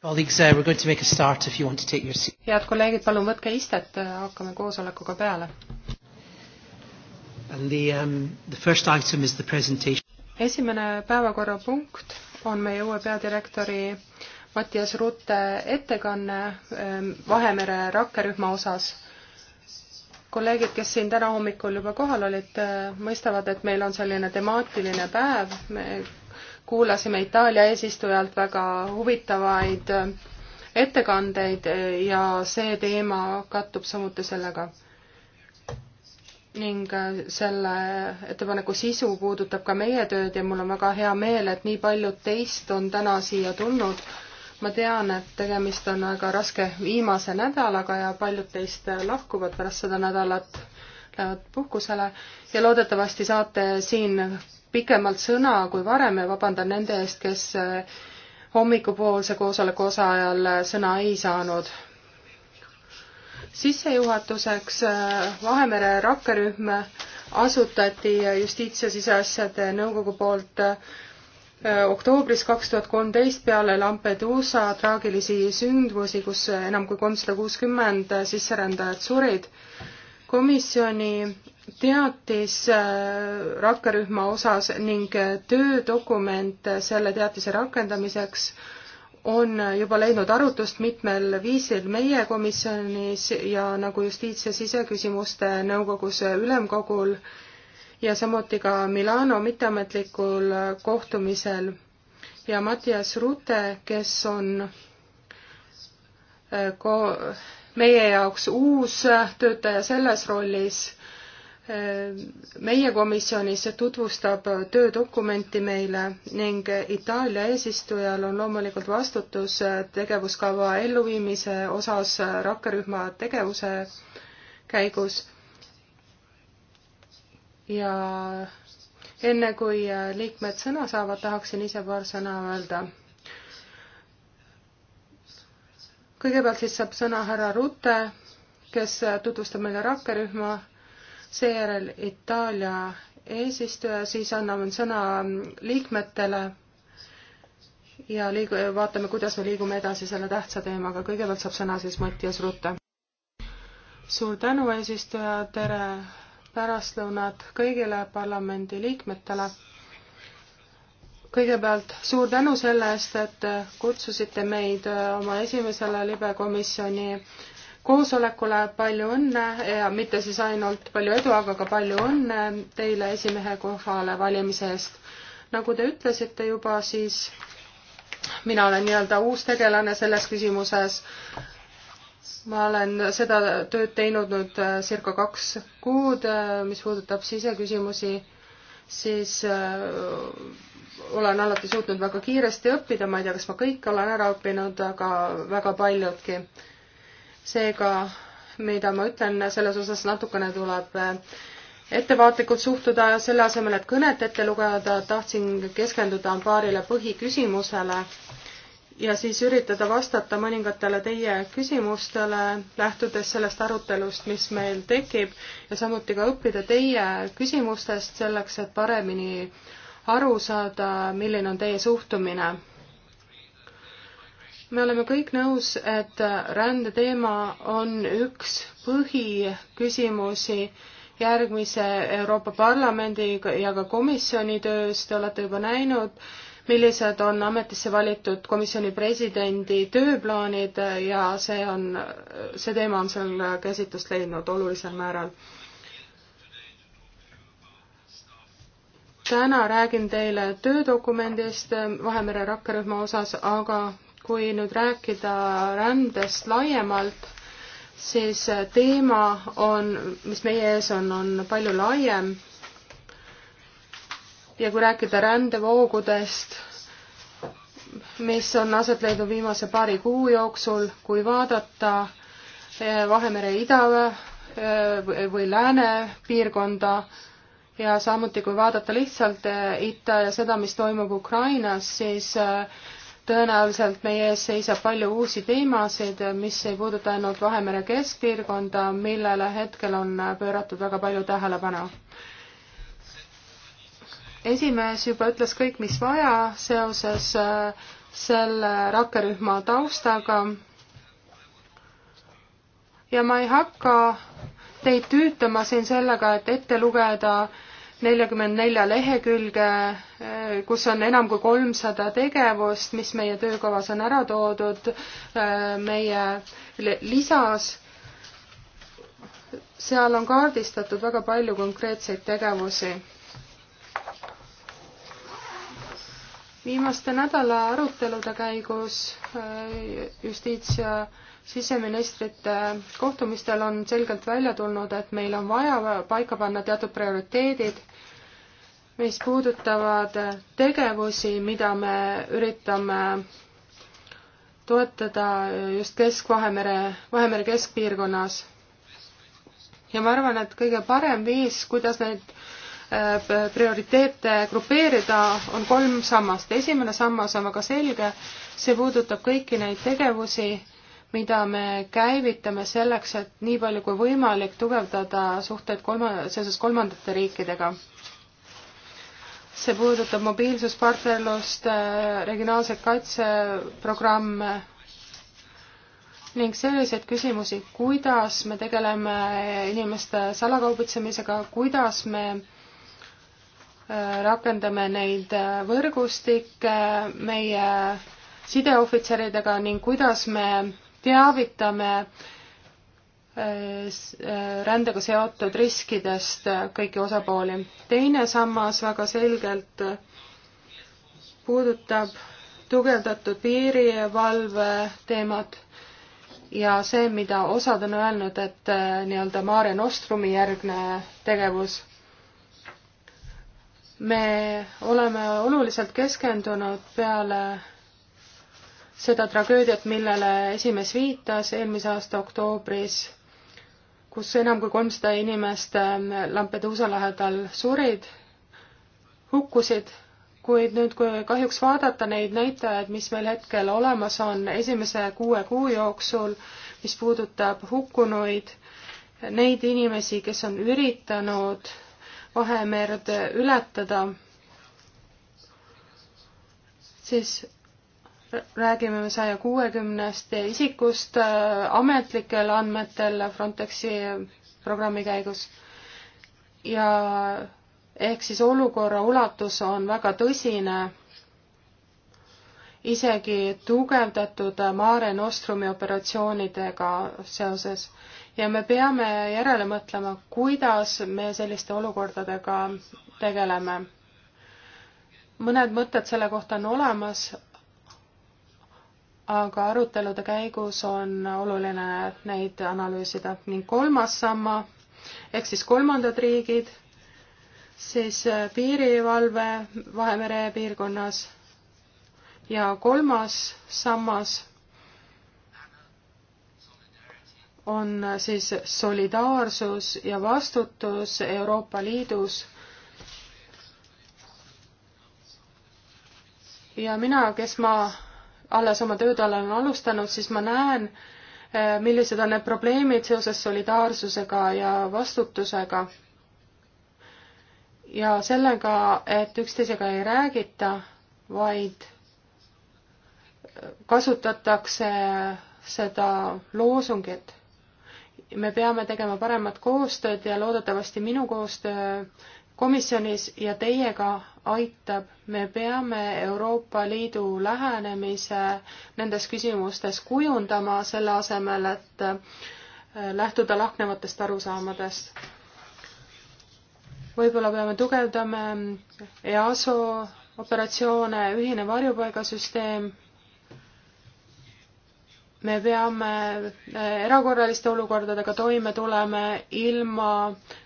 Uh, head kolleegid, palun võtke istet, äh, hakkame koosolekuga peale. Um, esimene päevakorrapunkt on meie uue peadirektori Mattias Rutte ettekanne ähm, Vahemere rakkerühma osas. kolleegid, kes siin täna hommikul juba kohal olid, äh, mõistavad, et meil on selline temaatiline päev, me kuulasime Itaalia eesistujalt väga huvitavaid äh, ettekandeid äh, ja see teema kattub samuti sellega. ning äh, selle ettepaneku sisu puudutab ka meie tööd ja mul on väga hea meel, et nii paljud teist on täna siia tulnud. ma tean, et tegemist on väga raske viimase nädalaga ja paljud teist lahkuvad pärast seda nädalat, lähevad puhkusele ja loodetavasti saate siin pikemalt sõna kui varem ja vabandan nende eest, kes eh, hommikupoolse koosoleku osa ajal eh, sõna ei saanud. sissejuhatuseks eh, Vahemere rakkerühm asutati Justiits- ja Siseasjade Nõukogu poolt oktoobris kaks tuhat kolmteist peale Lampedusa traagilisi sündmusi, kus enam kui kolmsada kuuskümmend sisserändajat surid. komisjoni teatis äh, rakkerühma osas ning äh, töödokument äh, selle teatise rakendamiseks on juba leidnud arutust mitmel viisil meie komisjonis ja nagu justiits- ja siseküsimuste nõukogus ülemkogul ja samuti ka Milano mitteametlikul kohtumisel. ja Mattias Rute, kes on ko-, meie jaoks uus töötaja selles rollis meie komisjonis tutvustab töödokumenti meile ning Itaalia eesistujal on loomulikult vastutus tegevuskava elluviimise osas rakkerühma tegevuse käigus. ja enne kui liikmed sõna saavad, tahaksin ise paar sõna öelda. kõigepealt siis saab sõna härra Rute, kes tutvustab meile rakkerühma seejärel Itaalia eesistuja, siis anname sõna liikmetele ja liigu-, vaatame, kuidas me liigume edasi selle tähtsa teemaga. kõigepealt saab sõna siis Mattias Rutte. suur tänu, eesistuja, tere pärastlõunat kõigile parlamendi liikmetele. kõigepealt suur tänu selle eest, et kutsusite meid oma esimesele libekomisjoni koosolekule, palju õnne ja mitte siis ainult palju edu, aga ka palju õnne teile esimehe kohale valimise eest. nagu te ütlesite juba, siis mina olen nii-öelda uus tegelane selles küsimuses. ma olen seda tööd teinud nüüd äh, circa kaks kuud, äh, mis puudutab siseküsimusi, siis äh, olen alati suutnud väga kiiresti õppida, ma ei tea, kas ma kõike olen ära õppinud, aga väga paljudki seega, mida ma ütlen, selles osas natukene tuleb äh, ettevaatlikult suhtuda, selle asemel, et kõnet ette lugeda, tahtsin keskenduda paarile põhiküsimusele ja siis üritada vastata mõningatele teie küsimustele, lähtudes sellest arutelust, mis meil tekib ja samuti ka õppida teie küsimustest selleks, et paremini aru saada, milline on teie suhtumine me oleme kõik nõus, et rändeteema on üks põhiküsimusi järgmise Euroopa Parlamendi ja ka komisjoni töös, te olete juba näinud, millised on ametisse valitud komisjoni presidendi tööplaanid ja see on, see teema on seal käsitlust leidnud olulisel määral. täna räägin teile töödokumendist Vahemere rakkerühma osas, aga kui nüüd rääkida rändest laiemalt, siis teema on, mis meie ees on, on palju laiem. ja kui rääkida rändevoogudest, mis on aset leidnud viimase paari kuu jooksul, kui vaadata eh, Vahemere ida eh, või lääne piirkonda ja samuti, kui vaadata lihtsalt eh, Ita ja seda, mis toimub Ukrainas, siis tõenäoliselt meie ees seisab palju uusi teemasid, mis ei puuduta ainult Vahemere keskpiirkonda, millele hetkel on pööratud väga palju tähelepanu. esimees juba ütles kõik, mis vaja seoses äh, selle rakkerühma taustaga. ja ma ei hakka teid tüütama siin sellega, et ette lugeda äh, neljakümmend nelja lehekülge, kus on enam kui kolmsada tegevust, mis meie töökavas on ära toodud meie lisas. seal on kaardistatud väga palju konkreetseid tegevusi. viimaste nädala arutelude käigus eh, justiits- ja siseministrite kohtumistel on selgelt välja tulnud, et meil on vaja paika panna teatud prioriteedid, mis puudutavad tegevusi, mida me üritame toetada just Kesk-Vahemere, Vahemere keskpiirkonnas. ja ma arvan, et kõige parem viis, kuidas neid äh, prioriteete grupeerida, on kolm sammast. esimene sammas on väga selge, see puudutab kõiki neid tegevusi, mida me käivitame selleks, et nii palju kui võimalik tugevdada suhteid kolma, seoses kolmandate riikidega. see puudutab mobiilsuspartnerlust, äh, regionaalseid kaitseprogramme ning selliseid küsimusi, kuidas me tegeleme inimeste salakaubitsemisega, kuidas me äh, rakendame neid äh, võrgustikke meie sideohvitseridega ning kuidas me teavitame äh, äh, rändega seotud riskidest äh, kõiki osapooli. teine sammas väga selgelt puudutab tugevdatud piirivalve teemat ja see, mida osad on öelnud, et nii-öelda Mare Nostrumi järgne tegevus. me oleme oluliselt keskendunud peale seda tragöödiat, millele esimees viitas eelmise aasta oktoobris, kus enam kui kolmsada inimest ähm, Lampeduusa lähedal surid, hukkusid, kuid nüüd, kui kahjuks vaadata neid näitajaid, mis meil hetkel olemas on esimese kuue kuu jooksul, mis puudutab hukkunuid, neid inimesi, kes on üritanud Vahemerd ületada, siis räägime me saja kuuekümnest isikust äh, ametlikel andmetel Frontexi programmi käigus. ja ehk siis olukorra ulatus on väga tõsine, isegi tugevdatud Mare Nostrumi operatsioonidega seoses. ja me peame järele mõtlema, kuidas me selliste olukordadega tegeleme mõned mõtted selle kohta on olemas, aga arutelude käigus on oluline neid analüüsida ning kolmas samma ehk siis kolmandad riigid, siis piirivalve Vahemere piirkonnas ja kolmas sammas on siis solidaarsus ja vastutus Euroopa Liidus. ja mina, kes ma alles oma tööd olen alustanud, siis ma näen, eh, millised on need probleemid seoses solidaarsusega ja vastutusega. ja sellega, et üksteisega ei räägita, vaid eh, kasutatakse seda loosungit. me peame tegema paremat koostööd ja loodetavasti minu koostöö komisjonis ja teiega aitab, me peame Euroopa Liidu lähenemise nendes küsimustes kujundama, selle asemel, et äh, lähtuda lahknevatest arusaamadest. võib-olla peame tugevdama EASO operatsioone, ühine varjupaigasüsteem me peame äh, erakorraliste olukordadega toime tulema ilma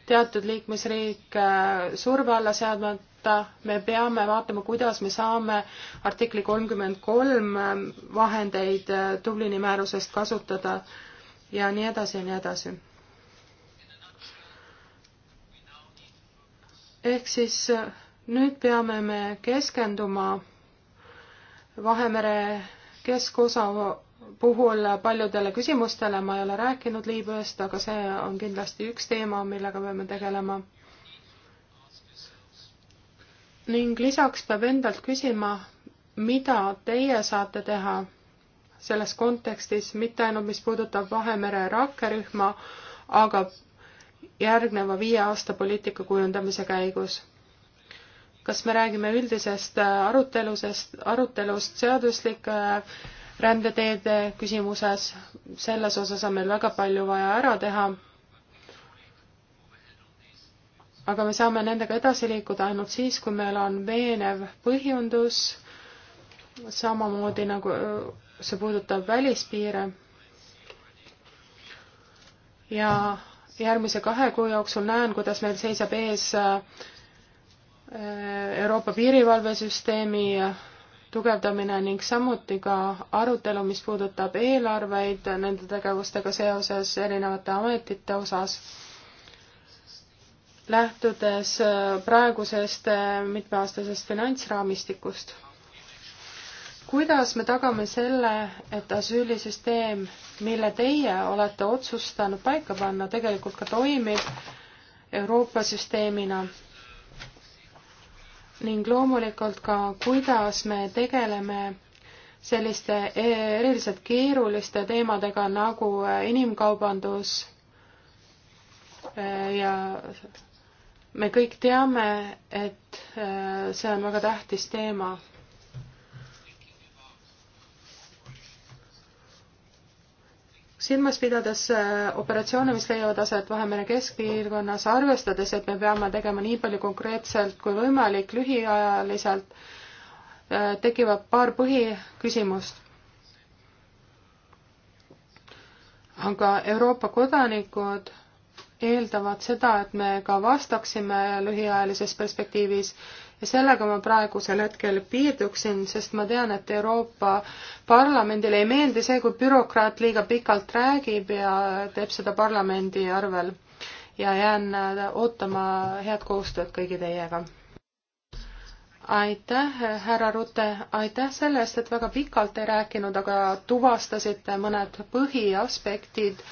teatud liikmesriike äh, surve alla seadmata, me peame vaatama, kuidas me saame artikli kolmkümmend kolm ähm, vahendeid äh, Dublini määrusest kasutada ja nii edasi ja nii edasi. ehk siis nüüd peame me keskenduma Vahemere keskosa puhul paljudele küsimustele ma ei ole rääkinud Liibüast, aga see on kindlasti üks teema, millega peame tegelema. ning lisaks peab endalt küsima, mida teie saate teha selles kontekstis, mitte ainult, mis puudutab Vahemere rakkerühma, aga järgneva viie aasta poliitika kujundamise käigus. kas me räägime üldisest arutelusest, arutelust seaduslike äh, rändeteede küsimuses, selles osas on meil väga palju vaja ära teha. aga me saame nendega edasi liikuda ainult siis, kui meil on veenev põhjendus, samamoodi nagu äh, see puudutab välispiire. ja järgmise kahe kuu jooksul näen, kuidas meil seisab ees äh, Euroopa piirivalvesüsteemi tugevdamine ning samuti ka arutelu, mis puudutab eelarveid nende tegevustega seoses erinevate ametite osas. lähtudes äh, praegusest äh, mitmeaastasest finantsraamistikust. kuidas me tagame selle, et asüülisüsteem, mille teie olete otsustanud paika panna, tegelikult ka toimib Euroopa süsteemina ning loomulikult ka, kuidas me tegeleme selliste e-, eriliselt keeruliste teemadega nagu äh, inimkaubandus äh, ja me kõik teame, et äh, see on väga tähtis teema silmas pidades äh, operatsioone, mis leiavad aset Vahemere keskpiirkonnas, arvestades, et me peame tegema nii palju konkreetselt kui võimalik lühiajaliselt, äh, tekivad paar põhiküsimust. aga Euroopa kodanikud eeldavad seda, et me ka vastaksime lühiajalises perspektiivis äh, ja sellega ma praegusel hetkel piirduksin, sest ma tean, et Euroopa Parlamendile ei meeldi see, kui bürokraat liiga pikalt räägib ja teeb seda parlamendi arvel. ja jään äh, ootama head koostööd kõigi teiega. aitäh, härra Rute, aitäh selle eest, et väga pikalt ei rääkinud, aga tuvastasite mõned põhiaspektid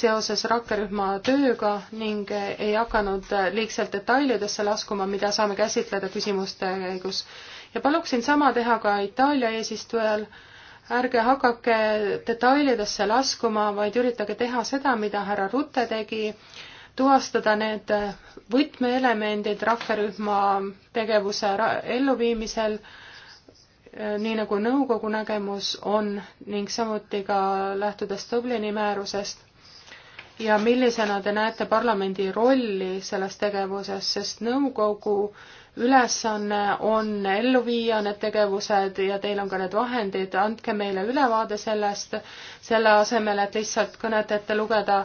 seoses rakkerühma tööga ning ei hakanud liigselt detailidesse laskuma, mida saame käsitleda küsimuste käigus. ja paluksin sama teha ka Itaalia eesistujal, ärge hakake detailidesse laskuma, vaid üritage teha seda, mida härra Rutte tegi, tuvastada need võtmeelemendid rakkerühma tegevuse elluviimisel, nii nagu nõukogu nägemus on ning samuti ka lähtudes Dublini määrusest ja millisena te näete parlamendi rolli selles tegevuses, sest nõukogu ülesanne on ellu viia need tegevused ja teil on ka need vahendid, andke meile ülevaade sellest, selle asemel, et lihtsalt kõnet ette lugeda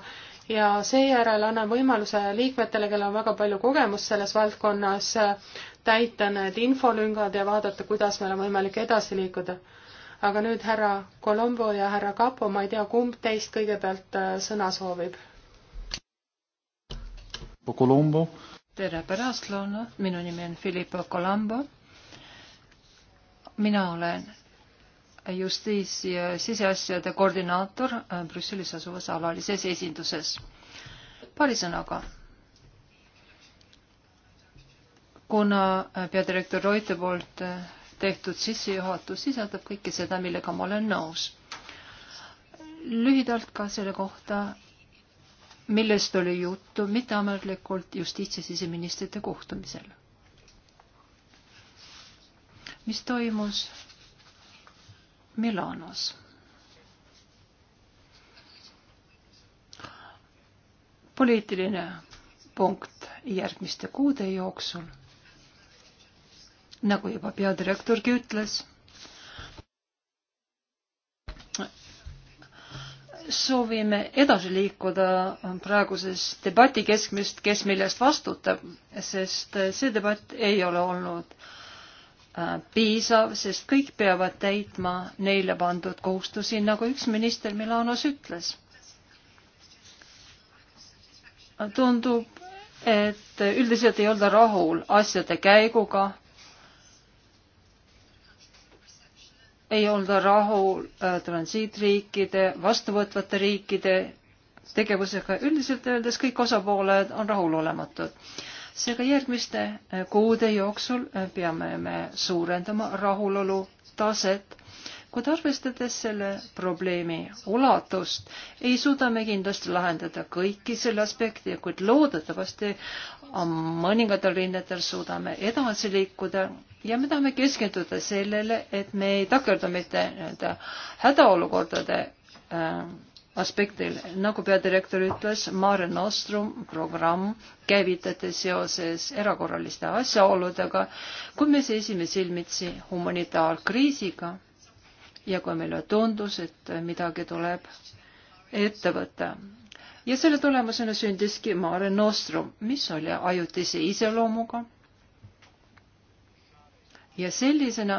ja seejärel annan võimaluse liikmetele, kellel on väga palju kogemust selles valdkonnas, täita need infolüngad ja vaadata, kuidas meil on võimalik edasi liikuda aga nüüd härra Colombo ja härra Capo, ma ei tea, kumb teist kõigepealt äh, sõna soovib? Colombo. tere pärastlõunat, minu nimi on Filippo Colombo. mina olen justiits- ja siseasjade koordinaator äh, Brüsselis asuvas alalises esinduses. paari sõnaga kuna äh, peadirektor Roite poolt tehtud sissejuhatus sisaldab kõike seda, millega ma olen nõus. lühidalt ka selle kohta, millest oli juttu mitteametlikult justiits- ja siseministrite kohtumisel, mis toimus Milanos. poliitiline punkt järgmiste kuude jooksul nagu juba peadirektorgi ütles. soovime edasi liikuda praeguses debati keskmist, kes millest vastutab, sest see debatt ei ole olnud äh, piisav, sest kõik peavad täitma neile pandud kohustusi, nagu üks minister Milanos ütles. tundub, et üldiselt ei olda rahul asjade käiguga ei olda rahul äh, transiitriikide, vastuvõtvate riikide tegevusega. üldiselt öeldes kõik osapooled on rahulolematud. seega järgmiste äh, kuude jooksul äh, peame me suurendama rahulolu taset kuid arvestades selle probleemi ulatust, ei suuda me kindlasti lahendada kõiki selle aspekte, kuid loodetavasti mõningatel rinnetel suudame edasi liikuda ja me tahame keskenduda sellele, et me ei takerdu mitte nii-öelda hädaolukordade äh, aspektil, nagu peadirektor ütles, Mare Nostrum programm käivitati seoses erakorraliste asjaoludega, kui me seisime silmitsi humanitaarkriisiga ja kui meile tundus, et midagi tuleb ette võtta. ja selle tulemusena sündiski Mare Nostrum, mis oli ajutise iseloomuga. ja sellisena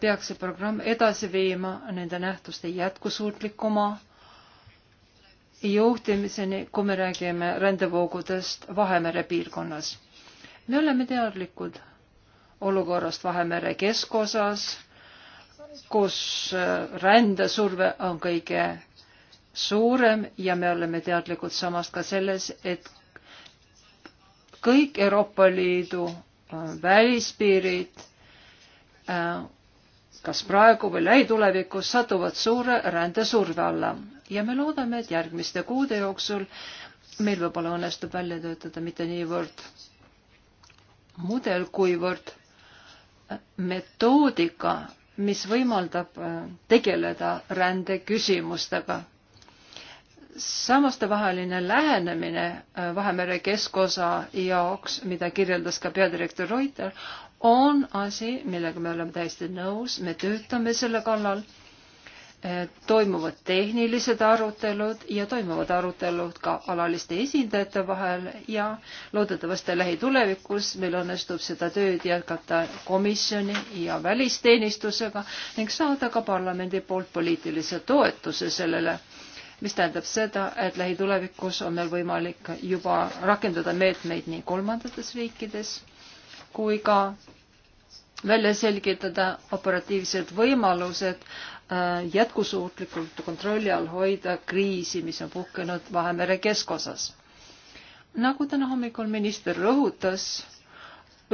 peaks see programm edasi viima nende nähtuste jätkusuutlikuma juhtimiseni, kui me räägime rändevoogudest Vahemere piirkonnas me oleme teadlikud olukorrast Vahemere keskosas, kus äh, rändesurve on kõige suurem ja me oleme teadlikud samas ka selles, et kõik Euroopa Liidu äh, välispiirid äh, kas praegu või lähitulevikus satuvad suure rändesurve alla ja me loodame, et järgmiste kuude jooksul meil võib-olla õnnestub välja töötada mitte niivõrd mudel, kuivõrd metoodika, mis võimaldab äh, tegeleda rändeküsimustega. samastevaheline lähenemine äh, Vahemere keskosa jaoks, mida kirjeldas ka peadirektor Reuter, on asi, millega me oleme täiesti nõus, me töötame selle kallal Eh, toimuvad tehnilised arutelud ja toimuvad arutelud ka alaliste esindajate vahel ja loodetavasti lähitulevikus meil õnnestub seda tööd jätkata komisjoni ja välisteenistusega ning saada ka parlamendi poolt poliitilise toetuse sellele, mis tähendab seda, et lähitulevikus on meil võimalik juba rakendada meetmeid nii kolmandates riikides kui ka välja selgitada operatiivsed võimalused Äh, jätkusuutlikult kontrolli all hoida kriisi, mis on puhkenud Vahemere keskosas. nagu täna hommikul minister rõhutas,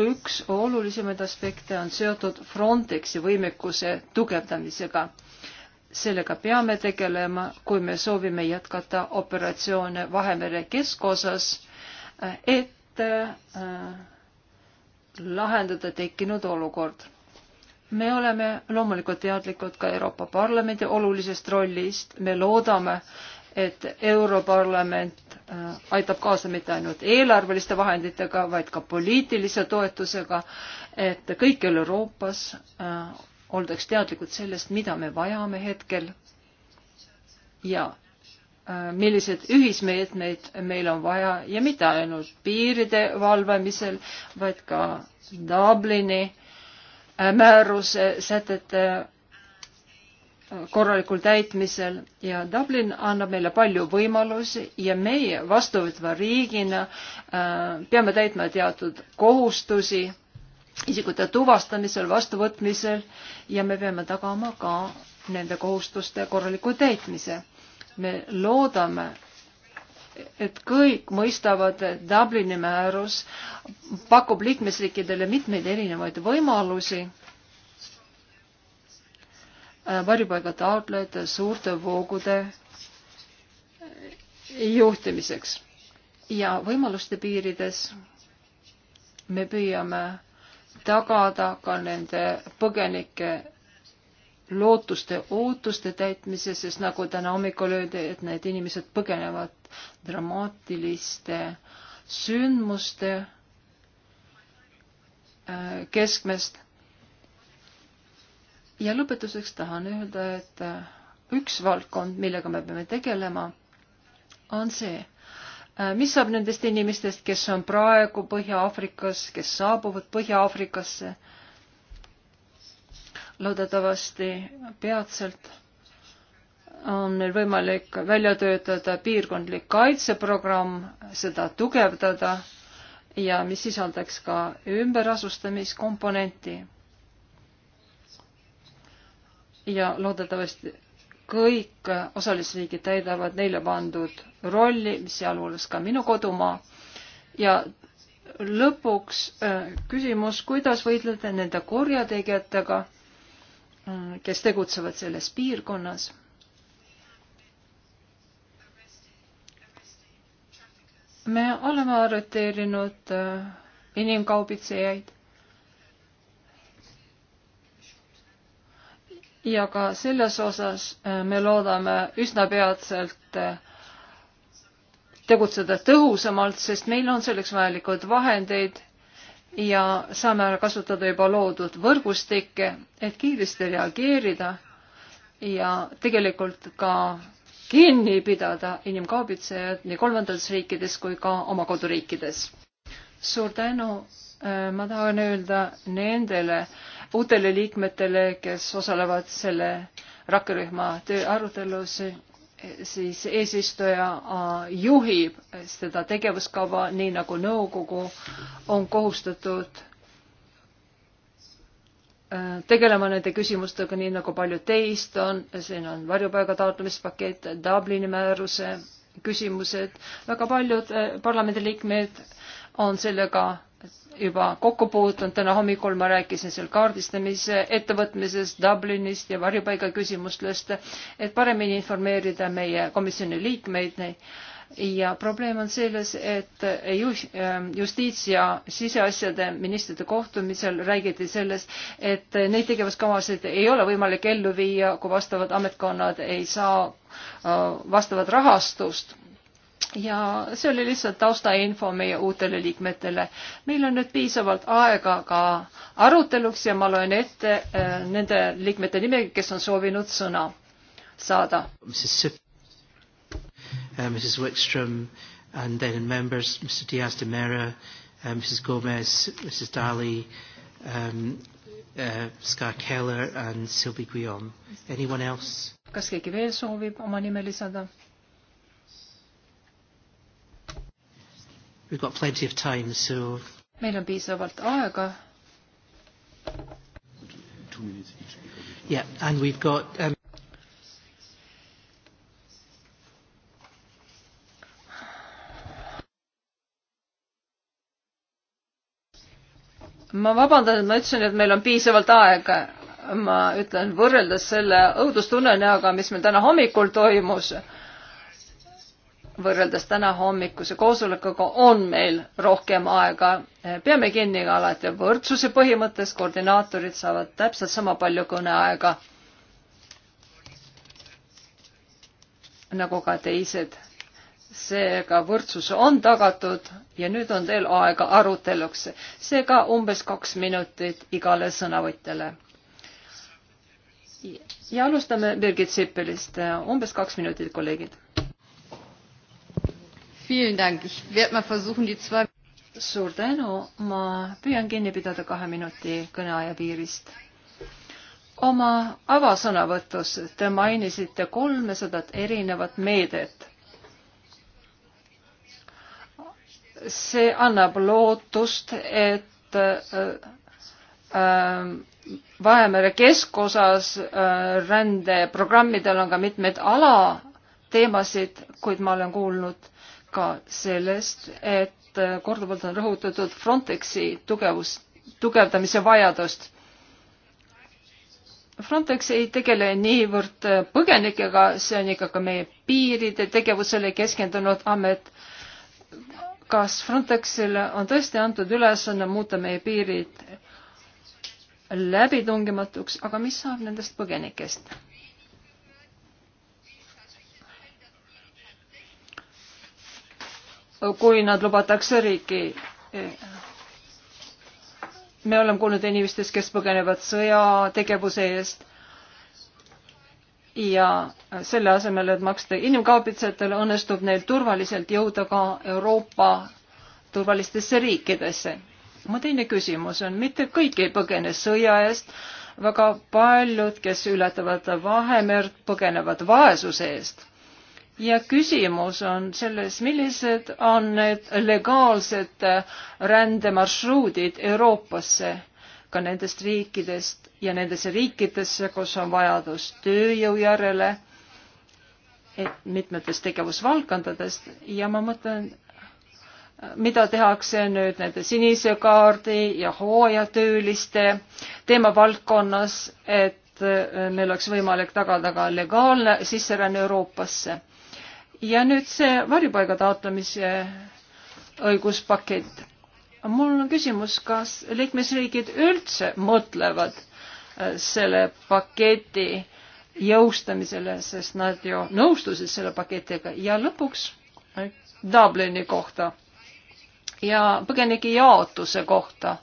üks olulisemaid aspekte on seotud Frontexi võimekuse tugevdamisega. sellega peame tegelema, kui me soovime jätkata operatsioone Vahemere keskosas, et äh, lahendada tekkinud olukord me oleme loomulikult teadlikud ka Euroopa Parlamendi olulisest rollist, me loodame, et Europarlament äh, aitab kaasa mitte ainult eelarveliste vahenditega, vaid ka poliitilise toetusega, et kõikjal Euroopas äh, oldaks teadlikud sellest, mida me vajame hetkel ja äh, milliseid ühismeetmeid meil on vaja ja mitte ainult piiride valvamisel, vaid ka Dublini Äh, määruse sätete äh, korralikul täitmisel ja Dublin annab meile palju võimalusi ja meie vastuvõtva riigina äh, peame täitma teatud kohustusi isikute tuvastamisel, vastuvõtmisel ja me peame tagama ka nende kohustuste korraliku täitmise. me loodame, et kõik mõistavad, et Dublini määrus pakub liikmesriikidele mitmeid erinevaid võimalusi äh, varjupaiga taotlejate suurte voogude äh, juhtimiseks ja võimaluste piirides me püüame tagada ka nende põgenike lootuste, ootuste täitmise, sest nagu täna hommikul öeldi, et need inimesed põgenevad dramaatiliste sündmuste äh, keskmest. ja lõpetuseks tahan öelda, et äh, üks valdkond, millega me peame tegelema, on see, äh, mis saab nendest inimestest, kes on praegu Põhja-Aafrikas, kes saabuvad Põhja-Aafrikasse loodetavasti peatselt on meil võimalik välja töötada piirkondlik kaitseprogramm, seda tugevdada ja mis sisaldaks ka ümberasustamiskomponenti. ja loodetavasti kõik osalisriigid täidavad neile pandud rolli, mis sealhulgas ka minu kodumaa ja lõpuks äh, küsimus, kuidas võitleda nende kurjategijatega kes tegutsevad selles piirkonnas. me oleme arreteerinud äh, inimkaubitsejaid ja ka selles osas äh, me loodame üsna peatselt äh, tegutseda tõhusamalt, sest meil on selleks vajalikud vahendeid ja saame ära kasutada juba loodud võrgustikke, et kiiresti reageerida ja tegelikult ka kinni pidada inimkaubitsejad nii kolmandates riikides kui ka oma koduriikides. suur tänu, äh, ma tahan öelda nendele uutele liikmetele, kes osalevad selle rakkerühma töö arutelus siis eesistuja äh, juhib seda tegevuskava nii nagu nõukogu on kohustatud äh, tegelema nende küsimustega, nii nagu paljud teist on, siin on varjupaiga taotlemispakett, Dublini määruse küsimused, väga paljud äh, parlamendiliikmed on sellega juba kokku puutunud, täna hommikul ma rääkisin seal kaardistamise ettevõtmisest, Dublinist ja varjupaiga küsimustest, et paremini informeerida meie komisjoni liikmeid ja probleem on selles, et ähm, justiits- ja siseasjade ministrite kohtumisel räägiti sellest, et neid tegevuskavasid ei ole võimalik ellu viia, kui vastavad ametkonnad ei saa äh, vastavat rahastust ja see oli lihtsalt taustainfo meie uutele liikmetele. meil on nüüd piisavalt aega ka aruteluks ja ma loen ette äh, nende liikmete nime, kes on soovinud sõna saada. Mrs uh, Wickstrom and then members Mr Diaz de Mera, uh, Mrs Gomez, Mrs Daly um,, uh, Ska Keller and Sylvie Guillaume. Anyone else? kas keegi veel soovib oma nime lisada? We've got plenty of time, so... Meil on piisavalt aega. Two minutes each. Yeah, and we've got... Um... ma vabandan, et ma ütlesin, et meil on piisavalt aega. ma ütlen, võrreldes selle õudustunnenäoga, mis meil täna hommikul toimus äh,, võrreldes täna hommikuse koosolekuga on meil rohkem aega. peame kinni alati võrdsuse põhimõttest, koordinaatorid saavad täpselt sama palju kõneaega nagu ka teised. seega võrdsus on tagatud ja nüüd on teil aega aruteluks, seega umbes kaks minutit igale sõnavõtjale. ja alustame Birgit Sippelist, umbes kaks minutit, kolleegid suur tänu, ma püüan kinni pidada kahe minuti kõneaja piirist. oma avasõnavõtus te mainisite kolmesadat erinevat meedet see annab lootust, et äh, äh, Vahemere keskosas äh, rändeprogrammidel on ka mitmeid alateemasid, kuid ma olen kuulnud ka sellest, et korduvalt on rõhutatud Frontexi tugevus, tugevdamise vajadust. Frontex ei tegele niivõrd põgenikega, see on ikka ka meie piiride tegevusele keskendunud amet. kas Frontexile on tõesti antud ülesanne muuta meie piirid läbitungimatuks, aga mis saab nendest põgenikest? kui nad lubatakse riiki. me oleme kuulnud inimestest, kes põgenevad sõjategevuse eest ja selle asemel, et maksta inimkaubitsejatele, õnnestub neil turvaliselt jõuda ka Euroopa turvalistesse riikidesse. mu teine küsimus on, mitte kõik ei põgene sõja eest, väga paljud, kes ületavad Vahemerd, põgenevad vaesuse eest ja küsimus on selles, millised on need legaalsed äh, rändemarsruudid Euroopasse, ka nendest riikidest ja nendesse riikidesse, kus on vajadus tööjõu järele, et mitmetest tegevusvaldkondadest ja ma mõtlen, mida tehakse nüüd nende sinise kaardi ja hooajatööliste teemavaldkonnas, et äh, meil oleks võimalik tagada ka legaalne sisseränne Euroopasse ja nüüd see varjupaiga taotlemise õiguspakett. mul on küsimus, kas liikmesriigid üldse mõtlevad äh, selle paketi jõustamisele, sest nad ju nõustusid selle paketiga ja lõpuks äh, Dublini kohta ja põgenike jaotuse kohta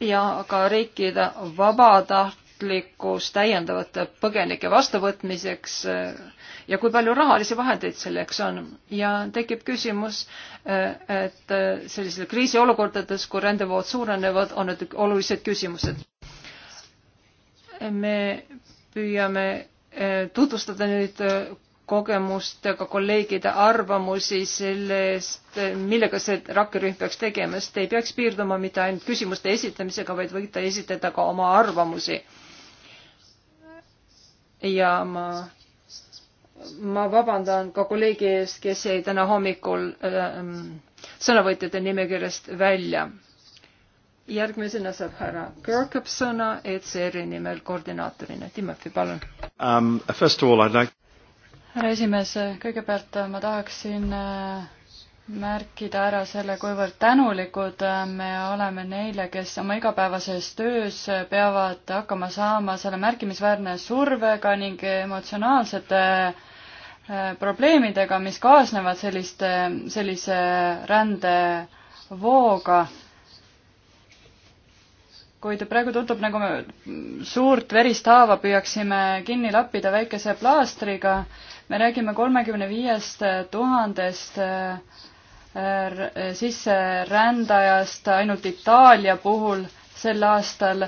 ja ka riikide vabataht-, suutlikkus täiendavate põgenike vastuvõtmiseks äh, ja kui palju rahalisi vahendeid selleks on. ja tekib küsimus, äh, et äh, sellisel kriisiolukordades, kui rändevood suurenevad, on need olulised küsimused. me püüame tutvustada nüüd kogemustega kolleegide arvamusi sellest, millega see rakkerühm peaks tegema, sest ei peaks piirduma mitte ainult küsimuste esitamisega, vaid võite esitada ka oma arvamusi ja ma, ma vabandan ka kolleegi ees, kes jäi täna hommikul ähm, sõnavõtjate nimekirjast välja. järgmisena saab härra Kirkup sõna ECR-i nimel koordinaatorina. Timothy, palun um,. Like... härra esimees, kõigepealt ma tahaksin äh, märkida ära selle, kuivõrd tänulikud äh, me oleme neile, kes oma igapäevases töös peavad hakkama saama selle märkimisväärne survega ning emotsionaalsete äh, probleemidega, mis kaasnevad selliste, sellise rändevooga. kuid praegu tundub, nagu me suurt verist haava püüaksime kinni lappida väikese plaastriga. me räägime kolmekümne viiest tuhandest äh, sisserändajast ainult Itaalia puhul sel aastal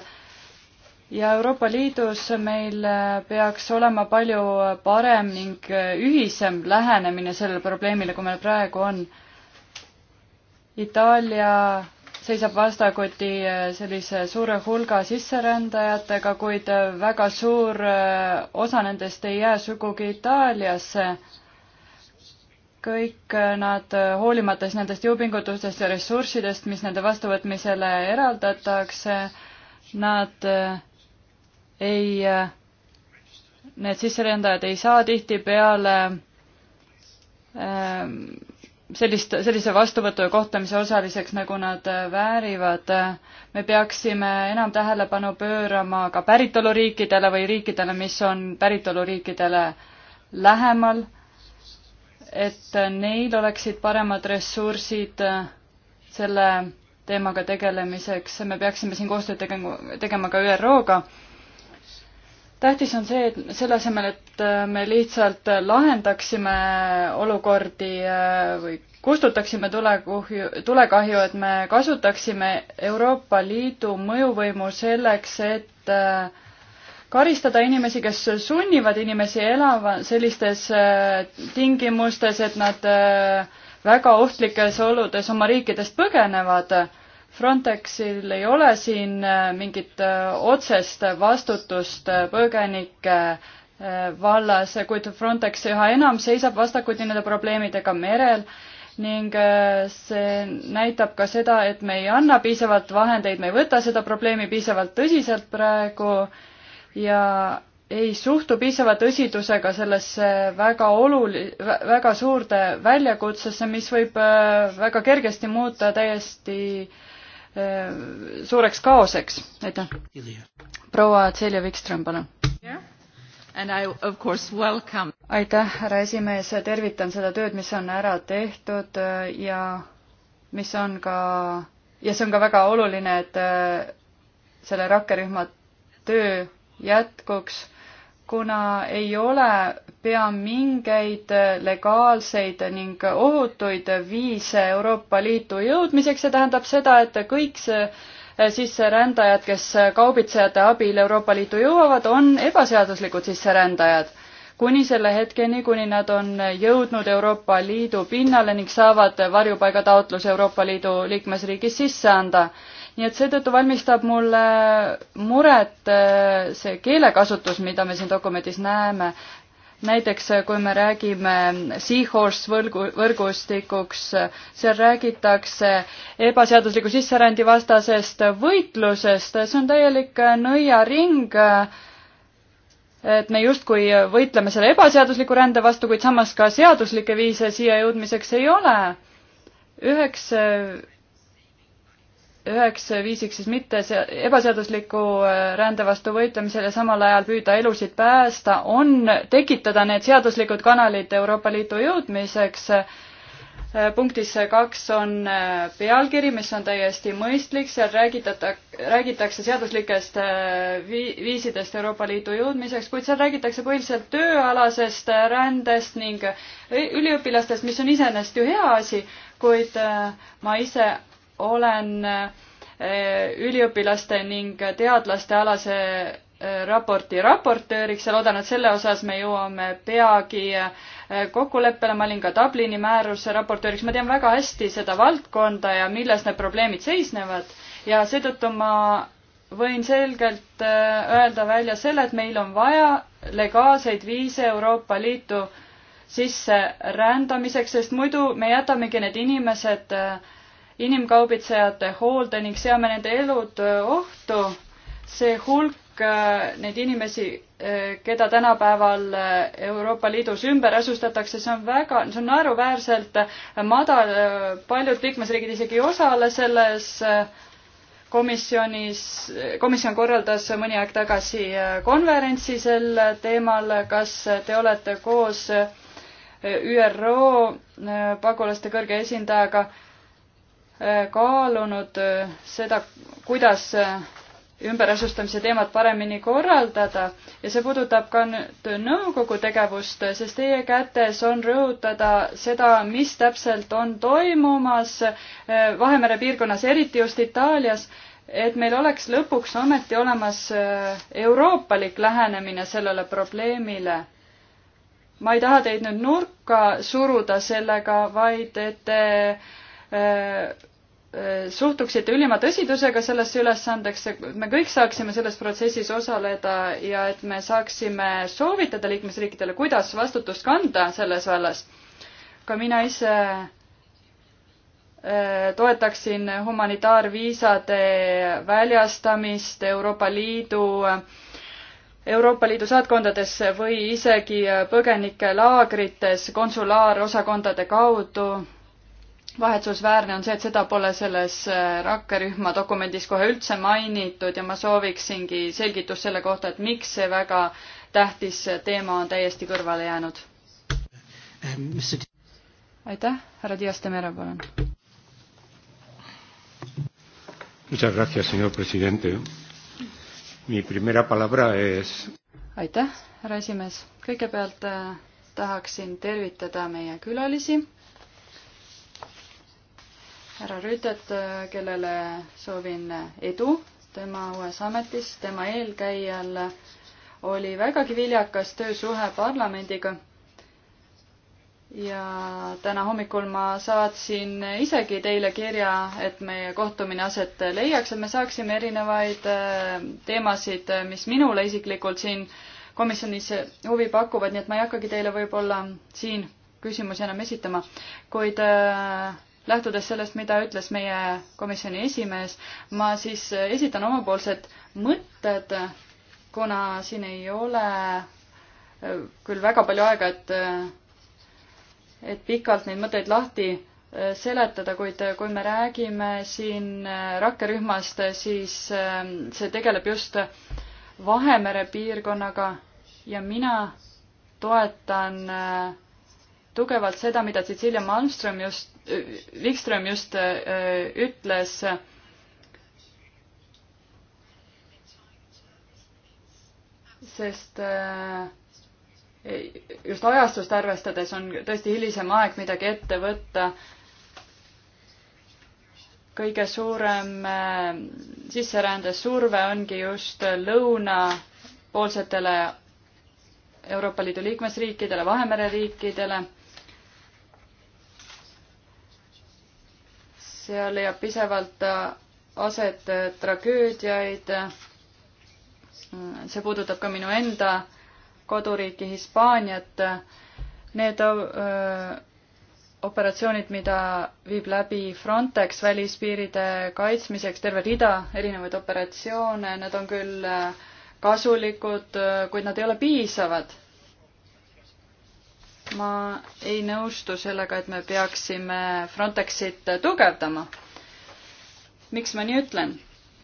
ja Euroopa Liidus meil peaks olema palju parem ning ühisem lähenemine sellele probleemile, kui meil praegu on. Itaalia seisab vastakuti sellise suure hulga sisserändajatega, kuid väga suur osa nendest ei jää sugugi Itaaliasse kõik eh, nad, eh, hoolimata siis nendest jõupingutustest ja ressurssidest, mis nende vastuvõtmisele eraldatakse, nad eh, ei, need sisserändajad ei saa tihtipeale sellist, sellise vastuvõtu ja kohtlemise osaliseks, nagu nad väärivad. me peaksime enam tähelepanu pöörama ka päritoluriikidele või riikidele, mis on päritoluriikidele lähemal et neil oleksid paremad ressursid äh, selle teemaga tegelemiseks, me peaksime siin koostööd tegema, tegema ka ÜRO-ga. tähtis on see, et selle asemel, et äh, me lihtsalt lahendaksime olukordi äh, või kustutaksime tulekuhju, tulekahju, et me kasutaksime Euroopa Liidu mõjuvõimu selleks, et äh, karistada inimesi, kes sunnivad inimesi elama sellistes äh, tingimustes, et nad äh, väga ohtlikes oludes oma riikidest põgenevad. Frontexil ei ole siin äh, mingit otsest vastutust põgenike vallas, kuid Frontex üha enam seisab vastakuti nende probleemidega merel ning see näitab ka seda, et me ei anna piisavalt vahendeid, me ei võta seda probleemi piisavalt tõsiselt praegu äh, ja ei suhtu piisava tõsidusega sellesse väga oluli-, väga suurde väljakutsesse, mis võib äh, väga kergesti muuta täiesti äh, suureks kaoseks. aitäh. proua Tselja Vikström, palun. aitäh, härra esimees, tervitan seda tööd, mis on ära tehtud äh, ja mis on ka, ja see on ka väga oluline, et selle rakkerühma töö jätkuks, kuna ei ole pea mingeid legaalseid ning ohutuid viise Euroopa Liitu jõudmiseks, see tähendab seda, et kõik see eh, sisserändajad, kes kaubitsejate abil Euroopa Liitu jõuavad, on ebaseaduslikud sisserändajad. kuni selle hetkeni, kuni nad on jõudnud Euroopa Liidu pinnale ning saavad varjupaigataotluse Euroopa Liidu liikmesriigis sisse anda nii et seetõttu valmistab mulle muret äh, see keelekasutus, mida me siin dokumendis näeme. näiteks äh, kui me räägime Seahorse võrgu, võrgustikuks, äh, seal räägitakse ebaseadusliku sisserände vastasest võitlusest, see on täielik nõiaring et me justkui võitleme selle ebaseadusliku rände vastu, kuid samas ka seaduslikke viise siia jõudmiseks ei ole. üheks üheks viisiks siis mitte ebaseadusliku äh, rände vastu võitlemisel ja samal ajal püüda elusid päästa, on tekitada need seaduslikud kanalid Euroopa Liitu jõudmiseks. Äh, punktis kaks on äh, pealkiri, mis on täiesti mõistlik, seal räägitata, räägitakse seaduslikest viisidest Euroopa Liitu jõudmiseks, kuid seal räägitakse põhiliselt tööalasest rändest ning üliõpilastest, mis on iseenesest ju hea asi, kuid ma ise olen äh, üliõpilaste ning teadlaste alase äh, raporti raportööriks ja loodan, et selle osas me jõuame peagi äh, kokkuleppele, ma olin ka Dublini määruse raportööriks, ma tean väga hästi seda valdkonda ja milles need probleemid seisnevad ja seetõttu ma võin selgelt öelda välja selle, et meil on vaja legaalseid viise Euroopa Liitu sisserändamiseks, sest muidu me jätamegi need inimesed äh, inimkaubitsejate hoolde ning seame nende elud ohtu. see hulk neid inimesi, keda tänapäeval Euroopa Liidus ümber asustatakse, see on väga, see on naeruväärselt madal, paljud liikmesriigid isegi ei osale selles komisjonis, komisjon korraldas mõni aeg tagasi konverentsi sel teemal, kas te olete koos ÜRO pagulaste kõrge esindajaga Äh, kaalunud äh, seda, kuidas äh, ümberasustamise teemat paremini korraldada ja see puudutab ka nüüd nõukogu tegevust, sest teie kätes on rõhutada seda, mis täpselt on toimumas Vahemere piirkonnas, eriti just Itaalias, et meil oleks lõpuks ometi olemas euroopalik lähenemine sellele probleemile. ma ei taha teid nüüd nurka suruda sellega, vaid et te Äh, äh, suhtuksite ülima tõsidusega sellesse ülesandeks, et me kõik saaksime selles protsessis osaleda ja et me saaksime soovitada liikmesriikidele, kuidas vastutust kanda selles vallas. ka mina ise äh, toetaksin humanitaarviisade väljastamist Euroopa Liidu, Euroopa Liidu saatkondades või isegi põgenikelaagrites konsulaarosakondade kaudu vahetsusväärne on see, et seda pole selles äh, rakkerühma dokumendis kohe üldse mainitud ja ma sooviksingi selgitust selle kohta, et miks see väga tähtis teema on täiesti kõrvale jäänud. aitäh, härra Dias de Mera, palun. aitäh, härra esimees. kõigepealt äh, tahaksin tervitada meie külalisi härra Rüütet, kellele soovin edu tema uues ametis, tema eelkäijal oli vägagi viljakas töösuhe parlamendiga. ja täna hommikul ma saatsin isegi teile kirja, et meie kohtumine aset leiaks, et me saaksime erinevaid äh, teemasid, mis minule isiklikult siin komisjonis huvi pakuvad, nii et ma ei hakkagi teile võib-olla siin küsimusi enam esitama, kuid äh, lähtudes sellest, mida ütles meie komisjoni esimees, ma siis esitan omapoolsed mõtted, kuna siin ei ole äh, küll väga palju aega, et, äh, et pikalt neid mõtteid lahti äh, seletada, kuid kui me räägime siin rakkerühmast, siis see tegeleb just Vahemere piirkonnaga ja mina toetan tugevalt seda, mida Cecilia Malmström just Wikström just äh, ütles, sest äh, just ajastust arvestades on tõesti hilisem aeg midagi ette võtta. kõige suurem äh, sisserändesurve ongi just lõunapoolsetele Euroopa Liidu liikmesriikidele, Vahemere riikidele seal leiab pisevalt äh, aset äh, tragöödiaid. see puudutab ka minu enda koduriiki Hispaaniat. Need äh, operatsioonid, mida viib läbi Frontex välispiiride kaitsmiseks, terve rida erinevaid operatsioone, need on küll kasulikud, kuid nad ei ole piisavad ma ei nõustu sellega, et me peaksime Frontexit tugevdama. miks ma nii ütlen?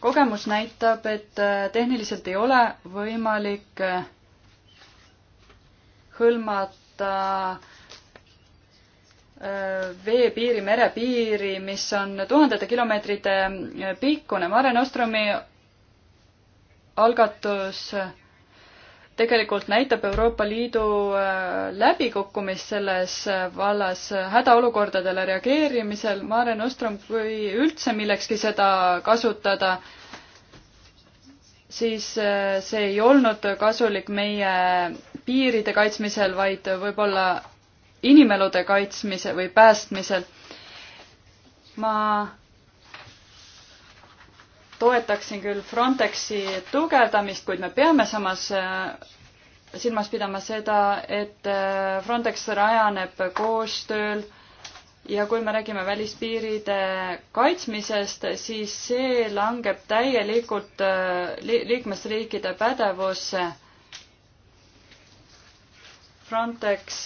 kogemus näitab, et äh, tehniliselt ei ole võimalik äh, hõlmata äh, veepiiri, merepiiri, mis on tuhandete kilomeetrite pikkune. Mare Nostrumi algatus tegelikult näitab Euroopa Liidu äh, läbikukkumist selles äh, vallas äh, hädaolukordadele reageerimisel. Mare Nostrum, kui üldse millekski seda kasutada, siis see ei olnud kasulik meie piiride kaitsmisel, vaid võib-olla inimelude kaitsmise või päästmisel. ma toetaksin küll Frontexi tugevdamist, kuid me peame samas äh, silmas pidama seda, et äh, Frontex rajaneb koostööl ja kui me räägime välispiiride kaitsmisest, siis see langeb täielikult äh, liikmesriikide pädevusse. Frontex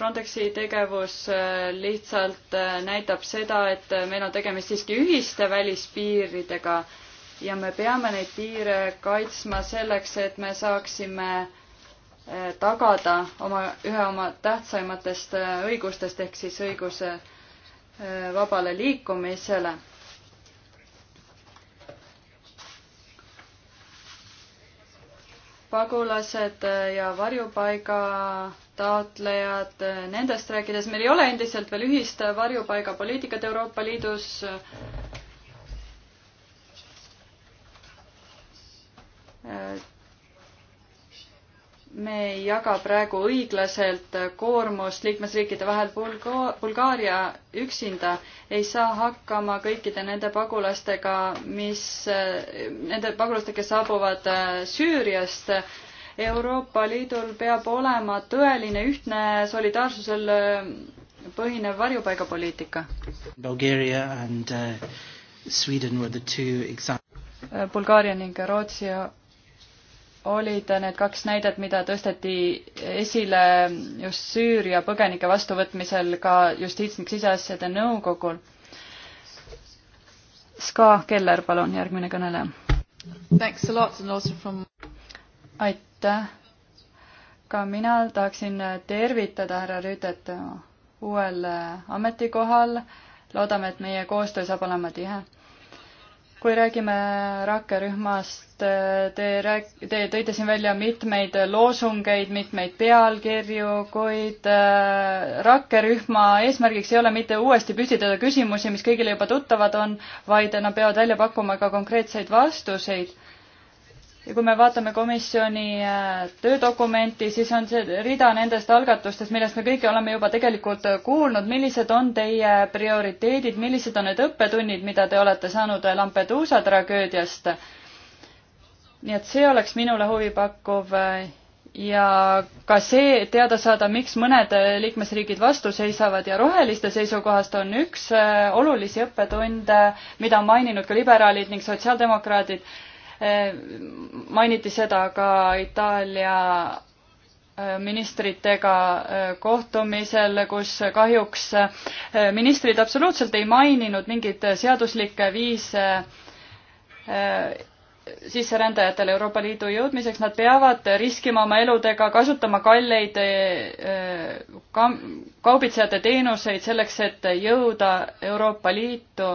Frontexi tegevus äh, lihtsalt äh, näitab seda, et äh, meil on tegemist siiski ühiste välispiiridega ja me peame neid piire kaitsma selleks, et me saaksime tagada oma, ühe oma tähtsaimatest õigustest ehk siis õiguse vabale liikumisele. pagulased ja varjupaiga taotlejad, nendest rääkides, meil ei ole endiselt veel ühist varjupaigapoliitikat Euroopa Liidus. me ei jaga praegu õiglaselt koormust liikmesriikide vahel. Bulga-, Bulgaaria üksinda ei saa hakkama kõikide nende pagulastega, mis, nende pagulastega, kes saabuvad Süüriast Euroopa Liidul peab olema tõeline ühtne solidaarsusel äh, põhinev varjupaigapoliitika. Äh, äh, Bulgaaria ning Rootsi olid need kaks näidet, mida tõsteti esile just Süüria põgenike vastuvõtmisel ka justiits- ning siseasjade nõukogul. Ska Keller, palun, järgmine kõneleja. From... aitäh aitäh! ka mina tahaksin tervitada härra Rüütet uuel ametikohal. loodame, et meie koostöö saab olema tihe. kui räägime rakkerühmast, te rääk-, te tõite siin välja mitmeid loosungeid, mitmeid pealkirju, kuid äh, rakkerühma eesmärgiks ei ole mitte uuesti püstitada küsimusi, mis kõigile juba tuttavad on, vaid nad peavad välja pakkuma ka konkreetseid vastuseid ja kui me vaatame komisjoni äh, töödokumenti, siis on see rida nendest algatustest, millest me kõiki oleme juba tegelikult äh, kuulnud, millised on teie prioriteedid, millised on need õppetunnid, mida te olete saanud äh, Lampeduusa tragöödiast? nii et see oleks minule huvipakkuv ja ka see, et teada saada, miks mõned liikmesriigid vastu seisavad ja roheliste seisukohast on üks olulisi õppetunde, mida on maininud ka liberaalid ning sotsiaaldemokraadid Äh, mainiti seda ka Itaalia äh, ministritega äh, kohtumisel, kus kahjuks ministrid absoluutselt ei maininud mingeid seaduslikke viise sisserändajatel Euroopa Liidu jõudmiseks, nad peavad riskima oma eludega, kasutama kalleid kaubitsejate teenuseid selleks, et jõuda Euroopa Liitu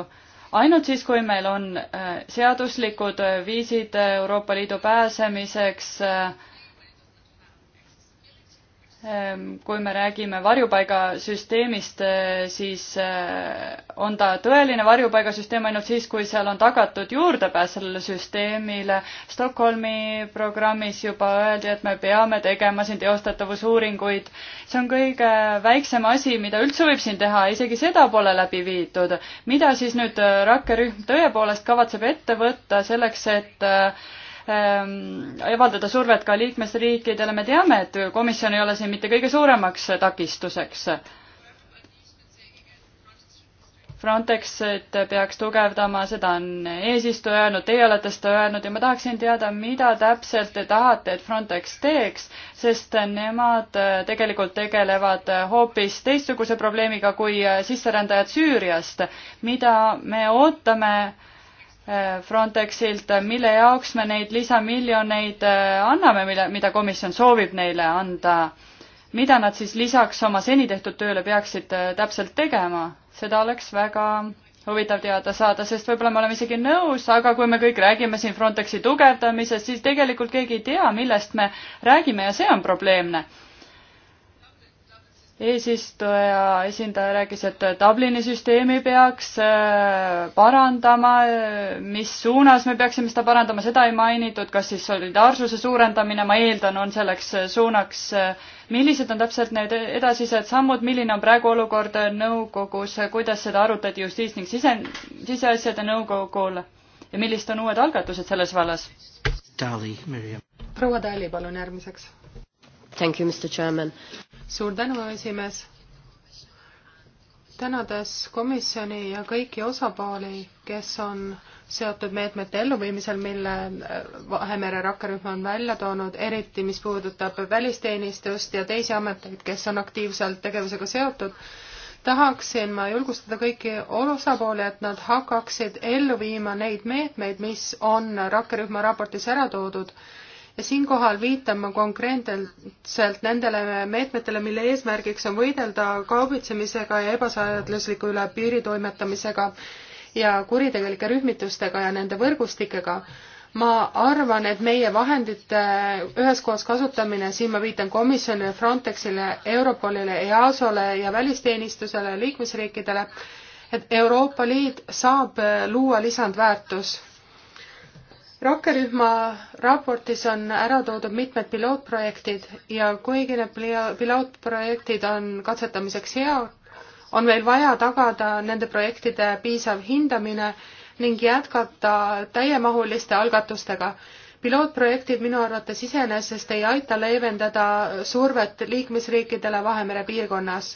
ainult siis, kui meil on äh, seaduslikud äh, viisid äh, Euroopa Liidu pääsemiseks äh, Ehm, kui me räägime varjupaigasüsteemist, eh, siis eh, on ta tõeline varjupaigasüsteem ainult siis, kui seal on tagatud juurdepääs sellele süsteemile. Stockholmi programmis juba öeldi, et me peame tegema siin teostatavusuuringuid. see on kõige väiksem asi, mida üldse võib siin teha, isegi seda pole läbi viidud. mida siis nüüd eh, rakkerühm tõepoolest kavatseb ette võtta selleks, et Ähm, avaldada survet ka liikmesriikidele, me teame, et komisjon ei ole siin mitte kõige suuremaks takistuseks. Frontex, et peaks tugevdama, seda on eesistuja öelnud, teie olete seda öelnud ja ma tahaksin teada, mida täpselt te tahate, et Frontex teeks, sest nemad tegelikult tegelevad hoopis teistsuguse probleemiga kui sisserändajad Süüriast. mida me ootame äh, Äh, Frontexilt, äh, mille jaoks me neid lisamiljoneid äh, anname, mille, mida komisjon soovib neile anda, mida nad siis lisaks oma seni tehtud tööle peaksid täpselt tegema, seda oleks väga huvitav teada saada, sest võib-olla me oleme isegi nõus, aga kui me kõik räägime siin Frontexi tugevdamisest, siis tegelikult keegi ei tea, millest me räägime ja see on probleemne eesistuja esindaja rääkis, et Dublini süsteemi peaks äh, parandama, mis suunas me peaksime seda parandama, seda ei mainitud, kas siis solidaarsuse suurendamine, ma eeldan, on selleks suunaks. millised on täpselt need edasised sammud, milline on praegu olukord nõukogus, kuidas seda arutati justiits- ning sise, siseasjade nõukogul ja millised on uued algatused selles vallas? proua Tali, palun järgmiseks. Thank you, Mr Chairman suur tänu, esimees. tänades komisjoni ja kõiki osapooli, kes on seotud meetmete elluviimisel, mille äh, Vahemere rakkerühm on välja toonud, eriti mis puudutab välisteenistust ja teisi ameteid, kes on aktiivselt tegevusega seotud, tahaksin ma julgustada kõiki osapooli, et nad hakkaksid ellu viima neid meetmeid, mis on rakkerühma raportis ära toodud ja siinkohal viitama konkreetselt nendele meetmetele, mille eesmärgiks on võidelda kaubitsemisega ja ebaseadusliku üle piiri toimetamisega ja kuritegelike rühmitustega ja nende võrgustikega ma arvan, et meie vahendite üheskoos kasutamine, siin ma viitan komisjonile, Frontexile, Europolile, EASO-le ja välisteenistusele, liikmesriikidele, et Euroopa Liit saab luua lisandväärtus rakkerühma raportis on ära toodud mitmed pilootprojektid ja kuigi need pilootprojektid on katsetamiseks hea, on veel vaja tagada nende projektide piisav hindamine ning jätkata täiemahuliste algatustega. pilootprojektid minu arvates iseenesest ei aita leevendada survet liikmesriikidele Vahemere piirkonnas.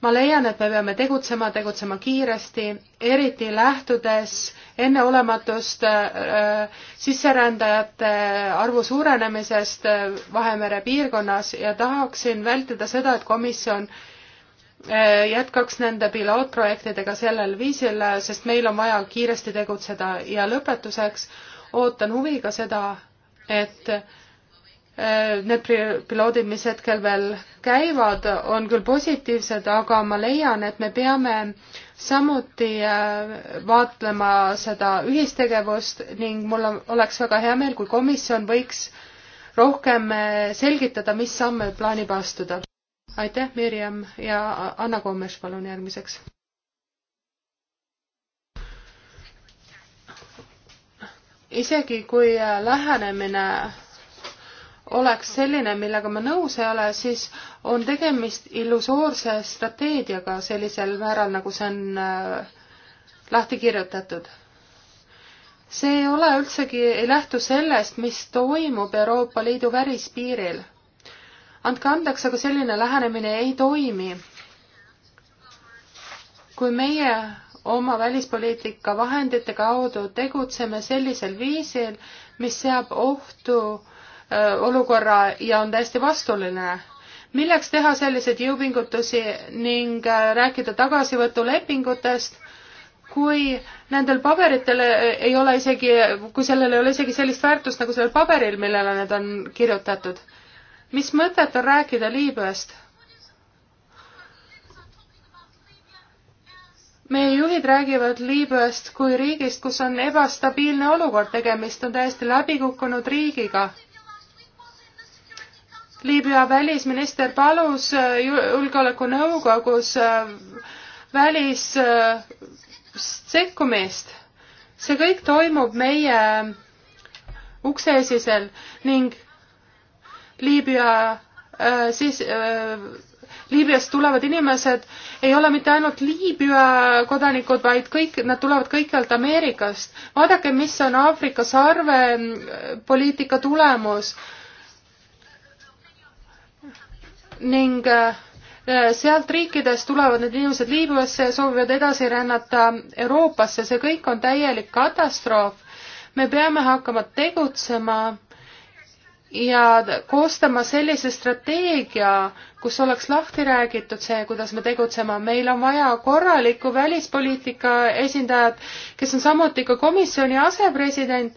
ma leian, et me peame tegutsema, tegutsema kiiresti, eriti lähtudes enneolematust äh, sisserändajate arvu suurenemisest äh, Vahemere piirkonnas ja tahaksin vältida seda, et komisjon äh, jätkaks nende pilootprojektidega sellel viisil, sest meil on vaja kiiresti tegutseda ja lõpetuseks ootan huviga seda, et need piloodid, mis hetkel veel käivad, on küll positiivsed, aga ma leian, et me peame äh, samuti äh, vaatlema seda ühistegevust ning mul oleks väga hea meel, kui komisjon võiks rohkem äh, selgitada, mis samme plaanib astuda. aitäh, Mirjam ja Anna Koomes, palun järgmiseks. isegi kui äh, lähenemine oleks selline, millega ma nõus ei ole, siis on tegemist illusoorse strateegiaga sellisel määral, nagu see on äh, lahti kirjutatud. see ei ole üldsegi, ei lähtu sellest, mis toimub Euroopa Liidu välispiiril. andke andeks, aga selline lähenemine ei toimi. kui meie oma välispoliitika vahendite kaudu tegutseme sellisel viisil, mis seab ohtu äh, Äh, olukorra ja on täiesti vastuoluline. milleks teha selliseid jõupingutusi ning äh, rääkida tagasivõtulepingutest, kui nendel paberitel ei ole isegi, kui sellel ei ole isegi sellist väärtust nagu sellel paberil, millele need on kirjutatud. mis mõtet on rääkida Liibüast? meie juhid räägivad Liibüast kui riigist, kus on ebastabiilne olukord, tegemist on täiesti läbikukkunud riigiga Liibüa välisminister palus äh, julgeolekunõukogus äh, välis äh, sekkumist. see kõik toimub meie uksesisel ning Liibüa siis Liibüast tulevad inimesed ei ole mitte ainult Liibüa kodanikud, vaid kõik, nad tulevad kõikjalt Ameerikast. vaadake, mis on Aafrika sarve mm, poliitika tulemus ning äh, sealt riikidest tulevad need inimesed Liibüasse ja soovivad edasi rännata Euroopasse, see kõik on täielik katastroof. me peame hakkama tegutsema ja koostama sellise strateegia, kus oleks lahti räägitud see, kuidas me tegutsema. meil on vaja korralikku välispoliitika esindajat, kes on samuti ka komisjoni asepresident.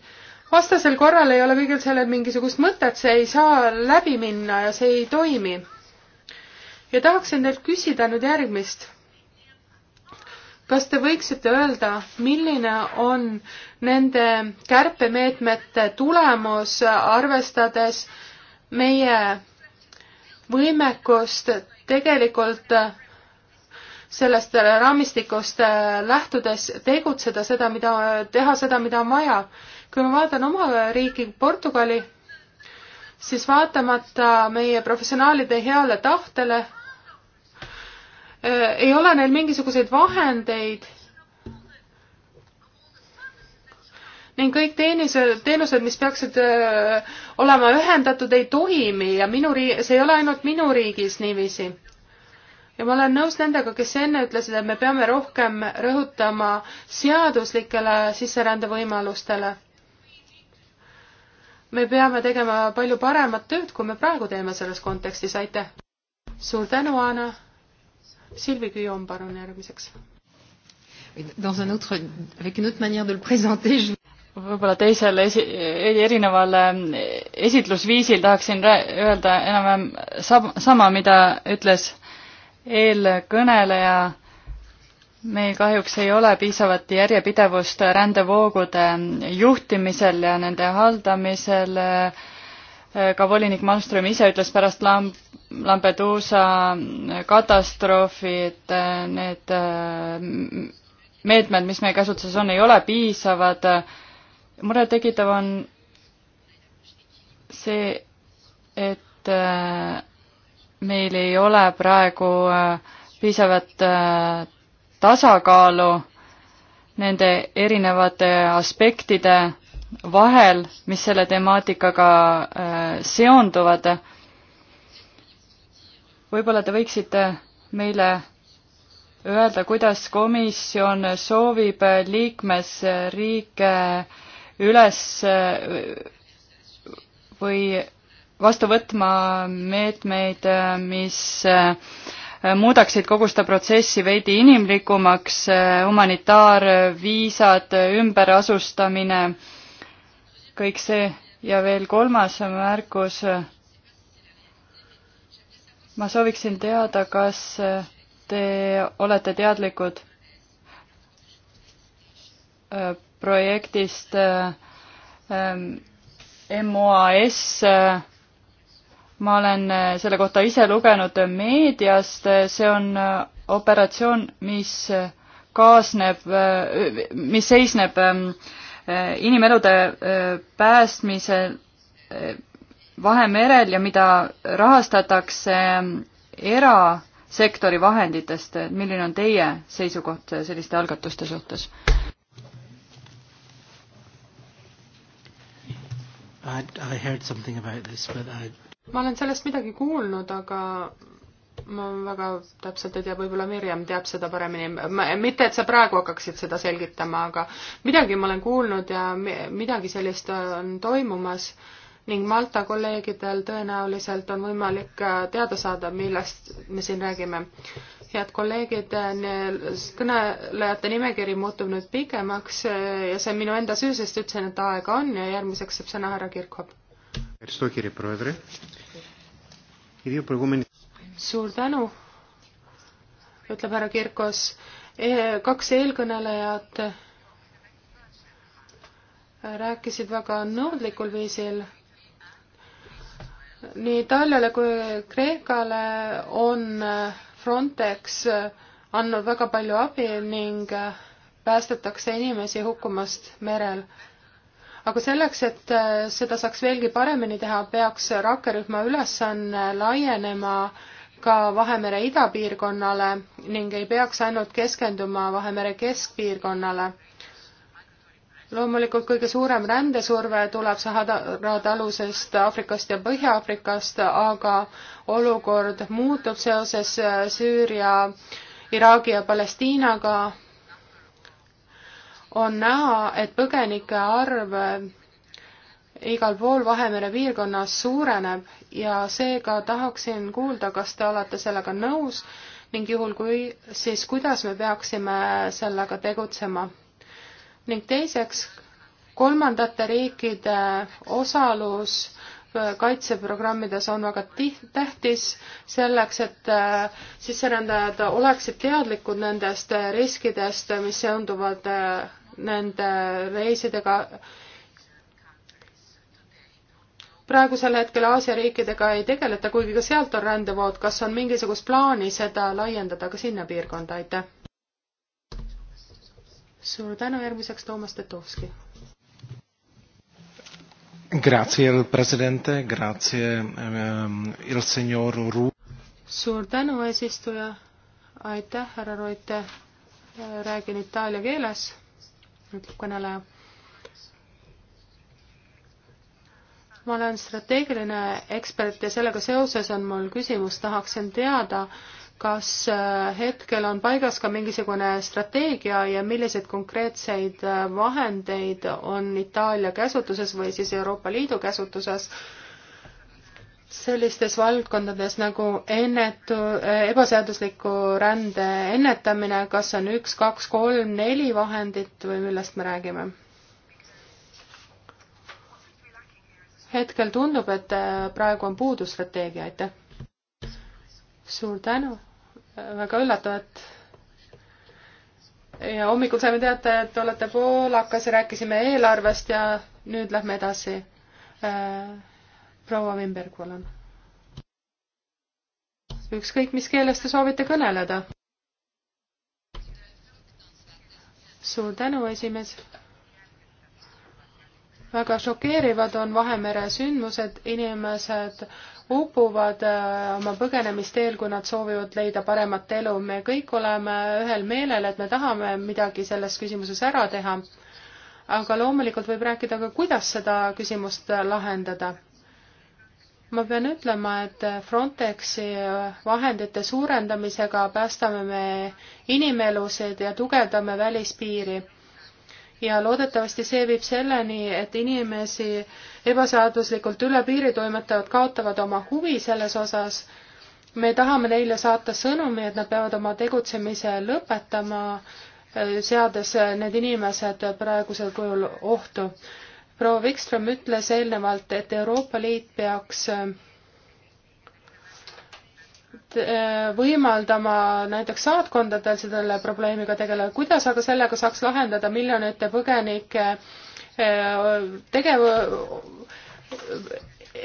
vastasel korral ei ole kõigil sellel mingisugust mõtet, see ei saa läbi minna ja see ei toimi ja tahaksin teilt küsida nüüd järgmist. kas te võiksite öelda, milline on nende kärpemeetmete tulemus, arvestades meie võimekust tegelikult sellest raamistikust lähtudes tegutseda seda, mida, teha seda, mida on vaja. kui ma vaatan oma riiki, Portugali, siis vaatamata meie professionaalide heale tahtele Äh, ei ole neil mingisuguseid vahendeid ning kõik teenused, teenused, mis peaksid öö, äh, olema ühendatud, ei toimi ja minu riigi, see ei ole ainult minu riigis niiviisi. ja ma olen nõus nendega, kes enne ütlesid, et me peame rohkem rõhutama seaduslikele sisserändevõimalustele. me peame tegema palju paremat tööd, kui me praegu teeme selles kontekstis, aitäh! suur tänu, Anna! Sylvie Guillaume, palun järgmiseks. Dans un autre, avec une autre manière de le présenter, je võib-olla teisel esi-, erineval ähm, esitlusviisil tahaksin öelda enam-vähem sam-, sama, mida ütles eelkõneleja. meil kahjuks ei ole piisavat järjepidevust rändevoogude juhtimisel ja nende haldamisel. Äh, ka volinik Malmström ise ütles pärast Lamp-, Lampeduusa katastroofi, et need äh, meetmed, mis meie käsutuses on, ei ole piisavad. murettekitav on see, et äh, meil ei ole praegu äh, piisavat tasakaalu nende erinevate aspektide vahel, mis selle temaatikaga seonduvad võib-olla te võiksite meile öelda, kuidas komisjon soovib liikmesriike üles või vastu võtma meetmeid, mis muudaksid kogu seda protsessi veidi inimlikumaks, humanitaarviisad, ümberasustamine, kõik see ja veel kolmas märkus ma sooviksin teada, kas te olete teadlikud äh, projektist äh, MOAS. Ähm, ma olen äh, selle kohta ise lugenud meediast, see on operatsioon, mis kaasneb, mis seisneb ähm, inimelude päästmisel Vahemerel ja mida rahastatakse erasektori vahenditest, milline on teie seisukoht selliste algatuste suhtes? I, I heard something about this, but I... ma olen sellest midagi kuulnud, aga ma väga täpselt ei tea, võib-olla Mirjam teab seda paremini. mitte, et sa praegu hakkaksid seda selgitama, aga midagi ma olen kuulnud ja midagi sellist on toimumas ning Malta kolleegidel tõenäoliselt on võimalik äh, teada saada, millest me siin räägime. head kolleegid, äh, kõnelejate nimekiri muutub nüüd pikemaks äh, ja see on minu enda süü, sest ütlesin, et aega on ja järgmiseks saab sõna härra Kirkhop. suur tänu, ütleb härra Kirkos. E-, kaks eelkõnelejat rääkisid väga nõudlikul viisil nii Itaaliale kui Kreekale on äh, Frontex äh, andnud väga palju abi ning äh, päästetakse inimesi hukkumast merel. aga selleks, et seda saaks veelgi paremini teha, peaks rakkerühma ülesanne laienema ka Vahemere idapiirkonnale ning ei peaks ainult keskenduma Vahemere keskpiirkonnale loomulikult kõige suurem rändesurve tuleb Sahara talusest Aafrikast ja Põhja-Aafrikast, aga olukord muutub seoses äh, Süüria, Iraagi ja Palestiinaga. on näha, et põgenike arv äh, igal pool Vahemere piirkonnas suureneb ja seega tahaksin kuulda, kas te olete sellega nõus ning juhul kui, siis kuidas me peaksime sellega tegutsema ning teiseks kolmandate riikide osalus kaitseprogrammides on väga tähtis selleks, et äh, sisserändajad oleksid teadlikud nendest äh, riskidest, mis seonduvad äh, nende reisidega. praegusel hetkel Aasia riikidega ei tegeleta, kuigi ka sealt on rändevood, kas on mingisugust plaani seda laiendada ka sinna piirkonda, aitäh? suur tänu, järgmiseks Toomas Tetovski. Grazie presidente, grazie um, il signor Ru-. suur tänu, eesistuja. aitäh, härra Roite. räägin itaalia keeles, ütleb kõneleja. ma olen strateegiline ekspert ja sellega seoses on mul küsimus, tahaksin teada, kas äh, hetkel on paigas ka mingisugune strateegia ja milliseid konkreetseid äh, vahendeid on Itaalia käsutuses või siis Euroopa Liidu käsutuses sellistes valdkondades nagu ennetu, äh, ebaseadusliku rände ennetamine, kas on üks, kaks, kolm, neli vahendit või millest me räägime? hetkel tundub, et praegu on puudu strateegia, aitäh. suur tänu väga üllatav, et ja hommikul saime teada, et olete poolakas ja rääkisime eelarvest ja nüüd lähme edasi. Äh, proua Vimberg, palun. ükskõik, mis keeles te soovite kõneleda. suur tänu, esimees väga šokeerivad on Vahemere sündmused, inimesed upuvad äh, oma põgenemisteel, kui nad soovivad leida paremat elu. me kõik oleme ühel meelel, et me tahame midagi selles küsimuses ära teha. aga loomulikult võib rääkida ka, kuidas seda küsimust lahendada. ma pean ütlema, et Frontexi vahendite suurendamisega päästame me inimelusid ja tugevdame välispiiri ja loodetavasti see viib selleni, et inimesi ebaseaduslikult üle piiri toimetavad kaotavad oma huvi selles osas. me tahame neile saata sõnumi, et nad peavad oma tegutsemise lõpetama, eh, seades need inimesed praegusel kujul ohtu. proua Wikström ütles eelnevalt, et Euroopa Liit peaks eh, Äh, võimaldama näiteks saatkondadel selle probleemiga tegeleda, kuidas aga sellega saaks lahendada miljonite põgenike äh, tegev-,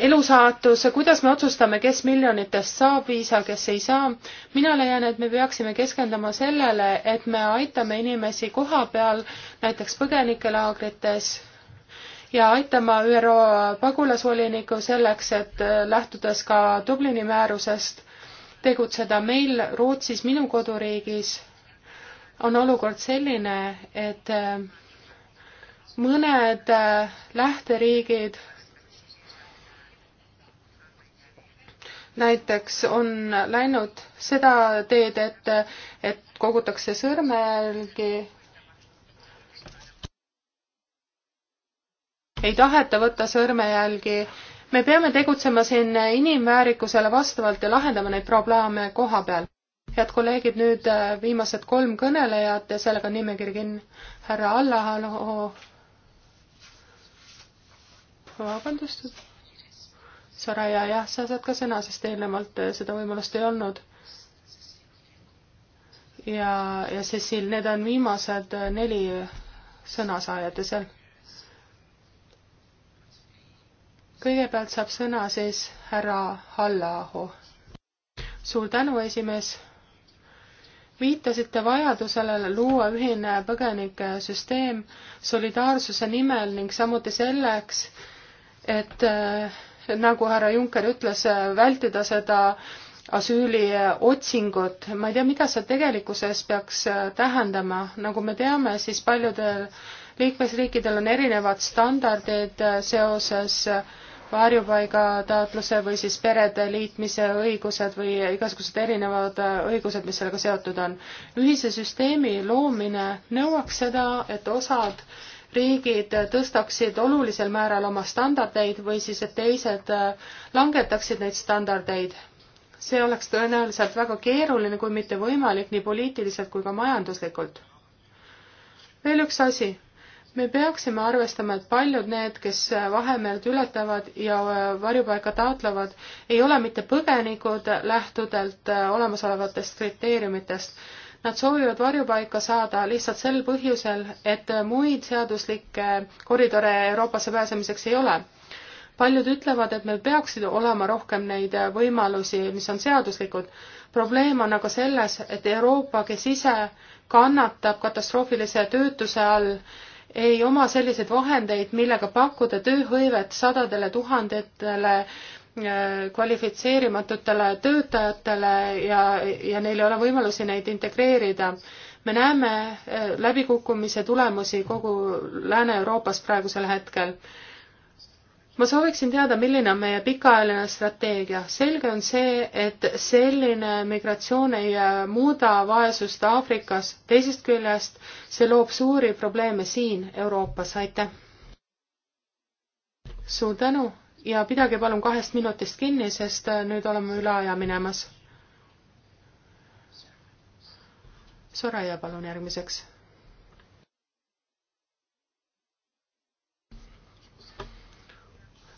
elusaatus, kuidas me otsustame, kes miljonitest saab viisa, kes ei saa. mina leian, et me peaksime keskenduma sellele, et me aitame inimesi koha peal, näiteks põgenikelaagrites ja aitama ÜRO pagulasvoliniku selleks, et äh, lähtudes ka Dublini määrusest, tegutseda. meil Rootsis, minu koduriigis, on olukord selline, et äh, mõned äh, lähteriigid näiteks on läinud seda teed, et, et kogutakse sõrmejälgi. ei taheta võtta sõrmejälgi me peame tegutsema siin inimväärikusele vastavalt ja lahendama neid probleeme koha peal. head kolleegid, nüüd äh, viimased kolm kõnelejat ja sellega on nimekiri kinni. härra Allahalu. vabandust. Saraja, jah, sa saad ka sõna, sest eelnevalt äh, seda võimalust ei olnud. ja, ja Cecil, need on viimased äh, neli sõnasaajat ja seal kõigepealt saab sõna siis härra Hallaahu. suur tänu, esimees. viitasite vajadusele luua ühine põgenikesüsteem solidaarsuse nimel ning samuti selleks, et äh, nagu härra Juncker ütles, vältida seda asüüliotsingut. ma ei tea, mida see tegelikkuses peaks äh, tähendama, nagu me teame, siis paljudel liikmesriikidel on erinevad standardid äh, seoses äh, varjupaigataotluse või siis perede liitmise õigused või igasugused erinevad äh, õigused, mis sellega seotud on. ühise süsteemi loomine nõuaks seda, et osad riigid tõstaksid olulisel määral oma standardeid või siis, et teised äh, langetaksid neid standardeid. see oleks tõenäoliselt väga keeruline, kui mitte võimalik, nii poliitiliselt kui ka majanduslikult. veel üks asi me peaksime arvestama, et paljud need, kes Vahemerd ületavad ja varjupaika taotlevad, ei ole mitte põgenikud lähtudelt olemasolevatest kriteeriumitest. Nad soovivad varjupaika saada lihtsalt sel põhjusel, et muid seaduslikke koridore Euroopasse pääsemiseks ei ole. paljud ütlevad, et meil peaksid olema rohkem neid võimalusi, mis on seaduslikud. probleem on aga selles, et Euroopa, kes ise kannatab katastroofilise töötuse all, ei oma selliseid vahendeid, millega pakkuda tööhõivet sadadele tuhandetele äh, kvalifitseerimatutele töötajatele ja, ja neil ei ole võimalusi neid integreerida. me näeme äh, läbikukkumise tulemusi kogu Lääne-Euroopas praegusel hetkel ma sooviksin teada, milline on meie pikaajaline strateegia. selge on see, et selline migratsioon ei äh, muuda vaesust Aafrikas, teisest küljest see loob suuri probleeme siin Euroopas, aitäh! suur tänu ja pidage palun kahest minutist kinni, sest äh, nüüd oleme üle aja minemas. Soraya, palun järgmiseks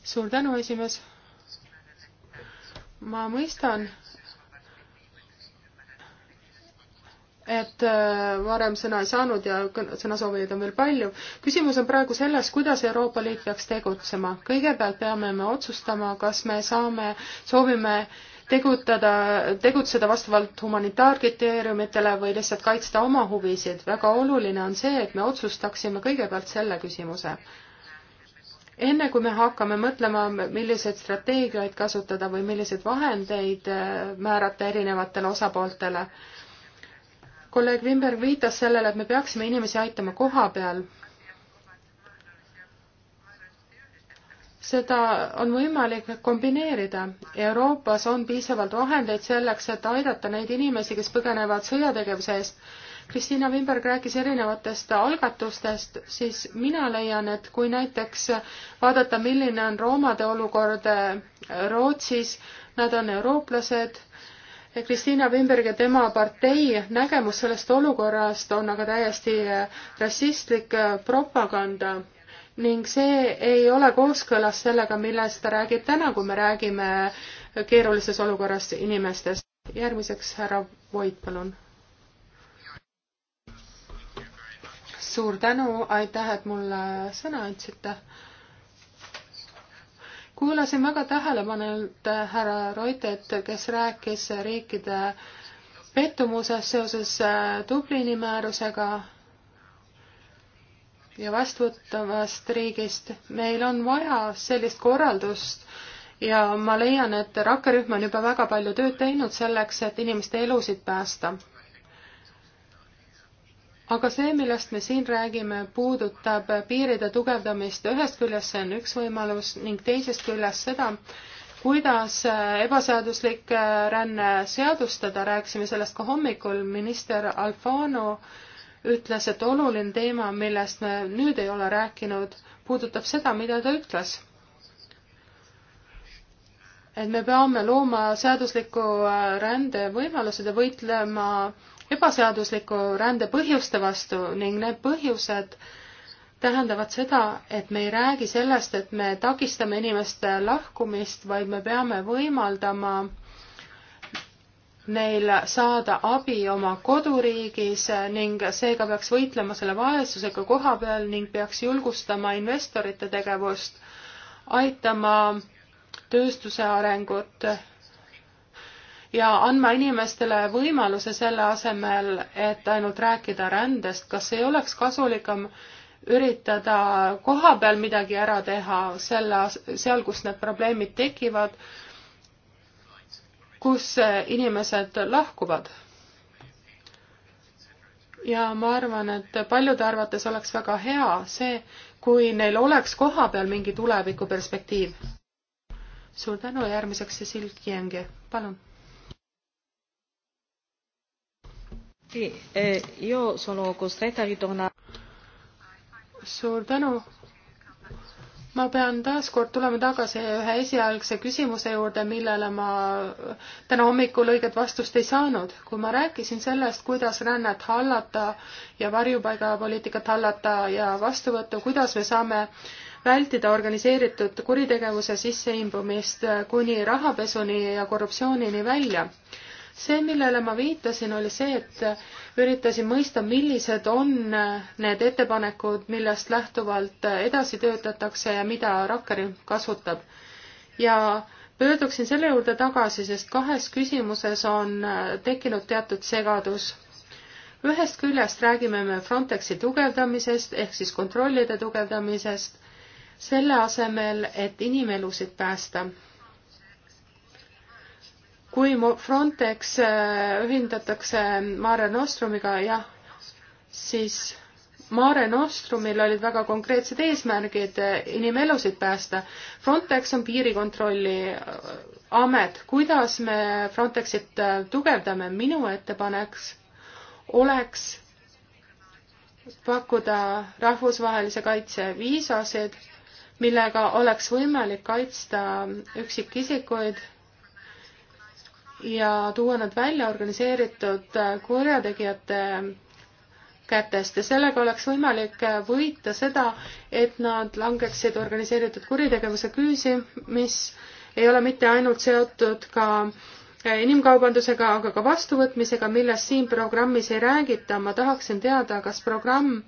suur tänu, esimees. ma mõistan, et äh, varem sõna ei saanud ja sõnasoovijaid on veel palju. küsimus on praegu selles, kuidas Euroopa Liit peaks tegutsema. kõigepealt peame me otsustama, kas me saame, soovime tegutada, tegutseda vastavalt humanitaarkriteeriumitele või lihtsalt kaitsta oma huvisid. väga oluline on see, et me otsustaksime kõigepealt selle küsimuse enne kui me hakkame mõtlema, milliseid strateegiaid kasutada või milliseid vahendeid äh, määrata erinevatele osapooltele. kolleeg Wimberg viitas sellele, et me peaksime inimesi aitama koha peal. seda on võimalik kombineerida. Euroopas on piisavalt vahendeid selleks, et aidata neid inimesi, kes põgenevad sõjategevuse eest Kristiina Vimberg rääkis erinevatest algatustest, siis mina leian, et kui näiteks vaadata, milline on roomade olukord eh, Rootsis, nad on eurooplased, Kristiina Vimberg ja tema partei nägemus sellest olukorrast on aga täiesti eh, rassistlik eh, propaganda ning see ei ole kooskõlas sellega, millest ta räägib täna, kui me räägime keerulises olukorras inimestest. järgmiseks härra Voit, palun suur tänu, aitäh, et mulle sõna andsite. kuulasin väga tähelepanelikult härra Roitet, kes rääkis riikide pettumusest seoses äh, Dublini määrusega ja vastuvõtavast riigist. meil on vaja sellist korraldust ja ma leian, et rakkerühm on juba väga palju tööd teinud selleks, et inimeste elusid päästa aga see, millest me siin räägime, puudutab piiride tugevdamist, ühest küljest see on üks võimalus ning teisest küljest seda, kuidas ebaseaduslik ränne seadustada, rääkisime sellest ka hommikul, minister Alfano ütles, et oluline teema, millest me nüüd ei ole rääkinud, puudutab seda, mida ta ütles. et me peame looma seadusliku rände võimalused ja võitlema äh, ebaseadusliku rände põhjuste vastu ning need põhjused tähendavad seda, et me ei räägi sellest, et me takistame inimeste lahkumist, vaid me peame võimaldama neil saada abi oma koduriigis ning seega peaks võitlema selle vaesusega koha peal ning peaks julgustama investorite tegevust, aitama tööstuse arengut ja andma inimestele võimaluse selle asemel, et ainult rääkida rändest, kas ei oleks kasulikum üritada koha peal midagi ära teha selle, seal, kus need probleemid tekivad, kus inimesed lahkuvad. ja ma arvan, et paljude arvates oleks väga hea see, kui neil oleks koha peal mingi tulevikuperspektiiv. suur tänu, järgmiseks Cecil Kienge, palun Eh, suur tänu. ma pean taaskord tulema tagasi ühe esialgse küsimuse juurde, millele ma täna hommikul õiget vastust ei saanud. kui ma rääkisin sellest, kuidas rännet hallata ja varjupaigapoliitikat hallata ja vastuvõttu, kuidas me saame vältida organiseeritud kuritegevuse sisseimbumist kuni rahapesuni ja korruptsioonini välja see, millele ma viitasin, oli see, et üritasin mõista, millised on need ettepanekud, millest lähtuvalt edasi töötatakse ja mida rakkerühm kasutab. ja pöörduksin selle juurde tagasi, sest kahes küsimuses on tekkinud teatud segadus. ühest küljest räägime me Frontexi tugevdamisest ehk siis kontrollide tugevdamisest, selle asemel, et inimelusid päästa kui Frontex äh, ühendatakse Mare Nostrumiga, jah, siis Mare Nostrumil olid väga konkreetsed eesmärgid äh, inimelusid päästa. Frontex on piirikontrolli äh, amet, kuidas me Frontexit tugevdame, minu ettepanek oleks pakkuda rahvusvahelise kaitse viisasid, millega oleks võimalik kaitsta üksikisikuid ja tuua nad välja organiseeritud kurjategijate kätest ja sellega oleks võimalik võita seda, et nad langeksid organiseeritud kuritegevuse küüsi, mis ei ole mitte ainult seotud ka inimkaubandusega, aga ka vastuvõtmisega, millest siin programmis ei räägita. ma tahaksin teada, kas programm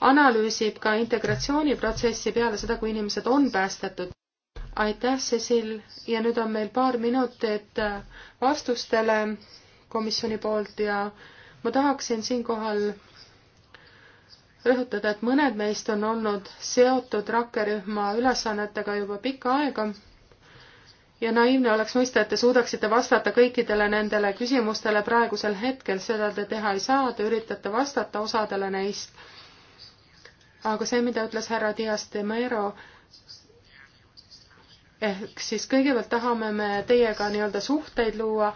analüüsib ka integratsiooniprotsessi peale seda, kui inimesed on päästetud aitäh, Cecil, ja nüüd on meil paar minutit äh, vastustele komisjoni poolt ja ma tahaksin siinkohal rõhutada, et mõned meist on olnud seotud rakkerühma ülesannetega juba pikka aega ja naiivne oleks mõista, et te suudaksite vastata kõikidele nendele küsimustele praegusel hetkel, seda te teha ei saa, te üritate vastata osadele neist. aga see, mida ütles härra Dias de Mero, ehk siis kõigepealt tahame me teiega nii-öelda suhteid luua,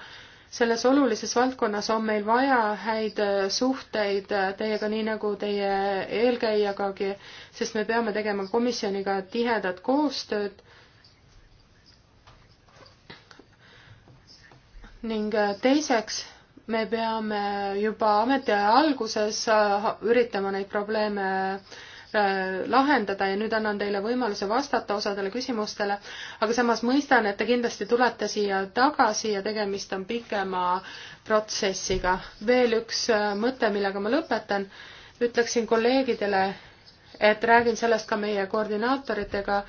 selles olulises valdkonnas on meil vaja häid äh, suhteid äh, teiega, nii nagu teie eelkäijagagi, sest me peame tegema komisjoniga tihedat koostööd ning äh, teiseks me peame juba ametiaja alguses üritama neid probleeme Äh, lahendada ja nüüd annan teile võimaluse vastata osadele küsimustele, aga samas mõistan, et te kindlasti tulete siia tagasi ja tegemist on pikema protsessiga. veel üks äh, mõte, millega ma lõpetan, ütleksin kolleegidele, et räägin sellest ka meie koordinaatoritega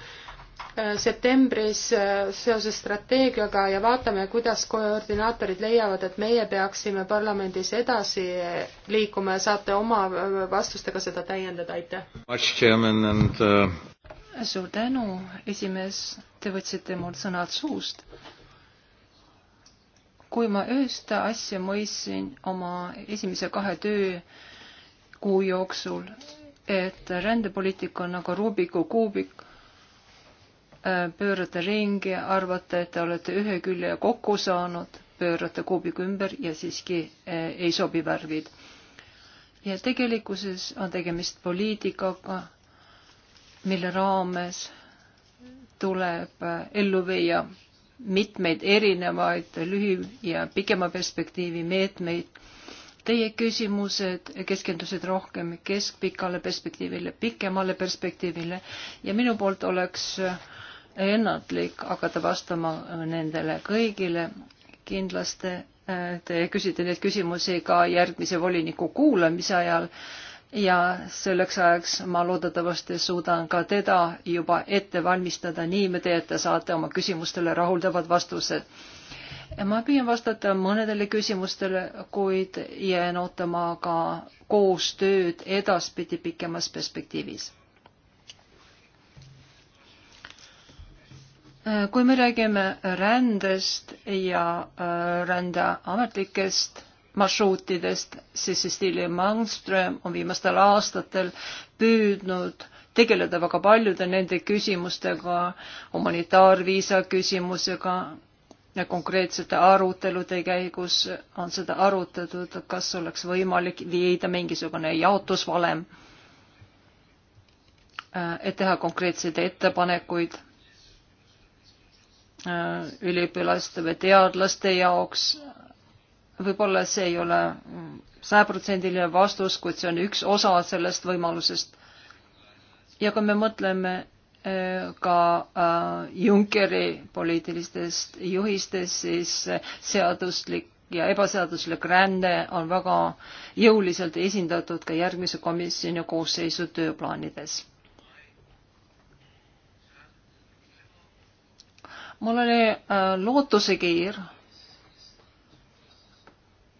Äh, septembris äh, seoses strateegiaga ja vaatame, kuidas koordinaatorid leiavad, et meie peaksime parlamendis edasi liikuma ja saate oma äh, vastustega seda täiendada, aitäh! suur tänu, esimees, te võtsite mul sõnad suust. kui ma ühte asja mõistsin oma esimese kahe töökuu jooksul, et rändepoliitika on nagu Rubiku kuubik pöörate ringi, arvate, et te olete ühe külje kokku saanud, pöörate kuubiku ümber ja siiski eh, ei sobi värvid. ja tegelikkuses on tegemist poliitikaga, mille raames tuleb eh, ellu viia mitmeid erinevaid lühi- ja pikema perspektiivi meetmeid. Teie küsimused keskendusid rohkem keskpikale perspektiivile, pikemale perspektiivile ja minu poolt oleks äh, ennatlik hakata vastama nendele kõigile. kindlasti äh, te küsite neid küsimusi ka järgmise voliniku kuulamise ajal ja selleks ajaks ma loodetavasti suudan ka teda juba ette valmistada niimoodi, et te saate oma küsimustele rahuldavad vastused. ma püüan vastata mõnedele küsimustele, kuid jään ootama ka koostööd edaspidi pikemas perspektiivis kui me räägime rändest ja äh, rände ametlikest marsruutidest, siis Cecilia Malmström on viimastel aastatel püüdnud tegeleda väga paljude nende küsimustega, humanitaarviisa küsimusega ja konkreetsete arutelude käigus on seda arutatud, kas oleks võimalik viida mingisugune jaotusvalem, äh, et teha konkreetseid ettepanekuid Äh, üliõpilaste või teadlaste jaoks. võib-olla see ei ole sajaprotsendiline vastus, kuid see on üks osa sellest võimalusest. ja kui me mõtleme äh, ka äh, Junckeri poliitilistest juhistest, siis seaduslik ja ebaseaduslik ränne on väga jõuliselt esindatud ka järgmise komisjoni koosseisu tööplaanides mul oli äh, lootusekiir,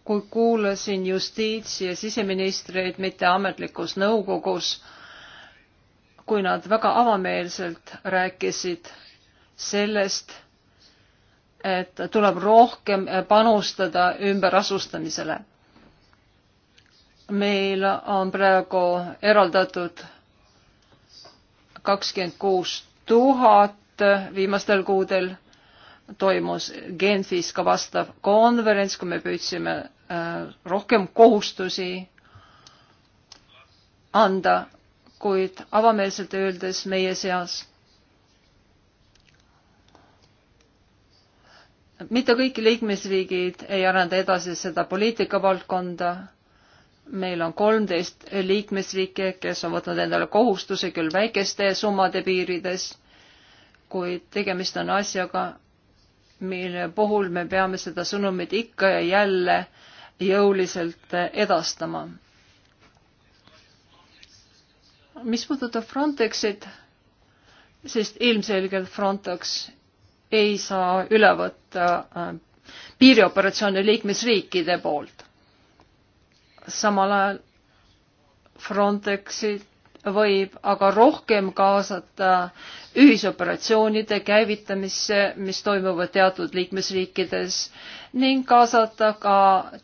kui kuulasin justiits- ja siseministreid mitteametlikus nõukogus, kui nad väga avameelselt rääkisid sellest, et tuleb rohkem äh, panustada ümberasustamisele. meil on praegu eraldatud kakskümmend kuus tuhat et äh, viimastel kuudel toimus Genfis ka vastav konverents, kui me püüdsime äh, rohkem kohustusi anda, kuid avameelselt öeldes meie seas mitte kõik liikmesriigid ei arenda edasi seda poliitikavaldkonda meil on kolmteist liikmesriiki, kes on võtnud endale kohustuse küll väikeste summade piirides kuid tegemist on asjaga, mille puhul me peame seda sõnumit ikka ja jälle jõuliselt edastama. mis puudutab Frontexit, sest ilmselgelt Frontex ei saa üle võtta äh, piirioperatsioone liikmesriikide poolt. samal ajal Frontexit võib aga rohkem kaasata ühisoperatsioonide käivitamisse, mis toimuvad teatud liikmesriikides ning kaasata ka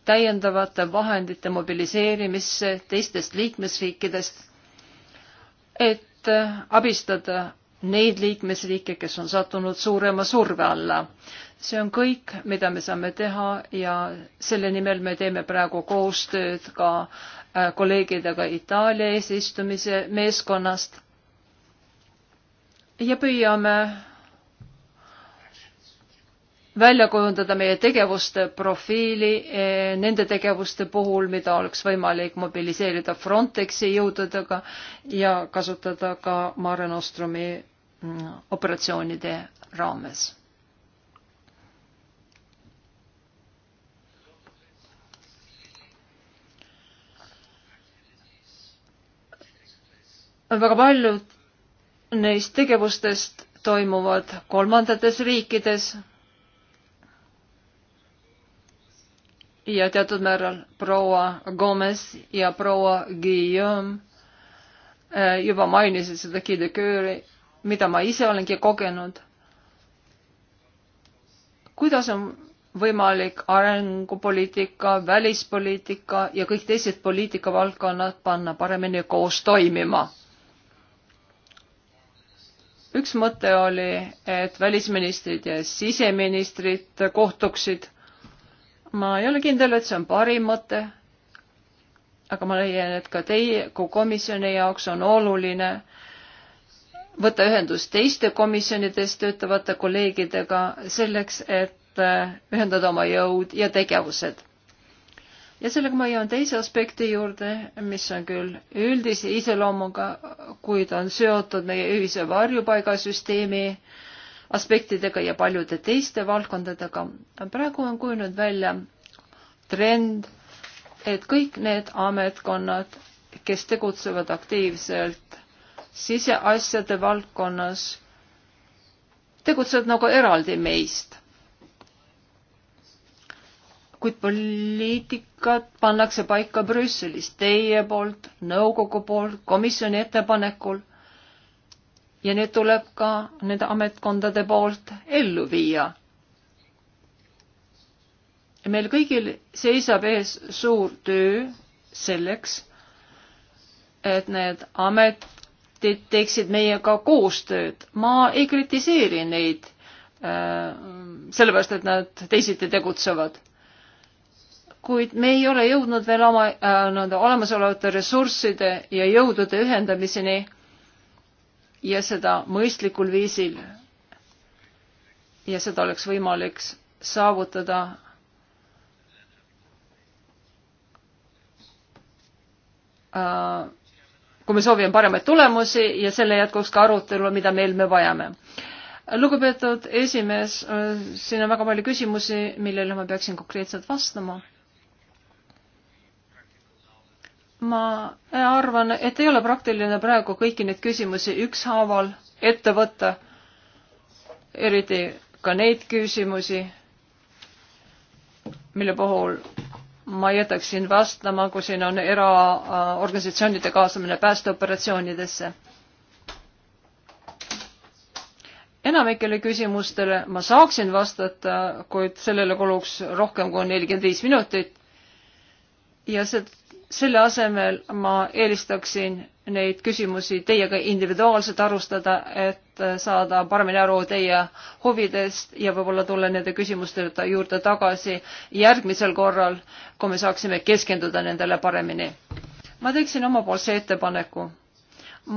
täiendavate vahendite mobiliseerimisse teistest liikmesriikidest, et abistada neid liikmesriike, kes on sattunud suurema surve alla see on kõik, mida me saame teha ja selle nimel me teeme praegu koostööd ka äh, kolleegidega Itaalia eesistumise meeskonnast ja püüame välja kujundada meie tegevuste profiili eh, nende tegevuste puhul, mida oleks võimalik mobiliseerida Frontexi jõududega ja kasutada ka Mare Nostrumi mm, operatsioonide raames väga paljud neist tegevustest toimuvad kolmandates riikides ja teatud määral proua Gomez ja proua Guillaume eh, juba mainisid seda kidekööri, mida ma ise olengi kogenud. kuidas on võimalik arengupoliitika, välispoliitika ja kõik teised poliitikavaldkonnad panna paremini koos toimima? üks mõte oli, et välisministrid ja siseministrid kohtuksid. ma ei ole kindel, et see on parim mõte. aga ma leian, et ka teie kui komisjoni jaoks on oluline võtta ühendust teiste komisjonides töötavate kolleegidega selleks, et ühendada oma jõud ja tegevused ja sellega ma jõuan teise aspekti juurde, mis on küll üldise iseloomuga, kuid on seotud meie ühise varjupaigasüsteemi aspektidega ja paljude teiste valdkondadega. praegu on kujunenud välja trend, et kõik need ametkonnad, kes tegutsevad aktiivselt siseasjade valdkonnas, tegutsevad nagu eraldi meist kuid poliitikat pannakse paika Brüsselis teie poolt, nõukogu poolt, komisjoni ettepanekul. ja need tuleb ka nende ametkondade poolt ellu viia. meil kõigil seisab ees suur töö selleks, et need ametid teeksid meiega koostööd. ma ei kritiseeri neid äh, sellepärast, et nad teisiti tegutsevad kuid me ei ole jõudnud veel oma äh, nende olemasolevate ressursside ja jõudude ühendamiseni ja seda mõistlikul viisil. ja seda oleks võimalik saavutada äh, kui me soovime paremaid tulemusi ja selle jätkuks ka arutelu, mida meil me vajame lugupeetud esimees, äh, siin on väga palju küsimusi, millele ma peaksin konkreetselt vastama. ma arvan, et ei ole praktiline praegu kõiki neid küsimusi ükshaaval ette võtta, eriti ka neid küsimusi, mille puhul ma jätaksin vastama, kui siin on eraorganisatsioonide kaasamine päästeoperatsioonidesse. enamikele küsimustele ma saaksin vastata, kuid sellele kuluks rohkem kui nelikümmend viis minutit ja see selle asemel ma eelistaksin neid küsimusi teiega individuaalselt arustada, et saada paremini aru teie huvidest ja võib-olla tulla nende küsimuste juurde tagasi järgmisel korral, kui me saaksime keskenduda nendele paremini. ma teeksin omapoolse ettepaneku.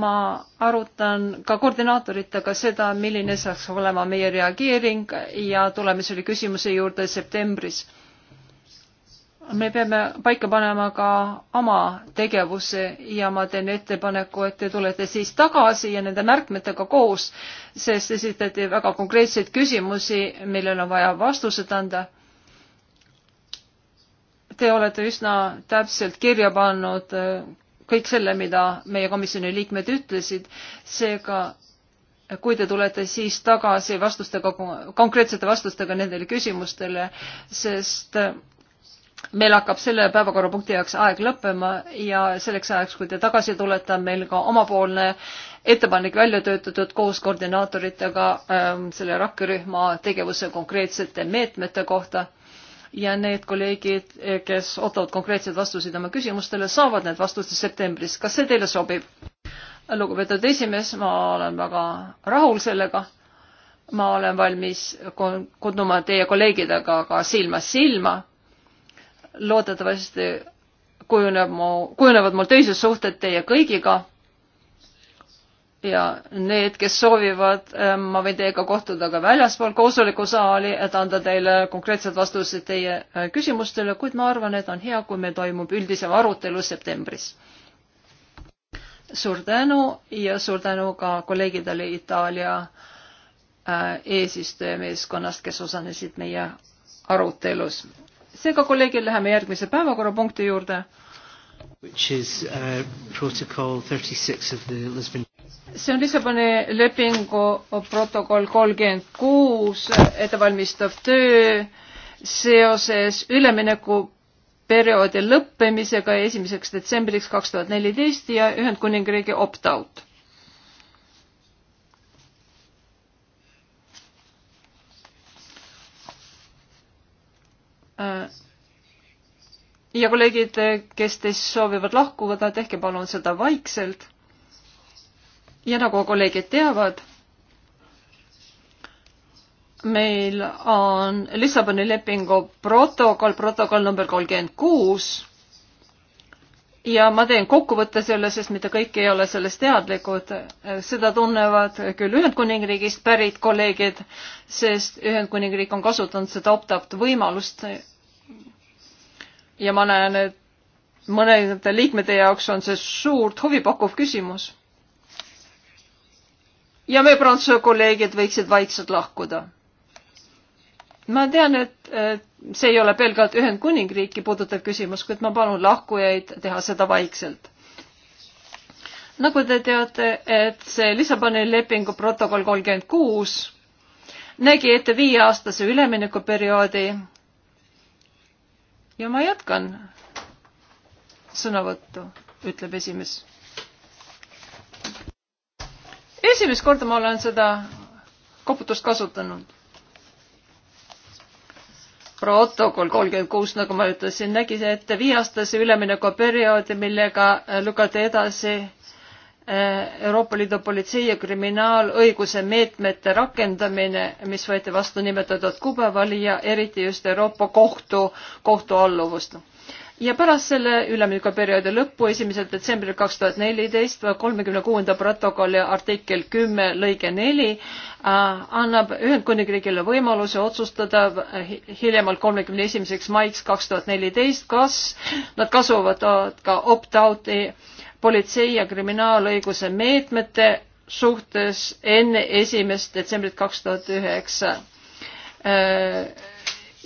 ma arutan ka koordinaatoritega seda, milline saaks olema meie reageering ja tuleme selle küsimuse juurde septembris me peame paika panema ka oma tegevuse ja ma teen ettepaneku, et te tulete siis tagasi ja nende märkmetega koos, sest esitati väga konkreetseid küsimusi, millele on vaja vastused anda. Te olete üsna täpselt kirja pannud äh, kõik selle, mida meie komisjoni liikmed ütlesid, seega kui te tulete siis tagasi vastustega, konkreetsete vastustega nendele küsimustele, sest äh, meil hakkab selle päevakorrapunkti jaoks aeg lõppema ja selleks ajaks, kui te tagasi tulete, on meil ka omapoolne ettepanek välja töötatud koos koordinaatoritega ähm, selle rakkerühma tegevuse konkreetsete meetmete kohta. ja need kolleegid, kes ootavad konkreetseid vastuseid oma küsimustele, saavad need vastused septembris. kas see teile sobib? lugupeetud esimees, ma olen väga rahul sellega ma olen valmis konduma teie kolleegidega ka silmast silma, silma loodetavasti kujuneb mu, kujunevad mul töised suhted teie kõigiga. ja need, kes soovivad, ähm, ma võin teiega kohtuda ka väljaspool koosoleku saali, et anda teile konkreetsed vastused teie äh, küsimustele, kuid ma arvan, et on hea, kui meil toimub üldisem arutelu septembris suur tänu ja suur tänu ka kolleegidele Itaalia äh, eesistujameeskonnast, kes osalesid meie arutelus seega, kolleegid, läheme järgmise päevakorrapunkti juurde. Is, uh, see on Lissaboni lepingu protokoll kolmkümmend kuus, ettevalmistav töö seoses üleminekuperioodi lõppemisega esimeseks detsembriks kaks tuhat neliteist ja Ühendkuningriigi opt-out Äh, ja kolleegid, kes teist soovivad lahkuda, tehke palun seda vaikselt. ja nagu kolleegid teavad, meil on Lissaboni lepingu protokoll, protokoll number kolmkümmend kuus ja ma teen kokkuvõtte selle, sest mitte kõik ei ole sellest teadlikud. seda tunnevad küll Ühendkuningriigist pärit kolleegid, sest Ühendkuningriik on kasutanud seda opt-out võimalust. ja ma näen, et mõnede liikmete jaoks on see suurt huvipakkuv küsimus. ja meie prantsuse kolleegid võiksid vaikselt lahkuda ma tean, et see ei ole pelgalt Ühendkuningriiki puudutav küsimus, kuid ma palun lahkujaid teha seda vaikselt. nagu te teate, et see Lissaboni lepingu protokoll kolmkümmend kuus nägi ette viieaastase üleminekuperioodi. ja ma jätkan sõnavõttu, ütleb esimees. esimest korda ma olen seda koputust kasutanud protokoll kolmkümmend kuus, nagu ma ütlesin, nägi ette viieaastase üleminekuperioodi, millega äh, lükati edasi äh, Euroopa Liidu politsei ja kriminaalõiguse meetmete rakendamine, mis võeti vastu nimetatud kuupäeval ja eriti just Euroopa Kohtu, kohtualluvust ja pärast selle üleminekuperioodi lõppu, esimesel detsembril kaks tuhat neliteist, kolmekümne kuuenda protokolli artikkel kümme lõige neli äh, annab Ühendkuningriigile võimaluse otsustada hiljemalt kolmekümne esimeseks maiks kaks tuhat neliteist, kas nad kasuvad ka opt-out'i politsei ja kriminaalõiguse meetmete suhtes enne esimest detsembrit kaks tuhat üheksa äh,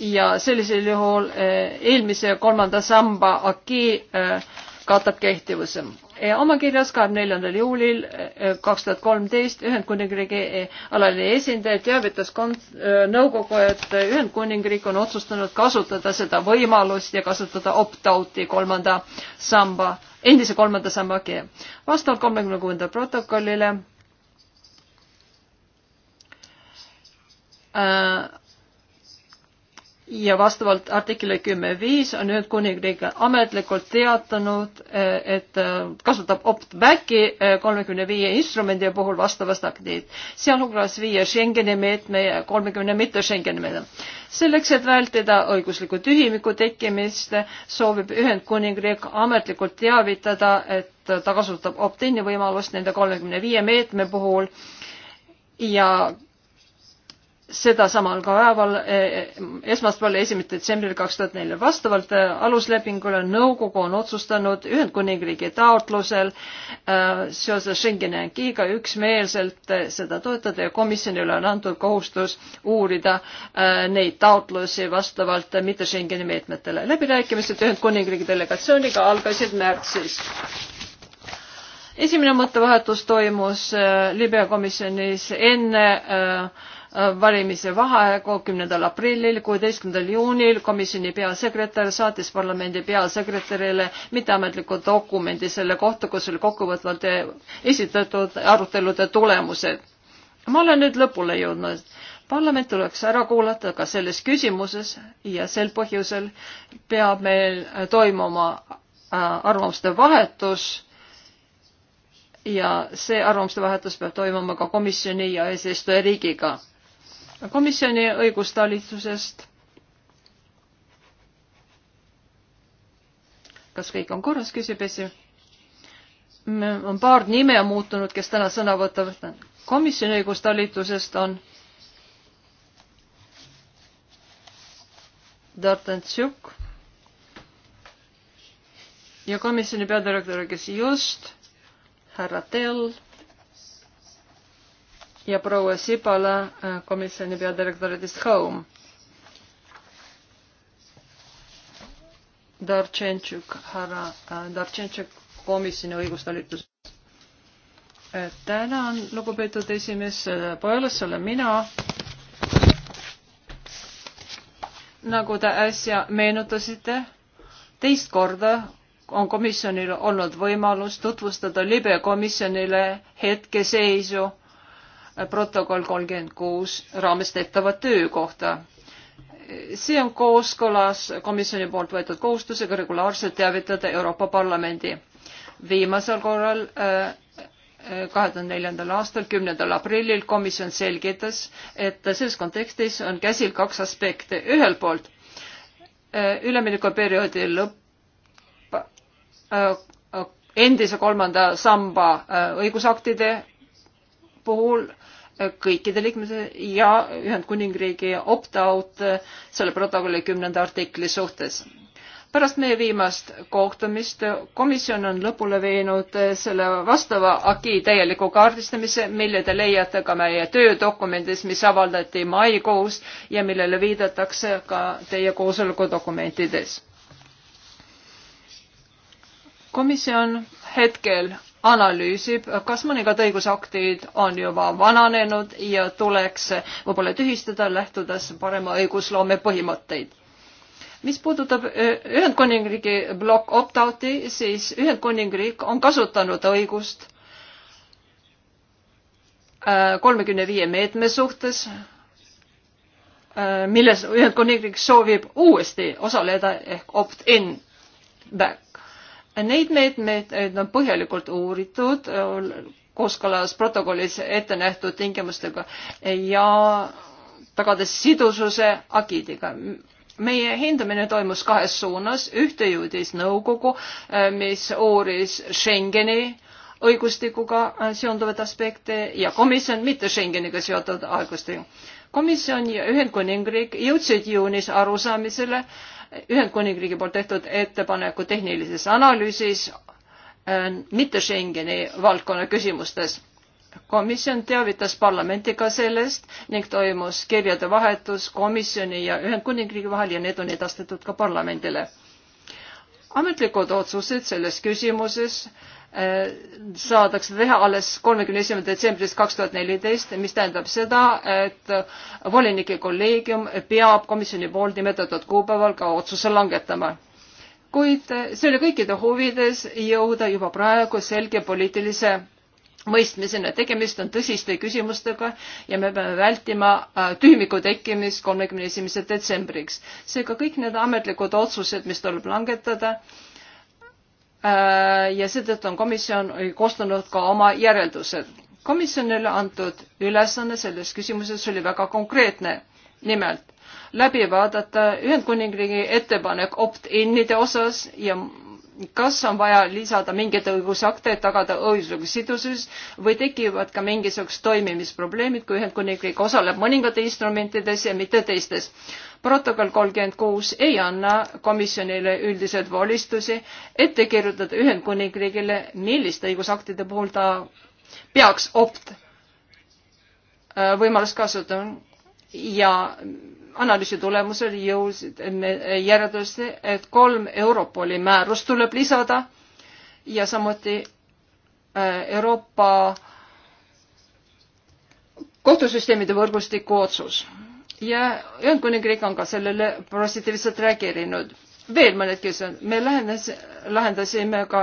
ja sellisel juhul eh, eelmise kolmanda samba aki eh, katab kehtivuse. Eh, oma kirjas kahekümne neljandal juulil kaks tuhat kolmteist Ühendkuningriigi alaline esindaja teavitas nõukogu, et Ühendkuningriik on otsustanud kasutada seda võimalust ja kasutada opt-out'i kolmanda samba, endise kolmanda samba aki. vastavalt kolmekümne kuuenda protokollile äh, ja vastavalt artiklile kümme viis on Ühendkuningriik ametlikult teatanud, e, et e, kasutab opt-back'i e, kolmekümne viie instrumendi puhul vastavast aktiid, sealhulgas viie Schengeni meetme ja kolmekümne mitte Schengeni meetme. selleks, et vältida õigusliku tühimiku tekkimist, soovib Ühendkuningriik ametlikult teavitada, et ta kasutab opt-in'i võimalust nende kolmekümne viie meetme puhul ja seda samal ka päeval, e, e, esmaspäeval, esimesel detsembril kaks tuhat neli. vastavalt e, aluslepingule nõukogu on otsustanud Ühendkuningriigi taotlusel seoses Schengeni akiiga üksmeelselt seda toetada ja komisjonile on antud kohustus uurida neid taotlusi vastavalt mitte Schengeni meetmetele. läbirääkimised Ühendkuningriigi delegatsiooniga algasid märtsis esimene mõttevahetus toimus libekomisjonis enne äh, Äh, valimise vaheaegu kümnendal aprillil, kuueteistkümnendal juunil komisjoni peasekretär saatis parlamendi peasekretärile mitteametliku dokumendi selle kohta, kus oli kokkuvõtvalt äh, esitatud arutelude tulemused. ma olen nüüd lõpule jõudnud. parlament tuleks ära kuulata ka selles küsimuses ja sel põhjusel peab meil toimuma äh, arvamuste vahetus ja see arvamuste vahetus peab toimuma ka komisjoni ja eesistujariigiga komisjoni õigustalitusest. kas kõik on korras, küsib esi. on paar nime muutunud, kes täna sõna võtavad. komisjoni õigustalitusest on Dartantšuk ja komisjoni peadirektor, kes just härra Tell ja proua Sibala äh, komisjoni peadirektoritist Home. Dartšentšuk, härra äh, Dartšentšuk, komisjoni õigustalitus. Äh, tänan, lugupeetud esimees, tõepoolest olen mina. nagu te äsja meenutasite, teist korda on komisjonil olnud võimalus tutvustada libe komisjonile hetkeseisu protokoll kolmkümmend kuus raames tehtava töö kohta. see on kooskõlas komisjoni poolt võetud kohustusega regulaarselt teavitada Euroopa Parlamendi. viimasel korral äh, äh, kahe tuhande neljandal aastal, kümnendal aprillil komisjon selgitas, et selles kontekstis on käsil kaks aspekti. ühelt poolt äh, üleminekuperioodi lõpp endise kolmanda samba õigusaktide puhul kõikide liikmese ja Ühendkuningriigi opt-out selle protokolli kümnenda artikli suhtes. pärast meie viimast kohtumist komisjon on lõpule viinud selle vastava agi täieliku kaardistamise, mille te leiate ka meie töödokumendis, mis avaldati maikuus ja millele viidatakse ka teie koosoleku dokumentides. komisjon hetkel analüüsib, kas mõningad õigusaktid on juba vananenud ja tuleks võib-olla tühistada, lähtudes parema õigusloome põhimõtteid. mis puudutab e, Ühendkuningriigi blokk opt-out'i, siis Ühendkuningriik on kasutanud õigust e, kolmekümne viie meetme suhtes, e, milles Ühendkuningriik soovib uuesti osaleda ehk opt-in back Neid meetmeid on põhjalikult uuritud kooskõlas protokollis ette nähtud tingimustega ja tagades sidususe agidiga. meie hindamine toimus kahes suunas, ühte jõudis nõukogu, mis uuris Schengeni õigustikuga seonduvaid aspekte ja komisjon mitte Schengeniga seotud õigustikku. komisjon ja Ühendkuningriik jõudsid juunis arusaamisele, Ühendkuningriigi poolt tehtud ettepaneku tehnilises analüüsis äh, mitte Schengeni valdkonna küsimustes. komisjon teavitas parlamenti ka sellest ning toimus kirjade vahetus komisjoni ja Ühendkuningriigi vahel ja need on edastatud ka parlamendile. ametlikud otsused selles küsimuses äh, Äh, saadakse teha alles kolmekümne esimene detsembrist kaks tuhat neliteist, mis tähendab seda, et volinike kolleegium peab komisjoni poolt nimetatud kuupäeval ka otsuse langetama. kuid see oli kõikide huvides jõuda juba praegu selge poliitilise mõistmisena, tegemist on tõsiste küsimustega ja me peame vältima äh, tühimiku tekkimist kolmekümne esimese detsembriks. seega kõik need ametlikud otsused, mis tuleb langetada, Äh, ja seetõttu on komisjon koostanud ka oma järeldused. komisjonile antud ülesanne selles küsimuses oli väga konkreetne. nimelt läbi vaadata Ühendkuningriigi ettepanek opt-in'ide osas ja kas on vaja lisada mingeid õigusakte, et tagada õiguslik sidusus või tekivad ka mingisugused toimimisprobleemid, kui Ühendkuningriik osaleb mõningates instrumentides ja mitte teistes protokoll kolmkümmend kuus ei anna komisjonile üldiseid volistusi ette kirjutada Ühendkuningriigile, milliste õigusaktide puhul ta peaks opt äh, võimalust kasutama ja analüüsi tulemusel jõudsid järeldusse, et kolm Europoli määrust tuleb lisada ja samuti äh, Euroopa kohtusüsteemide võrgustiku otsus ja Ühendkuningriik on ka sellele positiivselt reageerinud. veel mõned küsimused. me lähenes, lahendasime ka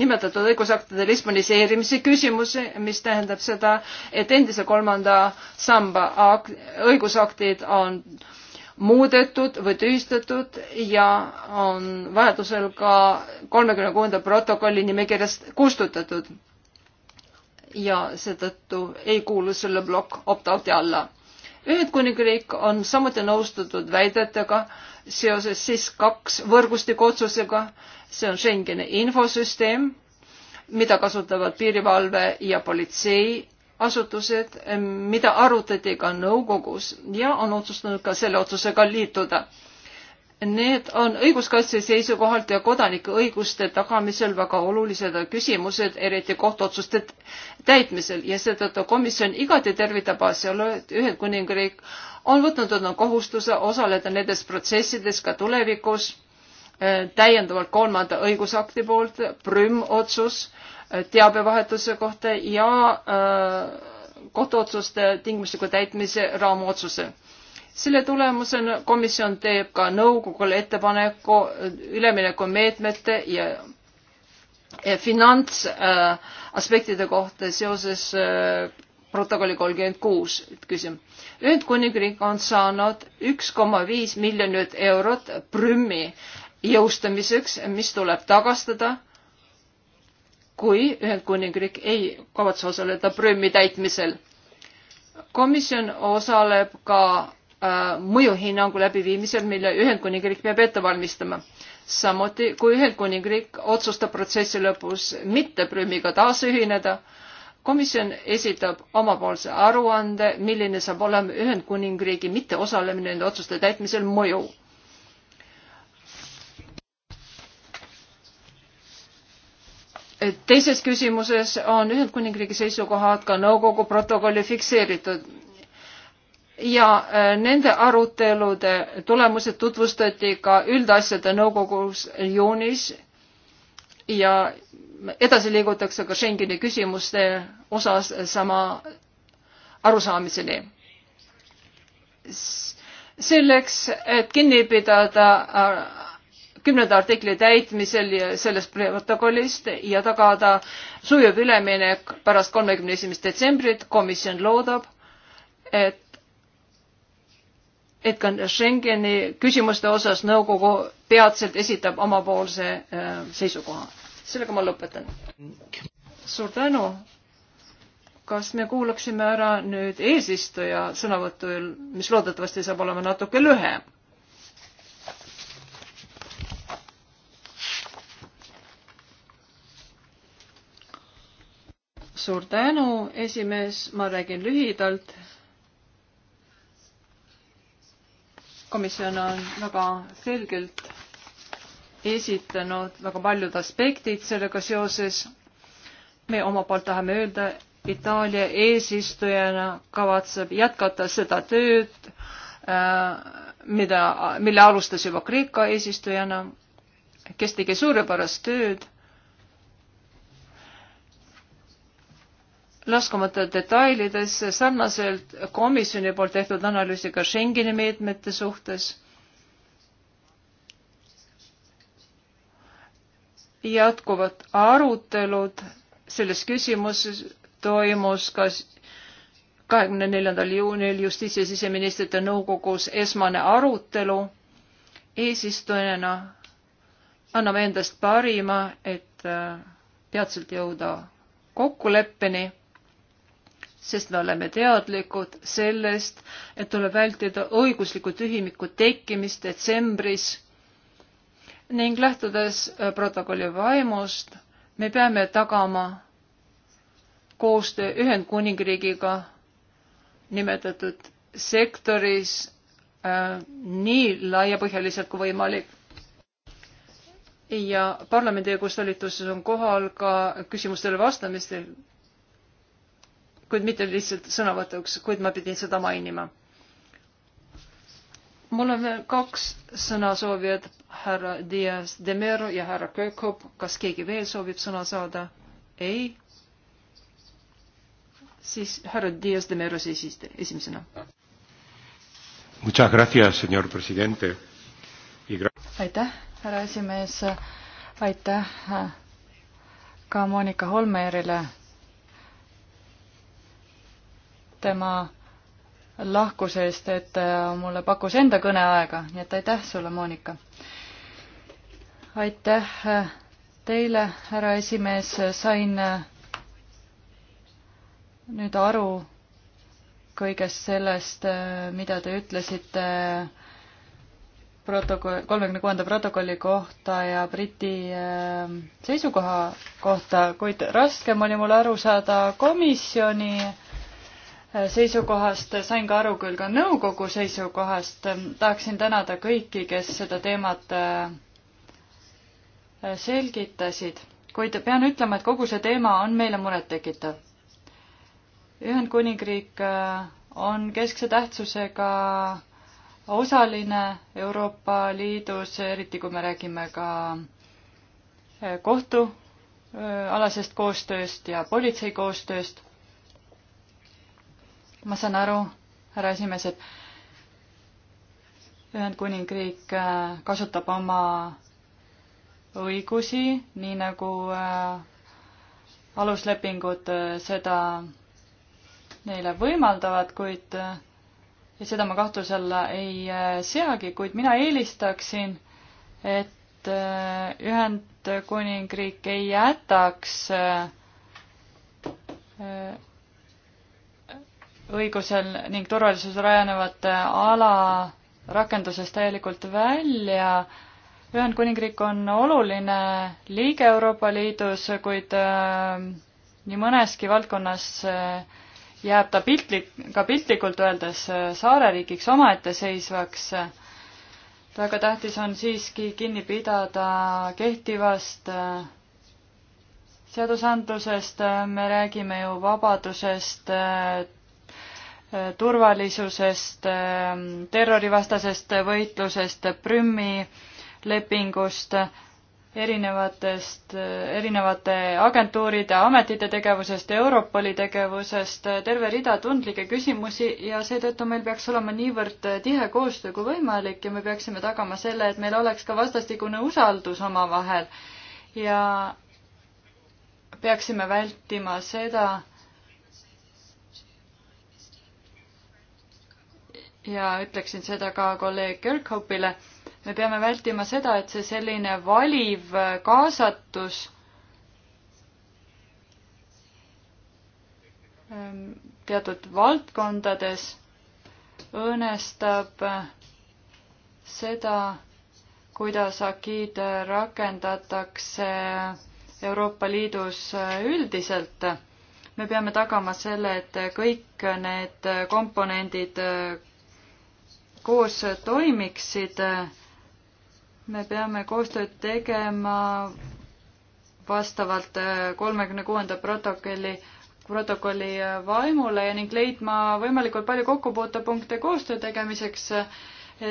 nimetatud õigusaktide lisboniseerimise küsimuse, mis tähendab seda, et endise kolmanda samba õigusaktid on muudetud või tühistatud ja on vajadusel ka kolmekümne kuuenda protokolli nimekirjast kustutatud. ja seetõttu ei kuulu selle plokk opt-out'i alla Ühendkuningriik on samuti nõustutud väidetega seoses siis kaks võrgustiku otsusega, see on Schengeni infosüsteem, mida kasutavad piirivalve ja politseiasutused, mida arutati ka nõukogus ja on otsustanud ka selle otsusega liituda Need on õiguskaitse seisukohalt ja kodanike õiguste tagamisel väga olulised küsimused, eriti kohtuotsuste täitmisel ja seetõttu komisjon igati tervitab asjaolu, et Ühendkuningriik on võtnud endale kohustuse osaleda nendes protsessides ka tulevikus eh, täiendavalt kolmanda õigusakti poolt, Prüm otsus eh, teabevahetuse kohta ja eh, kohtuotsuste tingimusliku täitmise raamotsuse selle tulemusena komisjon teeb ka nõukogule ettepaneku üleminekumeetmete ja, ja finantsaspektide äh, kohta seoses äh, protokolli kolmkümmend kuus küsimus. Ühendkuningriik on saanud üks koma viis miljonit eurot Prümi jõustamiseks, mis tuleb tagastada, kui Ühendkuningriik ei kavatse osaleda Prümi täitmisel. komisjon osaleb ka Äh, mõjuhinnangu läbiviimisel, mille Ühendkuningriik peab ette valmistama. samuti, kui Ühendkuningriik otsustab protsessi lõpus mitte Prümiga taas ühineda, komisjon esitab omapoolse aruande, milline saab olema Ühendkuningriigi mitteosalemine nende otsuste täitmisel mõju. teises küsimuses on Ühendkuningriigi seisukohad ka nõukogu protokolli fikseeritud ja äh, nende arutelude tulemused tutvustati ka üldasjade nõukogus juunis ja edasi liigutakse ka Schengeni küsimuste osas sama arusaamiseni. selleks, et kinni pidada äh, kümnenda artikli täitmisel ja sellest protokollist ja tagada sujuv üleminek pärast kolmekümne esimest detsembrit, komisjon loodab, et et ka Schengeni küsimuste osas nõukogu peatselt esitab omapoolse äh, seisukoha. sellega ma lõpetan. suur tänu. kas me kuulaksime ära nüüd eesistuja sõnavõttu, mis loodetavasti saab olema natuke lühem? suur tänu, esimees, ma räägin lühidalt komisjon on väga selgelt esitanud väga paljud aspektid sellega seoses. me oma poolt tahame öelda, Itaalia eesistujana kavatseb jätkata seda tööd, äh, mida, mille alustas juba Kreeka eesistujana, kes tegi suurepärast tööd laskumata detailides sarnaselt komisjoni poolt tehtud analüüsiga Schengeni meetmete suhtes. jätkuvad arutelud selles küsimuses toimus ka kahekümne neljandal juunil justiits- ja siseministrite nõukogus esmane arutelu. eesistujana anname endast parima, et äh, peatselt jõuda kokkuleppeni sest me oleme teadlikud sellest, et tuleb vältida õigusliku tühimiku tekkimist detsembris ning lähtudes äh, protokolli vaimust, me peame tagama koostöö Ühendkuningriigiga nimetatud sektoris äh, nii laiapõhjaliselt kui võimalik ja parlamendi õigustalitus on kohal ka küsimustele vastamistel kuid mitte lihtsalt sõnavõtuks, kuid ma pidin seda mainima. mul on veel kaks sõnasoovijat, härra Dias de Mero ja härra Kökop. kas keegi veel soovib sõna saada? ei? siis härra Dias de Mero siis esimesena. Muchas gracias, señor presidente. aitäh, härra esimees. aitäh ka Monika Holmerile tema lahkuse eest, et ta mulle pakkus enda kõneaega, nii et aitäh sulle, Monika. aitäh teile, härra esimees, sain nüüd aru kõigest sellest, mida te ütlesite protokoll, kolmekümne kuuenda protokolli kohta ja Briti äh, seisukoha kohta, kuid raskem oli mul aru saada komisjoni seisukohast, sain ka aru küll ka nõukogu seisukohast. tahaksin tänada kõiki, kes seda teemat äh, selgitasid, kuid pean ütlema, et kogu see teema on meile murettekitav. Ühendkuningriik äh, on keskse tähtsusega osaline Euroopa Liidus, eriti kui me räägime ka äh, kohtualasest koostööst ja politsei koostööst ma saan aru, härra esimees, et Ühendkuningriik äh, kasutab oma õigusi, nii nagu äh, aluslepingud äh, seda neile võimaldavad, kuid ja seda ma kahtluse alla ei seagi, kuid mina eelistaksin, et Ühendkuningriik ei jätaks õigusel ning turvalisusel rajanevate äh, ala rakendusest täielikult välja. Ühendkuningriik on oluline liige Euroopa Liidus, kuid äh, nii mõneski valdkonnas äh, jääb ta piltlik, ka piltlikult öeldes saareriigiks omaette seisvaks. väga tähtis on siiski kinni pidada kehtivast seadusandlusest, me räägime ju vabadusest turvalisusest, ähm, terrorivastasest võitlusest, Prümi lepingust, erinevatest, erinevate agentuuride, ametite tegevusest, Europoli tegevusest, terve rida tundlikke küsimusi ja seetõttu meil peaks olema niivõrd tihe koostöö kui võimalik ja me peaksime tagama selle, et meil oleks ka vastastikune usaldus omavahel ja peaksime vältima seda, ja ütleksin seda ka kolleeg Kirkhopile, me peame vältima seda, et see selline valiv kaasatus ähm, teatud valdkondades õõnestab seda, kuidas agiid rakendatakse Euroopa Liidus üldiselt. me peame tagama selle, et kõik need komponendid koos toimiksid. me peame koostööd tegema vastavalt kolmekümne kuuenda protokolli, protokolli vaimule ja ning leidma võimalikult palju kokkupuutepunkte koostöö tegemiseks,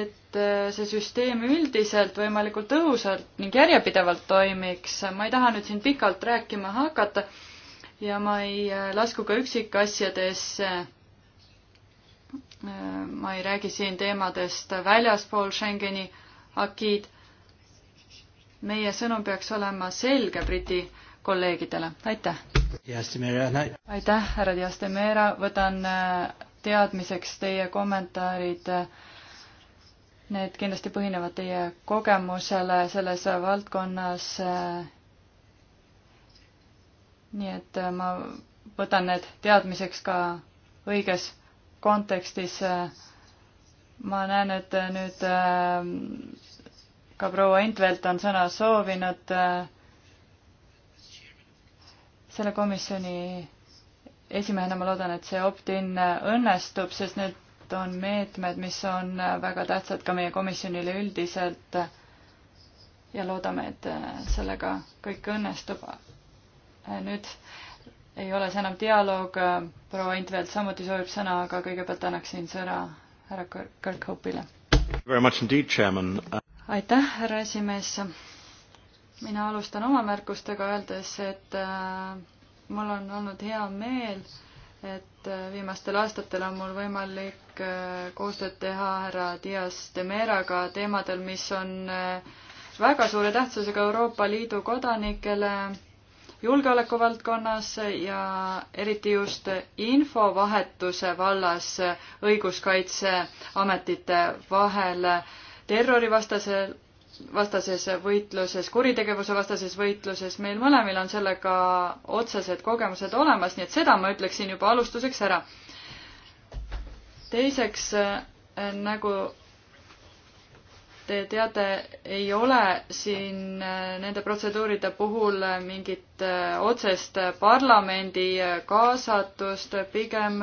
et see süsteem üldiselt võimalikult tõhusalt ning järjepidevalt toimiks. ma ei taha nüüd siin pikalt rääkima hakata ja ma ei lasku ka üksikasjadesse ma ei räägi siin teemadest väljaspool Schengeni akiid. meie sõnum peaks olema selge Briti kolleegidele, aitäh! aitäh, härra Diastemera, võtan äh, teadmiseks teie kommentaarid. Need kindlasti põhinevad teie kogemusele selles valdkonnas. Äh, nii et äh, ma võtan need teadmiseks ka õiges kontekstis eh, ma näen, et eh, nüüd eh, ka proua Intvelt on sõna soovinud. selle komisjoni esimehena ma loodan, et see opt-in õnnestub, sest need on meetmed, mis on väga tähtsad ka meie komisjonile üldiselt. ja loodame, et sellega kõik õnnestub. nüüd ei ole see enam dialoog, proua Intvelt samuti soovib sõna, aga kõigepealt annaksin sõna härra Kirkhope'ile. aitäh, härra esimees. mina alustan oma märkustega, öeldes, et äh, mul on olnud hea meel, et äh, viimastel aastatel on mul võimalik äh, koostööd teha härra Dias de Meraga teemadel, mis on väga suure tähtsusega Euroopa Liidu kodanikele julgeoleku valdkonnas ja eriti just infovahetuse vallas õiguskaitseametite vahel terrorivastasel vastases võitluses, kuritegevuse vastases võitluses, meil mõlemil on sellega otsesed kogemused olemas, nii et seda ma ütleksin juba alustuseks ära. teiseks, nagu Te teate, ei ole siin äh, nende protseduuride puhul äh, mingit äh, otsest parlamendi kaasatust, pigem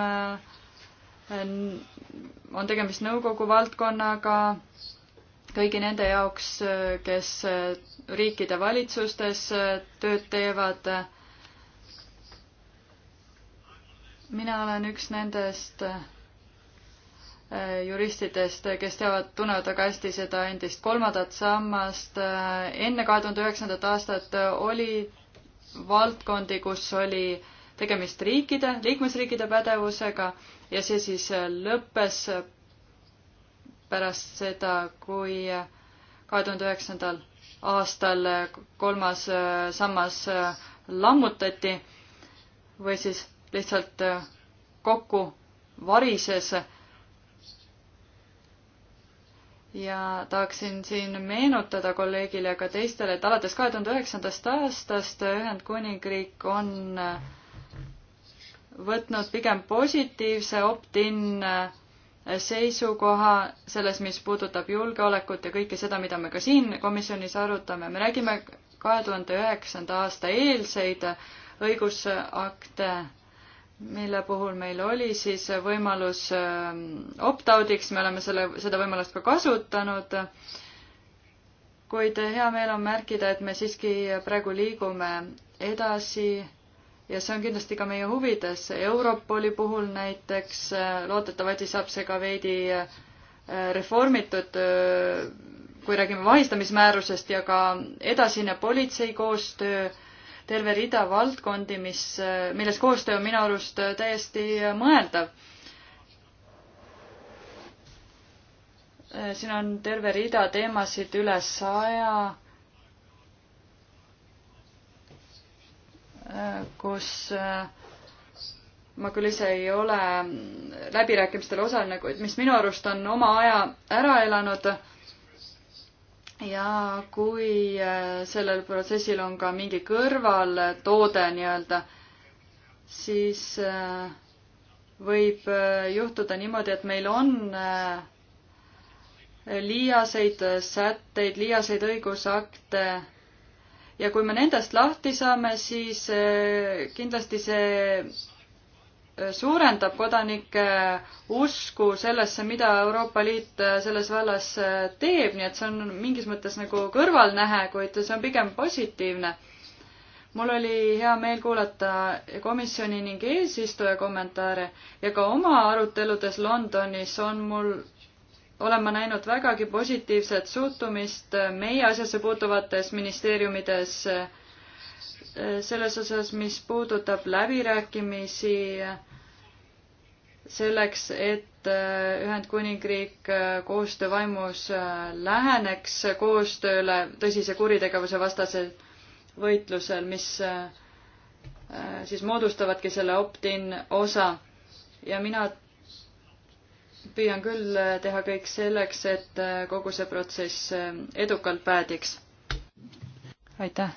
on tegemist nõukogu valdkonnaga kõigi nende jaoks, kes riikide valitsustes tööd teevad. mina olen üks nendest Äh, juristidest, kes teavad, tunnevad väga hästi seda endist kolmandat sammast. Äh, enne kahe tuhande üheksandat aastat oli valdkondi, kus oli tegemist riikide, liikmesriikide pädevusega ja see siis äh, lõppes pärast seda, kui kahe tuhande üheksandal aastal kolmas sammas lammutati või siis lihtsalt kokku varises ja tahaksin siin meenutada kolleegile ja ka teistele, et alates kahe tuhande üheksandast aastast Ühendkuningriik on võtnud pigem positiivse opt-in seisukoha selles, mis puudutab julgeolekut ja kõike seda, mida me ka siin komisjonis arutame. me räägime kahe tuhande üheksanda aasta eelseid õigusakte mille puhul meil oli siis võimalus ähm, opt-out'iks, me oleme selle, seda võimalust ka kasutanud. kuid hea meel on märkida, et me siiski praegu liigume edasi ja see on kindlasti ka meie huvides. Europoli puhul näiteks äh, loodetavasti saab see ka veidi äh, reformitud, äh, kui räägime vahistamismäärusest ja ka edasine politsei koostöö terve rida valdkondi, mis, milles koostöö on minu arust täiesti mõeldav. siin on terve rida teemasid üle saja kus eh, ma küll ise ei ole läbirääkimistel osaline, kuid mis minu arust on oma aja ära elanud, ja kui äh, sellel protsessil on ka mingi kõrvaltoode nii-öelda, siis äh, võib äh, juhtuda niimoodi, et meil on liiaseid sätteid, liiaseid õigusakte ja kui me nendest lahti saame, siis kindlasti see suurendab kodanike usku sellesse, mida Euroopa Liit äh, selles vallas äh, teeb, nii et see on mingis mõttes nagu kõrvalnähe, kuid see on pigem positiivne. mul oli hea meel kuulata komisjoni ning eesistuja kommentaare ja ka oma aruteludes Londonis on mul olen ma näinud vägagi positiivset suhtumist äh, meie asjasse puutuvates ministeeriumides äh, Äh, selles osas, mis puudutab läbirääkimisi selleks, et äh, Ühendkuningriik äh, koostöö vaimus läheneks koostööle tõsise kuritegevuse vastasel võitlusel, mis siis moodustavadki selle opt-in osa. ja mina püüan küll teha kõik selleks, et kogu see protsess edukalt päädiks. aitäh!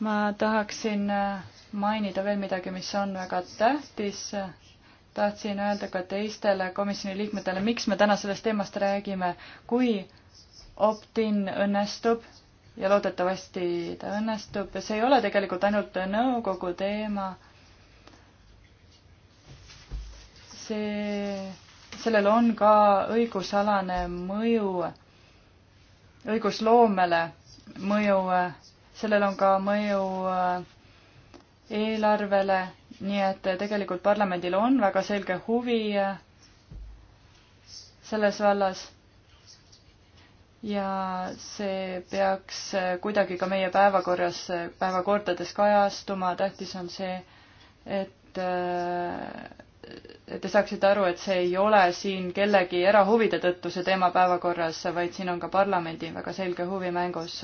ma tahaksin äh, mainida veel midagi, mis on väga tähtis. tahtsin öelda ka teistele komisjoni liikmetele, miks me täna sellest teemast räägime. kui opt-in õnnestub ja loodetavasti ta õnnestub, see ei ole tegelikult ainult nõukogu teema. see, sellel on ka õigusalane mõju, õigusloomele mõju sellel on ka mõju äh, eelarvele, nii et äh, tegelikult parlamendil on väga selge huvi äh, selles vallas. ja see peaks kuidagi ka meie päevakorras, päevakordades kajastuma, tähtis on see, et et te saaksite aru, et see ei ole siin kellegi erahuvide tõttu see teema päevakorras, vaid siin on ka parlamendi väga selge huvi mängus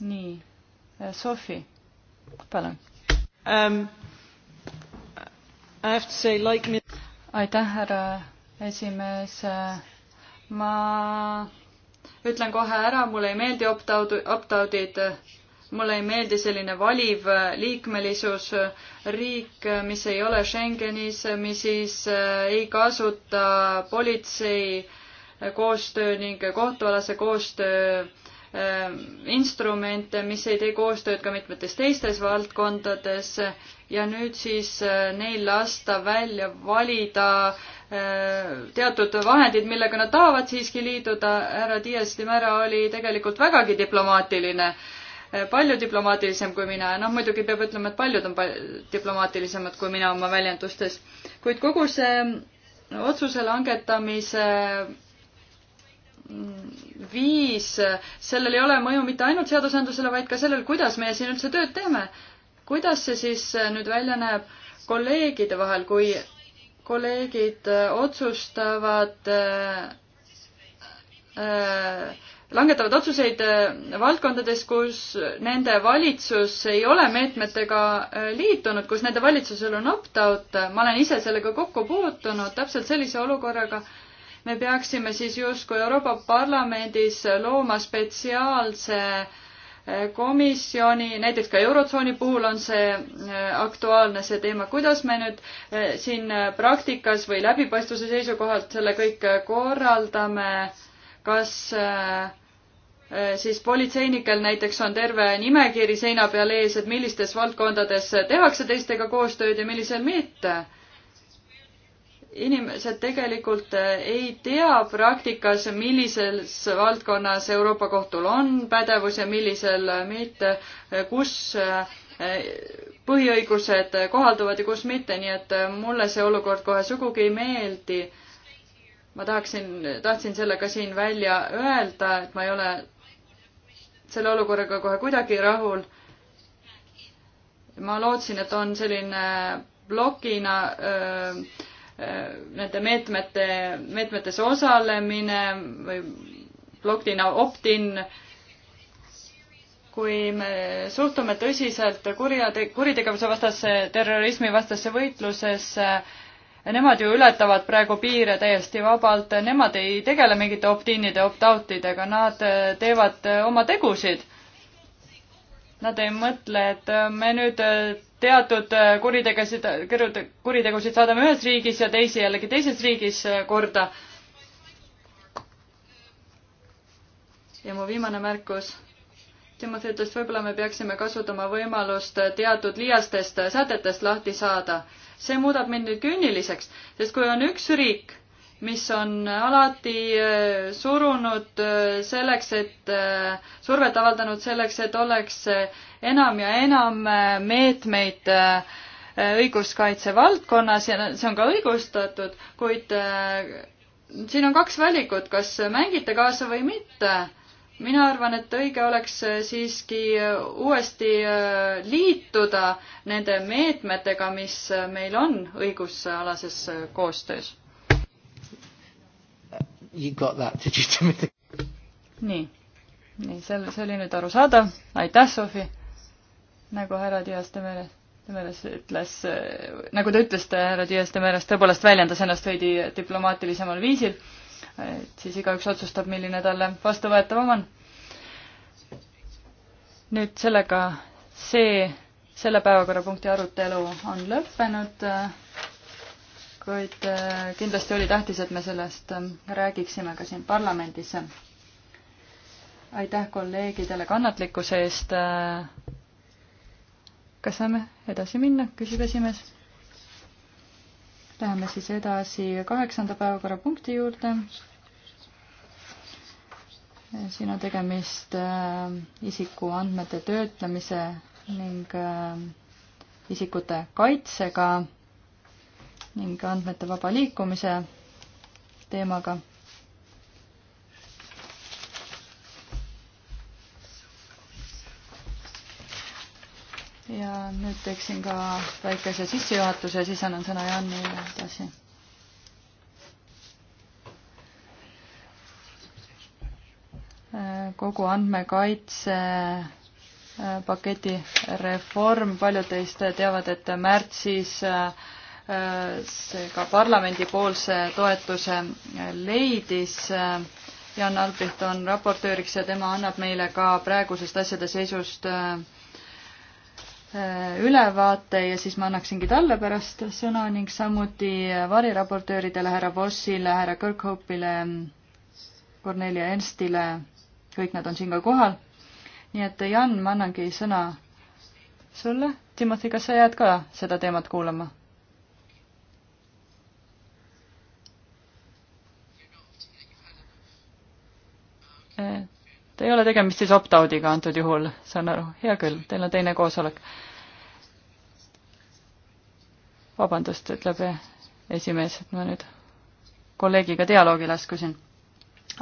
nii, eh, Sofi, palun um,. Like me... aitäh, härra esimees. Eh, ma ütlen kohe ära, mulle ei meeldi opt-out, opt-out'id mulle ei meeldi selline valiv eh, liikmelisus, riik, mis ei ole Schengenis, mis siis ei kasuta politsei koostöö ning kohtualase koostöö Ähm, instrumente, mis ei tee koostööd ka mitmetes teistes valdkondades ja nüüd siis äh, neil lasta välja valida äh, teatud vahendid, millega nad tahavad siiski liituda. härra Dias de Mera oli tegelikult vägagi diplomaatiline, äh, palju diplomaatilisem kui mina. noh, muidugi peab ütlema, et paljud on pal diplomaatilisemad kui mina oma väljendustes, kuid kogu see otsuse langetamise viis, sellel ei ole mõju mitte ainult seadusandlusele, vaid ka sellel, kuidas meie siin üldse tööd teeme. kuidas see siis nüüd välja näeb kolleegide vahel, kui kolleegid otsustavad äh, langetavad otsuseid äh, valdkondades, kus nende valitsus ei ole meetmetega äh, liitunud, kus nende valitsusel on opt-out. ma olen ise sellega kokku puutunud, täpselt sellise olukorraga äh, me peaksime siis justkui Euroopa Parlamendis looma spetsiaalse eh, komisjoni, näiteks ka Eurotsooni puhul on see eh, aktuaalne, see teema, kuidas me nüüd eh, siin praktikas või läbipaistvuse seisukohalt selle kõik korraldame, kas siis politseinikel näiteks on terve nimekiri seina peal ees, et millistes valdkondades tehakse teistega koostööd ja millisel mitte inimesed tegelikult äh, ei tea praktikas, millises valdkonnas Euroopa Kohtul on pädevus ja millisel äh, mitte, äh, kus põhiõigused kohalduvad ja kus mitte, nii et mulle see olukord kohe sugugi ei meeldi. ma tahaksin, tahtsin selle ka siin välja öelda, et ma ei ole selle olukorraga kohe kuidagi rahul. ma lootsin, et on selline plokina öö, nende meetmete, meetmetes osalemine või plokina opt-in. kui me suhtume tõsiselt kurjate-, kuritegevuse vastasse, terrorismi vastasse võitlusesse, nemad ju ületavad praegu piire täiesti vabalt, nemad ei tegele mingite opt-in'ide, opt-out idega, nad teevad oma tegusid nad ei mõtle, et äh, me nüüd äh, teatud äh, kuritegesid, kuritegusid saadame ühes riigis ja teisi jällegi teises riigis korda. ja mu viimane märkus. Timothy ütles, võib-olla me peaksime kasutama võimalust teatud liiastest sätetest lahti saada. see muudab mind nüüd künniliseks, sest kui on üks riik, mis on alati äh, surunud äh, selleks, et, äh, survet avaldanud selleks, et oleks enam ja enam meetmeid õiguskaitse valdkonnas ja see on ka õigustatud, kuid siin on kaks valikut, kas mängite kaasa või mitte. mina arvan, et õige oleks siiski uuesti liituda nende meetmetega, mis meil on õigusalases koostöös. You got that, did you, Timothy? nii, nii, selle, see oli nüüd arusaadav, aitäh, Sofi! nagu härra Dias Temeres, Temeres ütles, äh, nagu te ütlesite, härra Dias Temeres tõepoolest väljendas ennast veidi diplomaatilisemal viisil, et siis igaüks otsustab, milline talle vastuvõetavam on. nüüd sellega see, selle päevakorrapunkti arutelu on lõppenud kuid äh, kindlasti oli tähtis, et me sellest äh, räägiksime ka siin parlamendis. aitäh kolleegidele kannatlikkuse eest. Äh, kas saame edasi minna, küsib esimees. Läheme siis edasi kaheksanda päevakorrapunkti juurde. siin on tegemist isikuandmete töötlemise ning isikute kaitsega ning andmete vaba liikumise teemaga. ja nüüd teeksin ka väikese sissejuhatuse, siis annan sõna Janile edasi. kogu andmekaitse äh, paketi reform, paljud teist teavad, et märtsis äh, see ka parlamendipoolse toetuse leidis. Äh, Jan Albrecht on raportööriks ja tema annab meile ka praegusest asjade seisust äh, ülevaate ja siis ma annaksingi talle pärast sõna ning samuti variraportööridele, härra Vossile, härra Kirkhope'ile, Cornelia Ernstile, kõik nad on siin ka kohal. nii et Jan, ma annangi sõna sulle. Timothy, kas sa jääd ka seda teemat kuulama? et ei ole tegemist siis opt-out'iga antud juhul, saan aru, hea küll, teil on teine koosolek. vabandust, ütleb esimees, et ma nüüd kolleegiga dialoogi laskusin.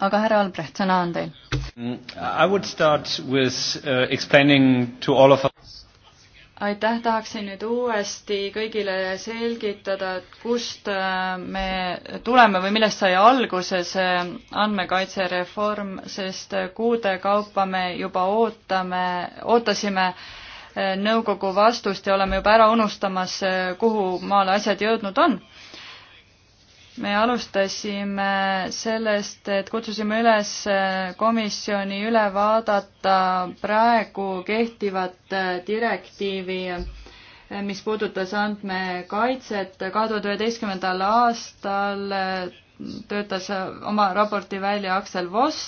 aga härra Albrecht, sõna on teil. Mm, I would start with uh, explaining to all of us aitäh, tahaksin nüüd uuesti kõigile selgitada, et kust äh, me tuleme või millest sai alguse see äh, andmekaitsereform, sest äh, kuude kaupa me juba ootame, ootasime nõukogu vastust ja oleme juba ära unustamas, kuhu maale asjad jõudnud on me alustasime sellest, et kutsusime üles komisjoni üle vaadata praegu kehtivat direktiivi, mis puudutas andmekaitset. kahe tuhande üheteistkümnendal aastal töötas oma raporti välja Aksel Voss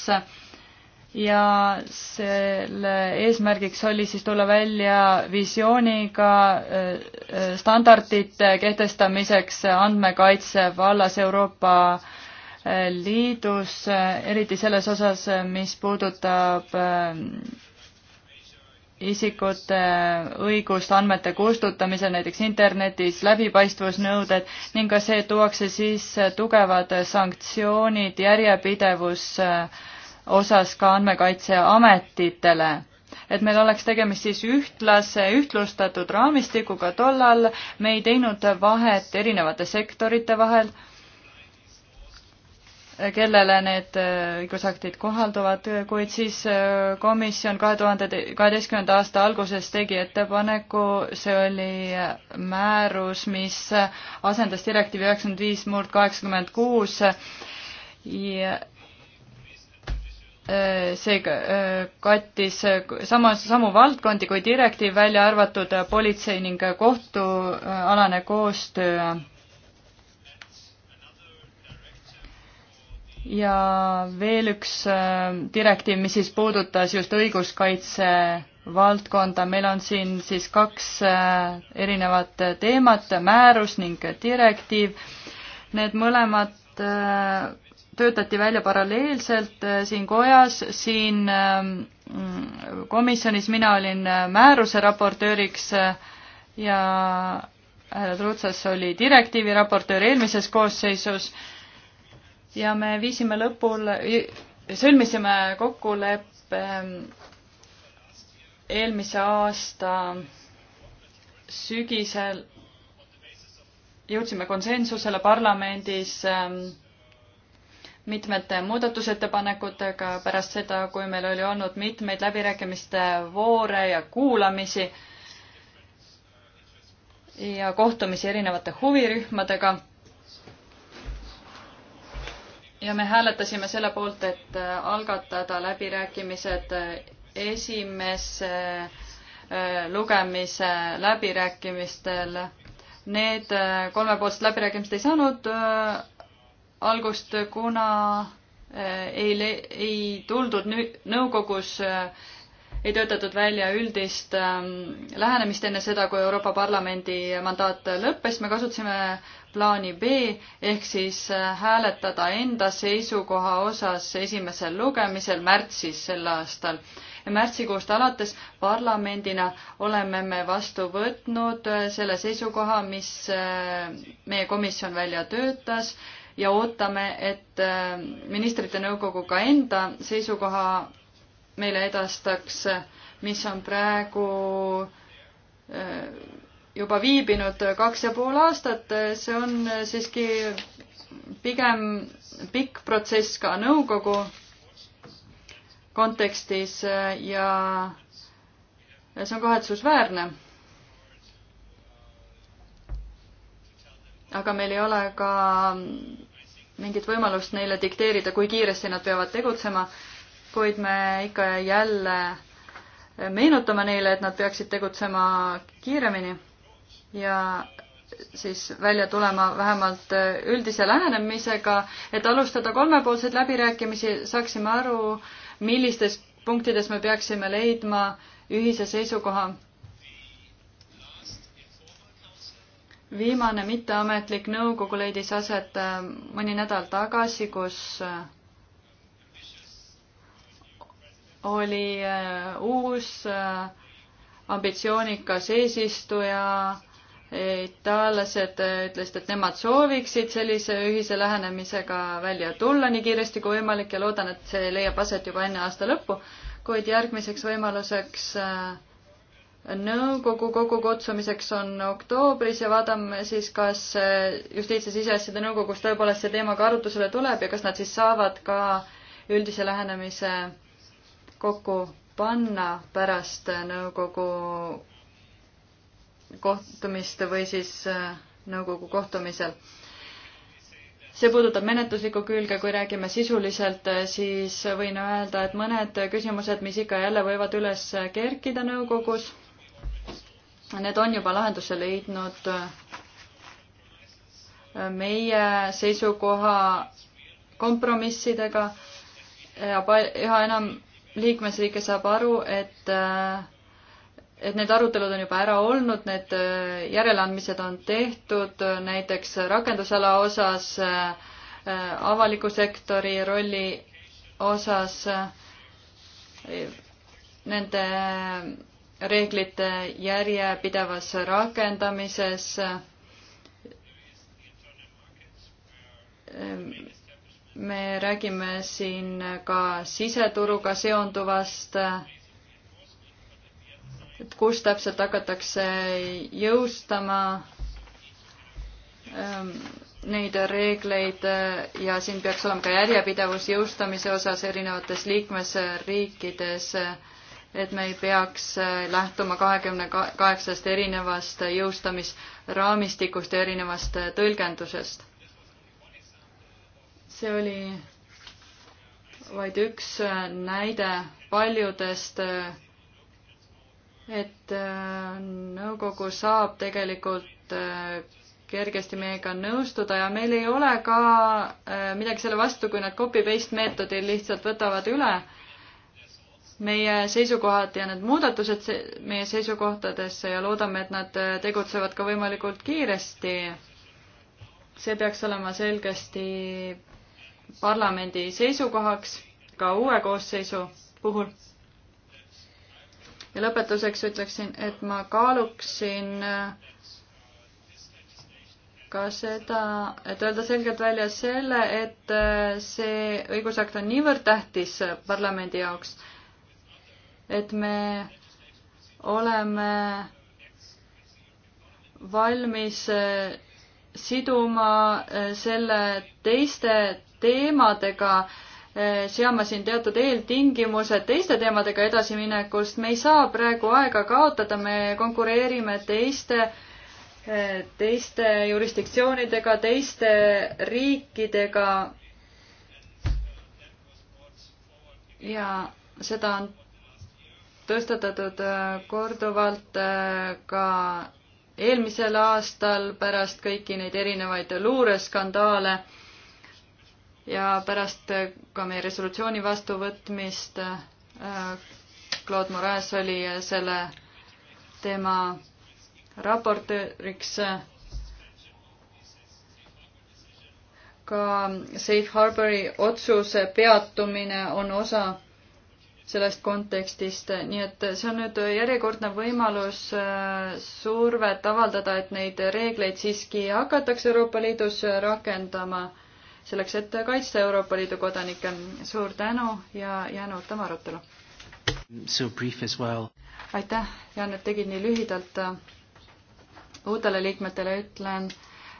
ja selle eesmärgiks oli siis tulla välja visiooniga äh, äh, standardite kehtestamiseks andmekaitse vallas Euroopa äh, Liidus, eriti selles osas, mis puudutab isikute õigust andmete kustutamisel, näiteks internetis, läbipaistvusnõuded ning ka see, et tuuakse sisse tugevad sanktsioonid, järjepidevus äh, osas ka andmekaitseametitele et meil oleks tegemist siis ühtlase, ühtlustatud raamistikuga, tollal me ei teinud vahet erinevate sektorite vahel, kellele need äh, õigusaktid kohalduvad, kuid siis äh, komisjon kahe tuhande kaheteistkümnenda aasta alguses tegi ettepaneku, see oli äh, määrus, mis asendas direktiivi üheksakümmend viis murd kaheksakümmend kuus Äh, see äh, kattis äh, samas, samu valdkondi kui direktiiv, välja arvatud politsei ning kohtualane koostöö. ja veel üks direktiiv, mis siis puudutas just õiguskaitse valdkonda, meil on siin siis kaks erinevat teemat, määrus ning direktiiv. Need mõlemad töötati välja paralleelselt äh, siin kojas, siin ähm, komisjonis mina olin äh, määruse raportööriks äh, ja härra Trutsas oli direktiivi raportöör eelmises koosseisus ja me viisime lõpul, sõlmisime kokkuleppe ähm, eelmise aasta sügisel jõudsime konsensusele parlamendis ähm, mitmete muudatusettepanekutega pärast seda, kui meil oli olnud mitmeid läbirääkimiste voore ja kuulamisi ja kohtumisi erinevate huvirühmadega. ja me hääletasime selle poolt, et algatada läbirääkimised esimese äh, lugemise läbirääkimistel. Need äh, kolmepoolsed läbirääkimised ei saanud äh, algust, kuna eh, ei, ei tuldud nõukogus, eh, ei töötatud välja üldist ehm, lähenemist enne seda, kui Euroopa Parlamendi mandaat lõppes, me kasutasime plaani B ehk siis eh, hääletada enda seisukoha osas esimesel lugemisel märtsis sel aastal. märtsikuust alates parlamendina oleme me vastu võtnud selle seisukoha, mis meie komisjon välja töötas ja ootame, et äh, ministrite nõukogu ka enda seisukoha meile edastaks, mis on praegu äh, juba viibinud kaks ja pool aastat, see on siiski pigem pikk protsess ka nõukogu kontekstis ja see on kahetsusväärne. aga meil ei ole ka mingit võimalust neile dikteerida, kui kiiresti nad peavad tegutsema, kuid me ikka ja jälle meenutame neile, et nad peaksid tegutsema kiiremini ja siis välja tulema vähemalt üldise lähenemisega, et alustada kolmepoolseid läbirääkimisi, saaksime aru, millistes punktides me peaksime leidma ühise seisukoha viimane mitteametlik nõukogu leidis aset äh, mõni nädal tagasi, kus äh, oli äh, uus ambitsioonikas eesistuja, itaallased ütlesid, et nemad sooviksid sellise ühise lähenemisega välja tulla nii kiiresti kui võimalik ja loodan, et see leiab aset juba enne aasta lõppu, kuid järgmiseks võimaluseks äh, nõukogu kokkukutsumiseks on oktoobris ja vaatame siis, kas justiits- ja siseasjade nõukogus tõepoolest see teema ka arutusele tuleb ja kas nad siis saavad ka üldise lähenemise kokku panna pärast nõukogu kohtumist või siis äh, nõukogu kohtumisel. see puudutab menetluslikku külge, kui räägime sisuliselt, äh, siis võin öelda, et mõned küsimused, mis ikka ja jälle võivad üles kerkida nõukogus need on juba lahenduse leidnud. meie seisukoha kompromissidega ja üha enam liikmesriike saab aru, et, et need arutelud on juba ära olnud, need järeleandmised on tehtud, näiteks rakendusala osas, avaliku sektori rolli osas, nende reeglite järjepidevas rakendamises ehm, me räägime siin ka siseturuga seonduvast, et kus täpselt hakatakse jõustama ehm, neid reegleid ja siin peaks olema ka järjepidevus jõustamise osas erinevates liikmesriikides et me ei peaks äh, lähtuma kahekümne kaheksast erinevast jõustamisraamistikust ja erinevast äh, tõlgendusest. see oli vaid üks äh, näide paljudest, et nõukogu saab tegelikult kergesti meiega nõustuda ja meil ei ole ka midagi selle vastu, kui nad copy-paste meetodil lihtsalt võtavad üle meie seisukohad ja need muudatused meie seisukohtadesse ja loodame, et nad äh, tegutsevad ka võimalikult kiiresti. see peaks olema selgesti parlamendi seisukohaks ka uue koosseisu puhul. ja lõpetuseks ütleksin, et ma kaaluksin äh, ka seda, et öelda selgelt välja selle, et äh, see õigusakt on niivõrd tähtis parlamendi jaoks et me oleme valmis eh, siduma eh, selle teiste teemadega, eh, seame siin teatud eeltingimused teiste teemadega edasiminekust, me ei saa praegu aega kaotada, me konkureerime teiste, teiste jurisdiktsioonidega, teiste riikidega. ja seda on tõstatatud äh, korduvalt äh, ka eelmisel aastal pärast kõiki neid erinevaid luureskandaale ja pärast äh, ka meie resolutsiooni vastuvõtmist Claude Moraes oli selle tema raportööriks ka Safe Harbori otsuse peatumine on osa sellest kontekstist, nii et see on nüüd järjekordne võimalus äh, survet avaldada, et neid reegleid siiski hakatakse Euroopa Liidus rakendama, selleks et kaitsta Euroopa Liidu kodanikke. suur tänu ja jään ootama arutelu. Well. aitäh, Jaan, et tegid nii lühidalt. uutele liikmetele ütlen,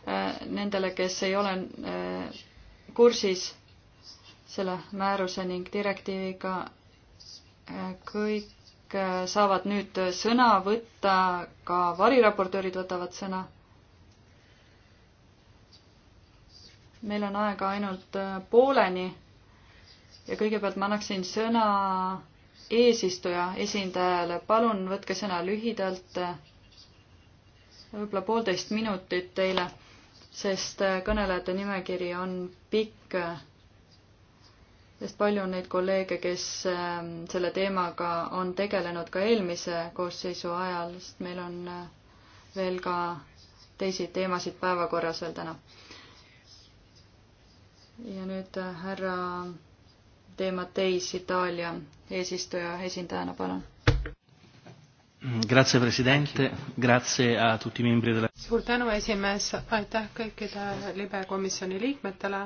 äh, nendele, kes ei ole äh, kursis selle määruse ning direktiiviga, kõik äh, saavad nüüd sõna võtta, ka variraportöörid võtavad sõna. meil on aega ainult äh, pooleni ja kõigepealt ma annaksin sõna eesistuja esindajale, palun võtke sõna lühidalt, äh, võib-olla poolteist minutit teile, sest kõnelejate nimekiri on pikk sest palju on neid kolleege, kes ähm, selle teemaga on tegelenud ka eelmise koosseisu ajal, sest meil on äh, veel ka teisi teemasid päevakorras veel täna. ja nüüd äh, härra Demateis Itaalia eesistuja esindajana, palun. Mm, grazie Presidente, grazie a tutti i membri della... suur tänu, esimees, aitäh kõikide libekomisjoni liikmetele.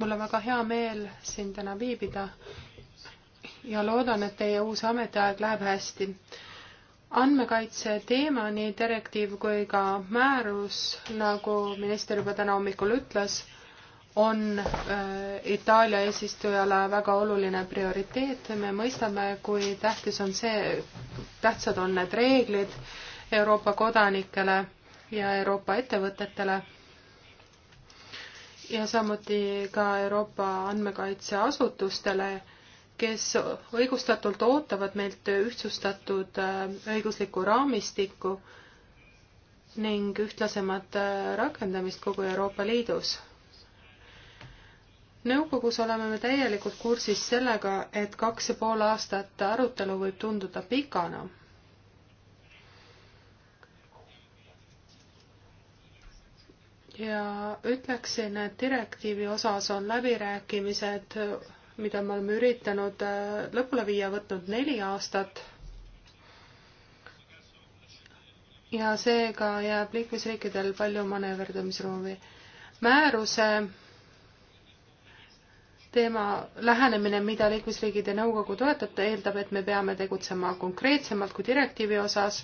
mul on väga hea meel siin täna viibida ja loodan, et teie uus ametiaeg läheb hästi. andmekaitse teema, nii direktiiv kui ka määrus, nagu minister juba täna hommikul ütles on äh, Itaalia eesistujale väga oluline prioriteet, me mõistame, kui tähtis on see, tähtsad on need reeglid Euroopa kodanikele ja Euroopa ettevõtetele ja samuti ka Euroopa andmekaitseasutustele, kes õigustatult ootavad meilt ühtsustatud äh, õiguslikku raamistikku ning ühtlasemat äh, rakendamist kogu Euroopa Liidus nõukogus oleme me täielikult kursis sellega, et kaks ja pool aastat arutelu võib tunduda pikana. ja ütleksin, et direktiivi osas on läbirääkimised, mida me oleme üritanud äh, lõpule viia, võtnud neli aastat ja seega jääb liikmesriikidel palju manööverdamisruumi. määruse teema lähenemine, mida liikmesriigid ja nõukogu toetab, eeldab, et me peame tegutsema konkreetsemalt kui direktiivi osas,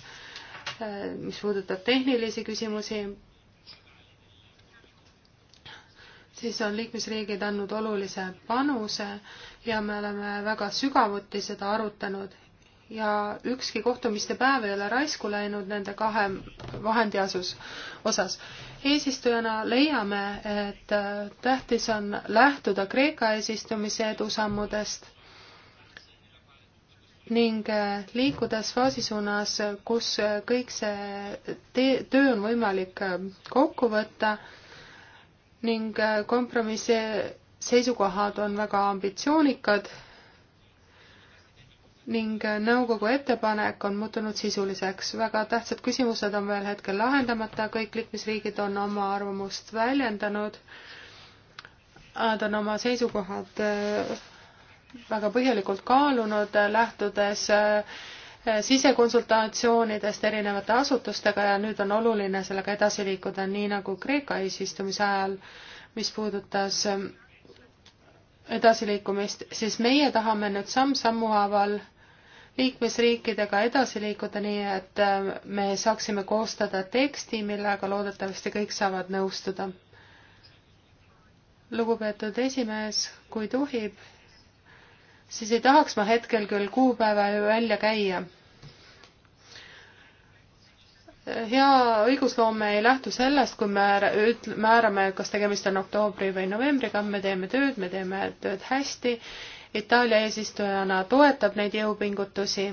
äh, mis puudutab tehnilisi küsimusi, siis on liikmesriigid andnud olulise panuse ja me oleme väga sügavuti seda arutanud ja ükski kohtumiste päev ei ole raisku läinud nende kahe vahendi asus, osas eesistujana leiame, et äh, tähtis on lähtuda Kreeka eesistumise edusammudest ning äh, liikudes faasi suunas, kus äh, kõik see töö on võimalik kokku võtta ning kompromissi seisukohad on väga ambitsioonikad ning äh, nõukogu ettepanek on muutunud sisuliseks. väga tähtsad küsimused on veel hetkel lahendamata, kõik liikmesriigid on oma arvamust väljendanud. Nad on oma seisukohad äh, väga põhjalikult kaalunud, äh, lähtudes sisekonsultatsioonidest erinevate asutustega ja nüüd on oluline sellega edasi liikuda, nii nagu Kreeka eesistumise ajal, mis puudutas ähm, edasiliikumist, siis meie tahame nüüd samm-sammu haaval liikmesriikidega edasi liikuda, nii et äh, me saaksime koostada teksti, millega loodetavasti kõik saavad nõustuda. lugupeetud esimees, kui tohib, siis ei tahaks ma hetkel küll kuupäeva välja käia. hea õigusloome ei lähtu sellest, kui me üt-, määrame, kas tegemist on oktoobri või novembriga, me teeme tööd, me teeme tööd hästi Itaalia eesistujana toetab neid jõupingutusi,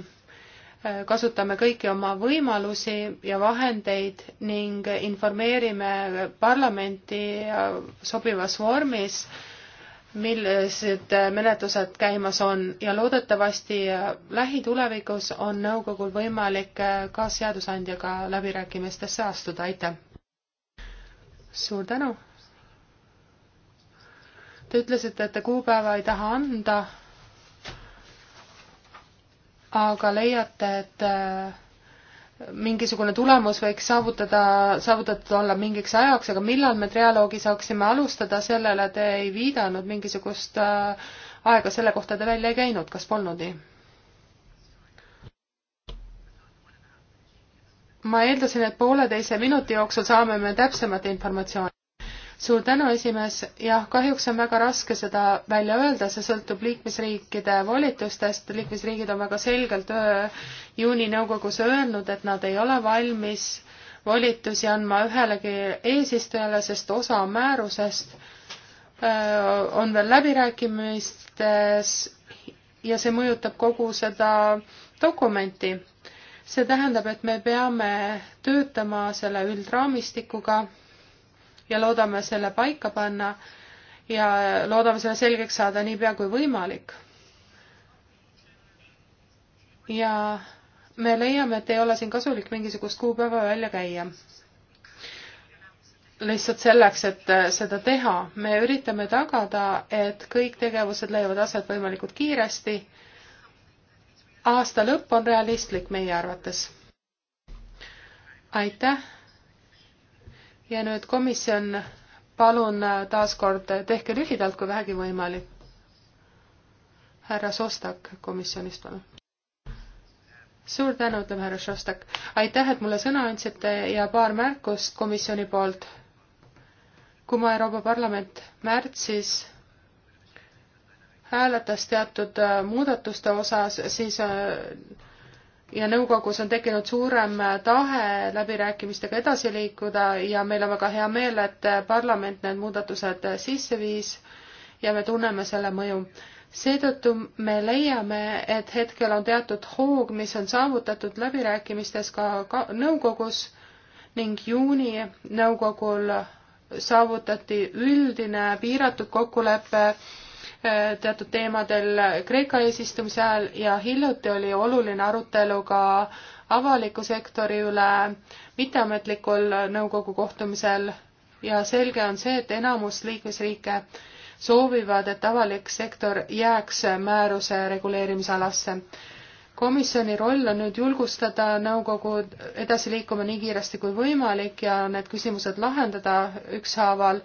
kasutame kõiki oma võimalusi ja vahendeid ning informeerime parlamenti sobivas vormis, millised menetlused käimas on ja loodetavasti lähitulevikus on nõukogul võimalik ka seadusandjaga läbirääkimistesse astuda, aitäh! suur tänu! Te ütlesite, et te kuupäeva ei taha anda, aga leiate, et äh, mingisugune tulemus võiks saavutada, saavutatud olla mingiks ajaks, aga millal me trialoogi saaksime alustada, sellele te ei viidanud, mingisugust äh, aega selle kohta te välja ei käinud, kas polnud nii? ma eeldasin, et pooleteise minuti jooksul saame me täpsemat informatsiooni suur tänu, esimees. jah, kahjuks on väga raske seda välja öelda, see sõltub liikmesriikide volitustest. liikmesriigid on väga selgelt juuni nõukogus öelnud, et nad ei ole valmis volitusi andma ühelegi eesistujale, sest osa määrusest on veel läbirääkimistes ja see mõjutab kogu seda dokumenti. see tähendab, et me peame töötama selle üldraamistikuga ja loodame selle paika panna ja loodame selle selgeks saada niipea kui võimalik. ja me leiame, et ei ole siin kasulik mingisugust kuupäeva välja käia. lihtsalt selleks, et seda teha, me üritame tagada, et kõik tegevused leiavad aset võimalikult kiiresti. aasta lõpp on realistlik meie arvates. aitäh ja nüüd komisjon, palun taaskord tehke lühidalt, kui vähegi võimalik. härra Sostak komisjonist, palun. suur tänu, ütleme härra Sostak. aitäh, et mulle sõna andsite ja paar märkust komisjoni poolt. kui ma Euroopa Parlament märtsis hääletas teatud äh, muudatuste osas, siis äh, ja nõukogus on tekkinud suurem tahe läbirääkimistega edasi liikuda ja meil on väga hea meel, et parlament need muudatused sisse viis ja me tunneme selle mõju. seetõttu me leiame, et hetkel on teatud hoog, mis on saavutatud läbirääkimistes ka, ka nõukogus ning juuni nõukogul saavutati üldine piiratud kokkulepe Äh, teatud teemadel Kreeka eesistumise ajal ja hiljuti oli oluline arutelu ka avaliku sektori üle mitteametlikul nõukogu kohtumisel ja selge on see, et enamus liikmesriike soovivad, et avalik sektor jääks määruse reguleerimisalasse. komisjoni roll on nüüd julgustada nõukogu edasi liikuma nii kiiresti kui võimalik ja need küsimused lahendada ükshaaval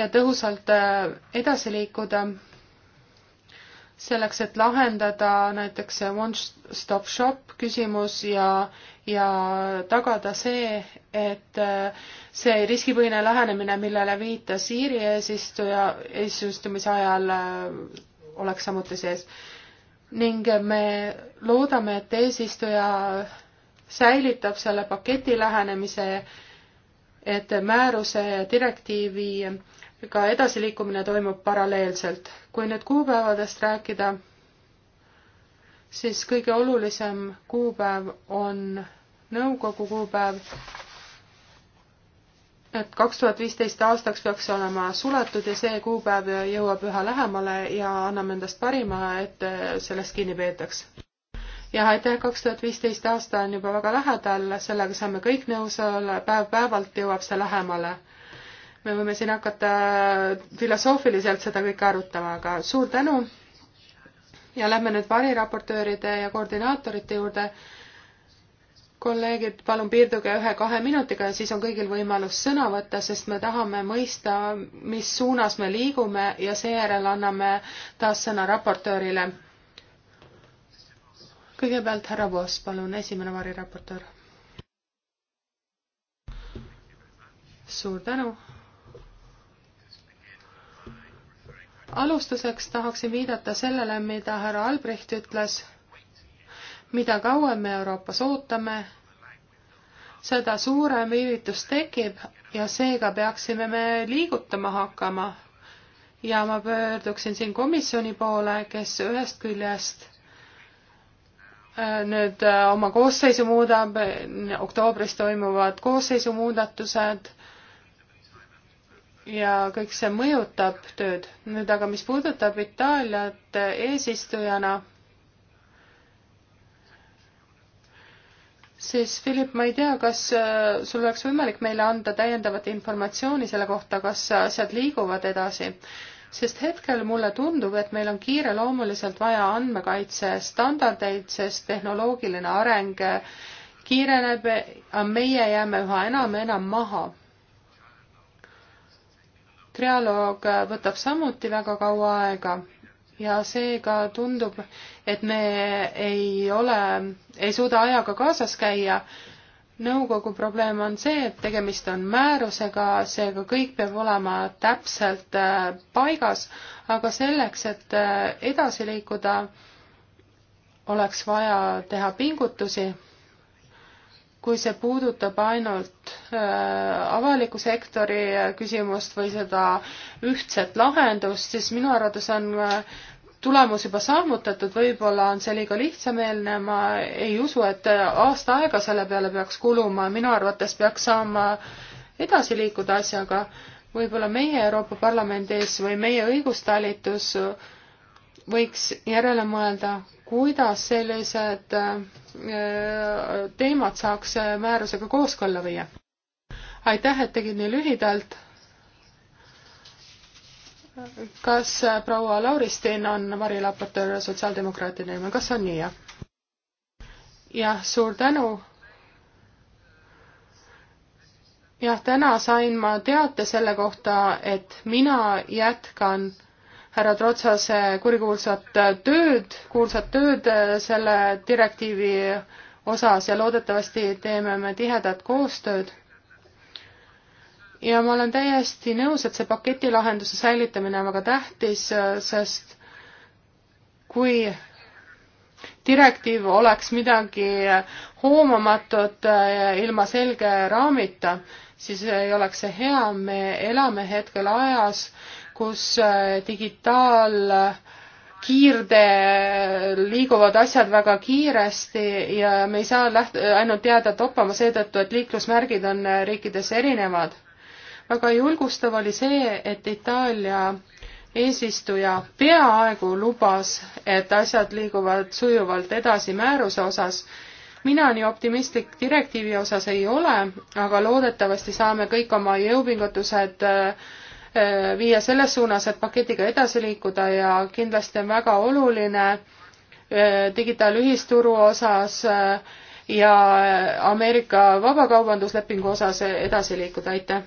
ja tõhusalt äh, edasi liikuda selleks, et lahendada näiteks see one stop shop küsimus ja, ja tagada see, et äh, see riskipõhine lähenemine, millele viitas Iiri eesistuja eesistumise ajal, äh, oleks samuti sees. ning me loodame, et eesistuja säilitab selle paketi lähenemise, et määruse ja direktiivi ka edasiliikumine toimub paralleelselt. kui nüüd kuupäevadest rääkida, siis kõige olulisem kuupäev on nõukogu kuupäev, et kaks tuhat viisteist aastaks peaks olema suletud ja see kuupäev jõuab üha lähemale ja anname endast parima, et sellest kinni peetaks. jah, aitäh, kaks tuhat viisteist aasta on juba väga lähedal, sellega saame kõik nõus olla, päev-päevalt jõuab see lähemale me võime siin hakata filosoofiliselt seda kõike arutama, aga suur tänu ja lähme nüüd variraportööride ja koordinaatorite juurde. kolleegid, palun piirduge ühe-kahe minutiga ja siis on kõigil võimalus sõna võtta, sest me tahame mõista, mis suunas me liigume ja seejärel anname taas sõna raportöörile. kõigepealt härra Voos, palun, esimene variraportöör. suur tänu alustuseks tahaksin viidata sellele, mida härra Albrecht ütles, mida kauem me Euroopas ootame, seda suurem viivitus tekib ja seega peaksime me liigutama hakkama. ja ma pöörduksin siin komisjoni poole, kes ühest küljest äh, nüüd äh, oma koosseisu muudab, oktoobris toimuvad koosseisu muudatused ja kõik see mõjutab tööd. nüüd aga, mis puudutab Itaaliat eesistujana, siis Philip, ma ei tea, kas äh, sul oleks võimalik meile anda täiendavat informatsiooni selle kohta, kas asjad liiguvad edasi, sest hetkel mulle tundub, et meil on kiireloomuliselt vaja andmekaitsestandardeid, sest tehnoloogiline areng kiireneb, meie jääme üha enam ja enam maha trialoog võtab samuti väga kaua aega ja seega tundub, et me ei ole, ei suuda ajaga kaasas käia. nõukogu probleem on see, et tegemist on määrusega, seega kõik peab olema täpselt äh, paigas, aga selleks, et äh, edasi liikuda, oleks vaja teha pingutusi kui see puudutab ainult äh, avaliku sektori küsimust või seda ühtset lahendust, siis minu arvates on äh, tulemus juba saavutatud, võib-olla on see liiga lihtsameelne, ma ei usu, et äh, aasta aega selle peale peaks kuluma, minu arvates peaks saama edasi liikuda asjaga. võib-olla meie Euroopa Parlamendis või meie õigustalitus võiks järele mõelda, kuidas sellised äh, teemad saaks äh, määrusega kooskõlla viia. aitäh, et tegid nii lühidalt. kas äh, proua Lauristin on variraportöör sotsiaaldemokraatide nimel, kas on nii, jah? jah, suur tänu. jah, täna sain ma teate selle kohta, et mina jätkan härra Trotsase kurikuulsat tööd, kuulsat tööd äh, selle direktiivi osas ja loodetavasti teeme me tihedat koostööd. ja ma olen täiesti nõus, et see paketilahenduse säilitamine on väga tähtis, äh, sest kui direktiiv oleks midagi hoomamatut äh, ilma selge raamita, siis ei oleks see hea, me elame hetkel ajas, kus äh, digitaal kiirde liiguvad asjad väga kiiresti ja me ei saa läht-, ainult jääda toppama seetõttu, et liiklusmärgid on äh, riikides erinevad. väga julgustav oli see, et Itaalia eesistuja peaaegu lubas, et asjad liiguvad sujuvalt edasi määruse osas. mina nii optimistlik direktiivi osas ei ole, aga loodetavasti saame kõik oma jõupingutused äh, Äh, viia selles suunas, et paketiga edasi liikuda ja kindlasti on väga oluline äh, digitaalühisturu osas äh, ja Ameerika vabakaubanduslepingu osas edasi liikuda, aitäh!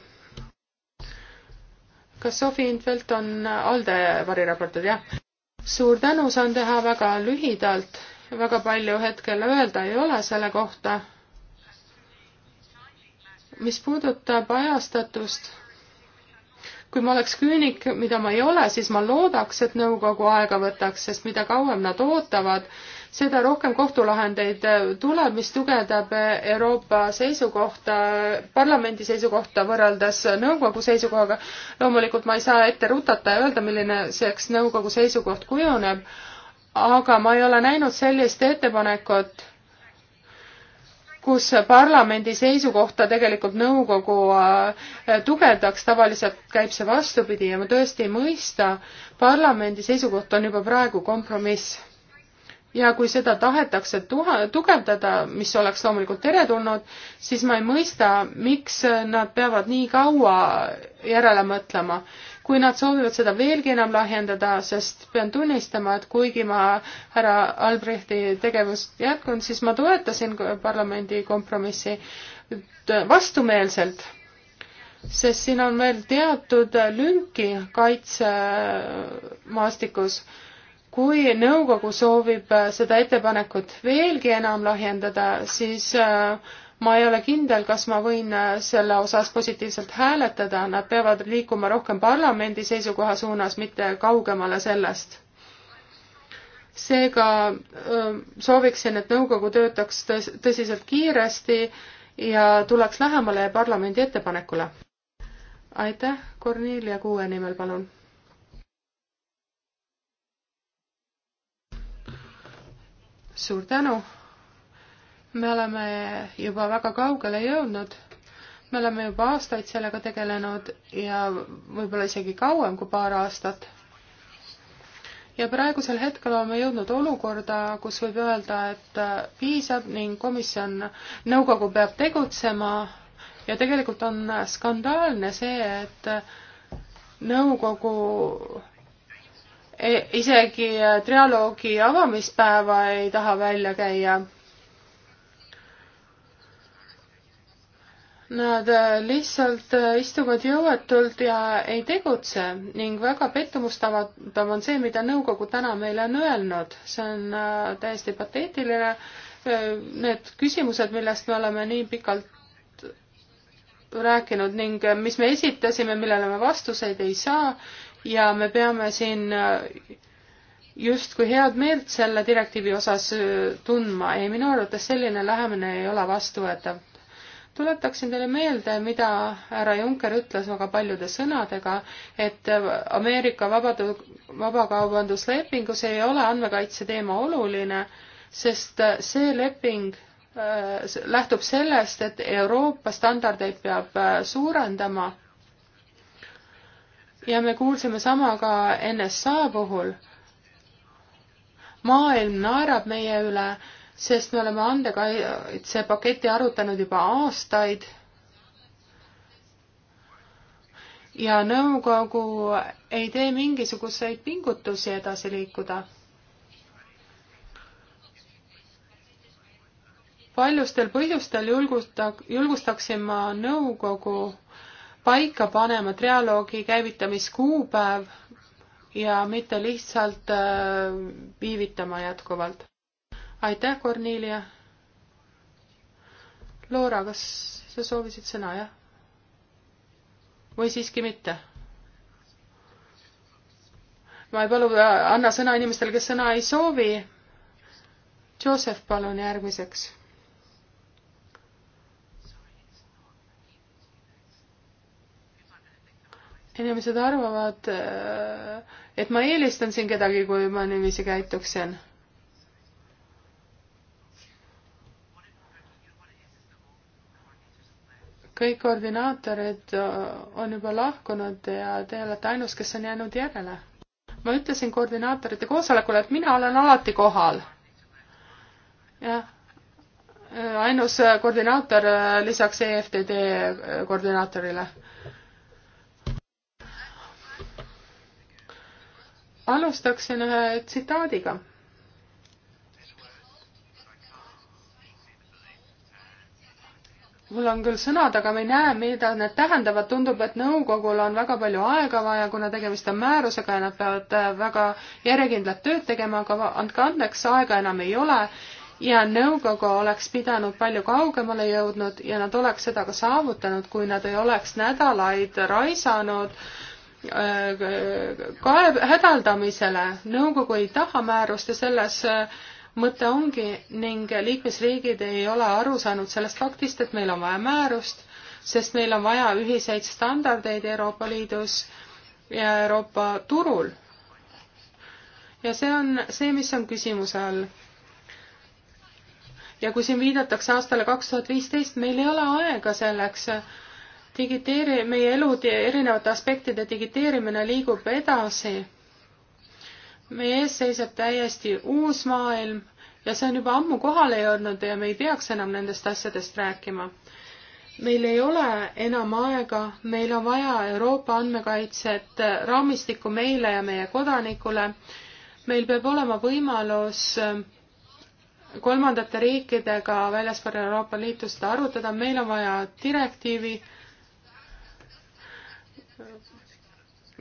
kas Sofi Intvelt on ALDE variraportid, jah? suur tänu, saan teha väga lühidalt, väga palju hetkel öelda ei ole selle kohta. mis puudutab ajastatust kui ma oleks küünik, mida ma ei ole, siis ma loodaks, et nõukogu aega võtaks, sest mida kauem nad ootavad, seda rohkem kohtulahendeid äh, tuleb, mis tugevdab äh, Euroopa seisukohta, parlamendi seisukohta võrreldes nõukogu seisukohaga. loomulikult ma ei saa ette rutata ja öelda, milline selleks nõukogu seisukoht kujuneb, aga ma ei ole näinud sellist ettepanekut, kus parlamendi seisukohta tegelikult nõukogu äh, tugevdaks, tavaliselt käib see vastupidi ja ma tõesti ei mõista, parlamendi seisukoht on juba praegu kompromiss. ja kui seda tahetakse tuha-, tugevdada, mis oleks loomulikult teretulnud, siis ma ei mõista, miks nad peavad nii kaua järele mõtlema kui nad soovivad seda veelgi enam lahjendada, sest pean tunnistama, et kuigi ma härra Albrechti tegevust jätkan, siis ma toetasin parlamendi kompromissi vastumeelselt, sest siin on veel teatud lünki kaitsemaastikus kui nõukogu soovib seda ettepanekut veelgi enam lahjendada, siis äh, ma ei ole kindel, kas ma võin äh, selle osas positiivselt hääletada, nad peavad liikuma rohkem parlamendi seisukoha suunas, mitte kaugemale sellest. seega äh, sooviksin, et nõukogu töötaks tõs-, tõsiselt kiiresti ja tuleks lähemale parlamendi ettepanekule. aitäh, Kornelia Kuue nimel, palun. suur tänu me oleme juba väga kaugele jõudnud, me oleme juba aastaid sellega tegelenud ja võib-olla isegi kauem kui paar aastat. ja praegusel hetkel oleme jõudnud olukorda, kus võib öelda, et piisab ning komisjon, nõukogu peab tegutsema ja tegelikult on skandaalne see, et nõukogu e-, isegi trialoogi avamispäeva ei taha välja käia Nad äh, lihtsalt äh, istuvad jõuetult ja ei tegutse ning väga pettumust avaldav on see, mida nõukogu täna meile on öelnud. see on äh, täiesti pateetiline. Need küsimused, millest me oleme nii pikalt rääkinud ning mis me esitasime, millele me vastuseid ei saa ja me peame siin justkui head meelt selle direktiivi osas tundma. ei, minu arvates selline lähemine ei ole vastuvõetav tuletaksin teile meelde, mida härra Juncker ütles väga paljude sõnadega, et Ameerika vabadu-, vabakaubanduslepingus ei ole andmekaitse teema oluline, sest see leping äh, lähtub sellest, et Euroopa standardeid peab äh, suurendama. ja me kuulsime sama ka NSA puhul. maailm naerab meie üle sest me oleme andekaitsepaketi arutanud juba aastaid ja nõukogu ei tee mingisuguseid pingutusi edasi liikuda. paljustel põhjustel julgusta, julgustaksin ma nõukogu paika panema trialoogi käivitamiskuupäev ja mitte lihtsalt äh, viivitama jätkuvalt aitäh, Kornelia. Loora, kas sa soovisid sõna, jah? või siiski mitte? ma ei palu, äh, anna sõna inimestele, kes sõna ei soovi. Joseph, palun järgmiseks. inimesed arvavad, äh, et ma eelistan siin kedagi, kui ma niiviisi käituksin kõik koordinaatorid äh, on juba lahkunud ja te olete ainus, kes on jäänud järele. ma ütlesin koordinaatorite koosolekule, et mina olen alati kohal. jah, äh, ainus äh, koordinaator lisaks EFTD koordinaatorile. alustaksin ühe tsitaadiga mul on küll sõnad, aga me ei näe, mida need tähendavad, tundub, et nõukogul on väga palju aega vaja, kuna tegemist on määrusega ja nad peavad äh, väga järjekindlat tööd tegema, aga andke andeks, aega enam ei ole ja nõukogu oleks pidanud palju kaugemale jõudnud ja nad oleks seda ka saavutanud, kui nad ei oleks nädalaid raisanud äh, kaeb-, hädaldamisele. nõukogu ei taha määrust ja selles äh, mõte ongi ning liikmesriigid ei ole aru saanud sellest faktist, et meil on vaja määrust, sest meil on vaja ühiseid standardeid Euroopa Liidus ja Euroopa turul. ja see on see, mis on küsimuse all. ja kui siin viidatakse aastale kaks tuhat viisteist, meil ei ole aega selleks. digiteeri-, meie elu erinevate aspektide digiteerimine liigub edasi meie ees seisab täiesti uus maailm ja see on juba ammu kohale jõudnud ja me ei peaks enam nendest asjadest rääkima. meil ei ole enam aega, meil on vaja Euroopa andmekaitset raamistikku meile ja meie kodanikule. meil peab olema võimalus ähm, kolmandate riikidega väljaspool Euroopa Liitu seda arutada, meil on vaja direktiivi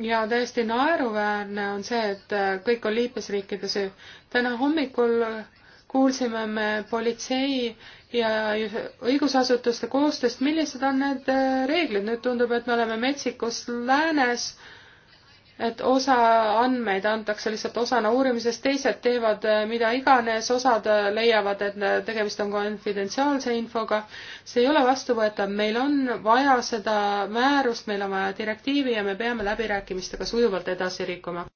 ja täiesti naeruväärne on see, et äh, kõik on liikmesriikide süü. täna hommikul kuulsime me politsei ja õigusasutuste koostööst, millised on need äh, reeglid. nüüd tundub, et me oleme metsikus läänes äh, et osa andmeid antakse lihtsalt osana uurimisest, teised teevad eh, mida iganes, osad eh, leiavad, et eh, tegemist on konfidentsiaalse infoga. see ei ole vastuvõetav, meil on vaja seda määrust, meil on vaja direktiivi ja me peame läbirääkimistega sujuvalt edasi liikuma.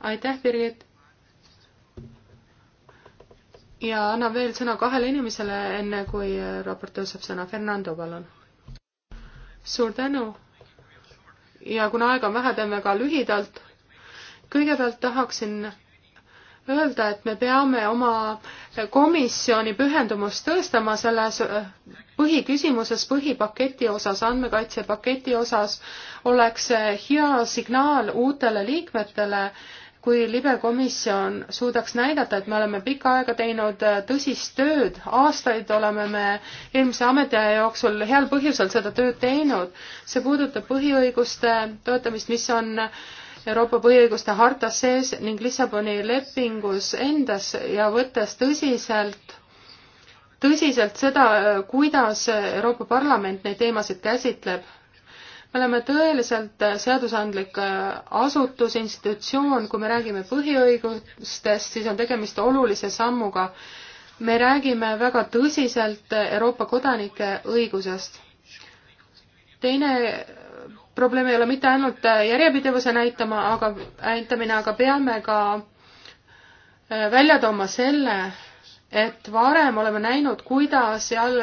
aitäh, Birgit! ja annan veel sõna kahele inimesele, enne kui raportöör saab sõna. Fernando, palun! suur tänu! ja kuna aega on vähe, teeme ka lühidalt. kõigepealt tahaksin öelda, et me peame oma komisjoni pühendumust tõestama selles põhiküsimuses, põhipaketi osas, andmekaitsepaketi osas, oleks hea signaal uutele liikmetele kui libekomisjon suudaks näidata, et me oleme pikka aega teinud äh, tõsist tööd, aastaid oleme me eelmise ametiaja jooksul heal põhjusel seda tööd teinud, see puudutab põhiõiguste toetamist, mis on Euroopa põhiõiguste hartas sees ning Lissaboni lepingus endas ja võttes tõsiselt, tõsiselt seda, äh, kuidas Euroopa Parlament neid teemasid käsitleb me oleme tõeliselt äh, seadusandlik äh, asutus, institutsioon, kui me räägime põhiõigustest, siis on tegemist olulise sammuga. me räägime väga tõsiselt äh, Euroopa kodanike õigusest. teine probleem ei ole mitte ainult järjepidevuse näitama, aga, näitamine, aga peame ka välja tooma selle, et varem oleme näinud, kuidas seal,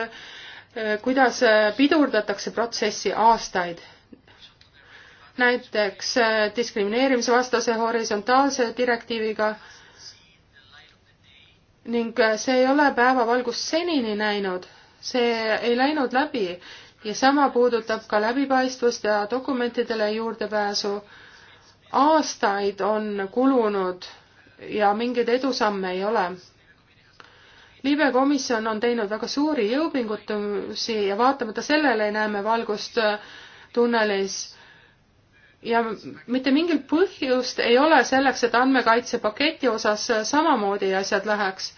kuidas pidurdatakse protsessi aastaid näiteks äh, diskrimineerimise vastase horisontaalse direktiiviga ning äh, see ei ole päevavalgust senini näinud, see ei läinud läbi ja sama puudutab ka läbipaistvust ja dokumentidele juurdepääsu. aastaid on kulunud ja mingeid edusamme ei ole. liibe komisjon on teinud väga suuri jõupingutusi ja vaatamata sellele näeme valgust tunnelis ja mitte mingit põhjust ei ole selleks, et andmekaitsepaketi osas samamoodi asjad läheks.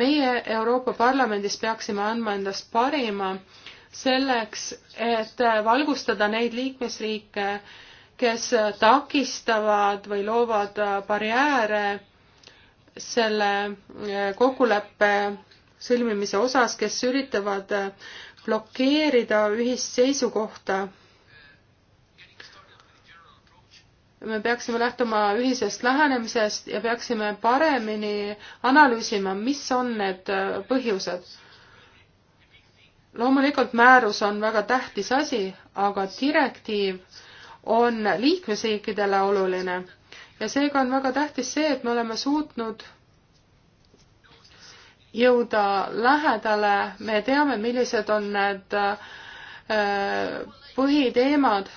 meie Euroopa Parlamendis peaksime andma endast parima selleks, et valgustada neid liikmesriike, kes takistavad või loovad barjääre selle kokkuleppe sõlmimise osas, kes üritavad blokeerida ühist seisukohta me peaksime lähtuma ühisest lähenemisest ja peaksime paremini analüüsima, mis on need äh, põhjused. loomulikult määrus on väga tähtis asi, aga direktiiv on liikmesriikidele oluline ja seega on väga tähtis see, et me oleme suutnud jõuda lähedale, me teame, millised on need äh, põhiteemad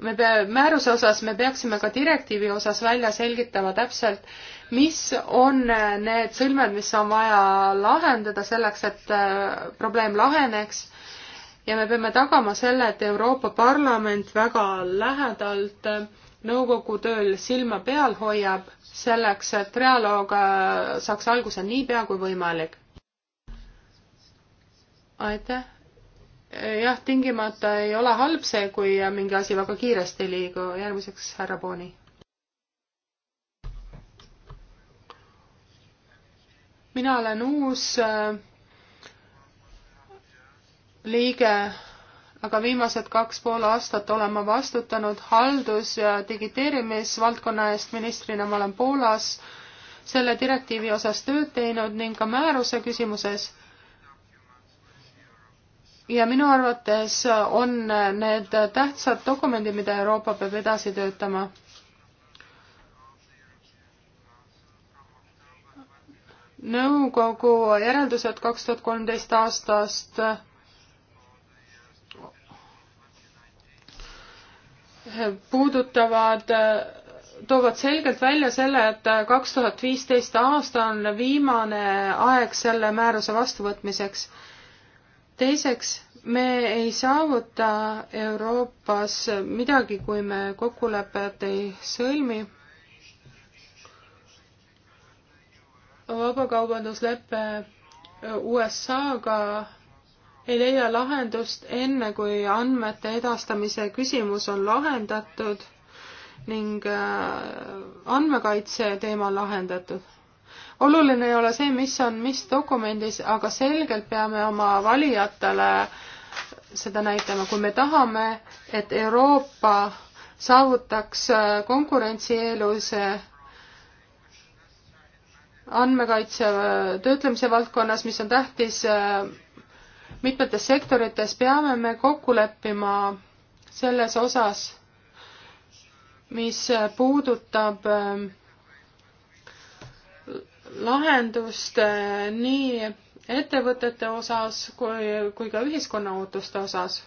me pea-, määruse osas me peaksime ka direktiivi osas välja selgitama täpselt, mis on need sõlmed, mis on vaja lahendada selleks, et äh, probleem laheneks ja me peame tagama selle, et Euroopa Parlament väga lähedalt äh, nõukogu tööl silma peal hoiab, selleks et trialoog äh, saaks alguse niipea kui võimalik. aitäh, jah, tingimata ei ole halb see, kui mingi asi väga kiiresti ei liigu. järgmiseks härra Booni. mina olen uus äh, liige, aga viimased kaks pool aastat olen ma vastutanud haldus- ja digiteerimisvaldkonna eest ministrina. ma olen Poolas selle direktiivi osas tööd teinud ning ka määruse küsimuses ja minu arvates on need tähtsad dokumendid, mida Euroopa peab edasi töötama. nõukogu järeldused kaks tuhat kolmteist aastast puudutavad, toovad selgelt välja selle, et kaks tuhat viisteist aasta on viimane aeg selle määruse vastuvõtmiseks teiseks, me ei saavuta Euroopas midagi, kui me kokkulepet ei sõlmi vabakaubanduslepe USA-ga ei leia lahendust enne, kui andmete edastamise küsimus on lahendatud ning äh, andmekaitse teema lahendatud oluline ei ole see, mis on mis dokumendis, aga selgelt peame oma valijatele seda näitama, kui me tahame, et Euroopa saavutaks äh, konkurentsieeluse andmekaitse äh, töötlemise valdkonnas, mis on tähtis äh, mitmetes sektorites, peame me kokku leppima selles osas, mis puudutab äh, lahendust äh, nii ettevõtete osas kui, kui ka ühiskonna ootuste osas.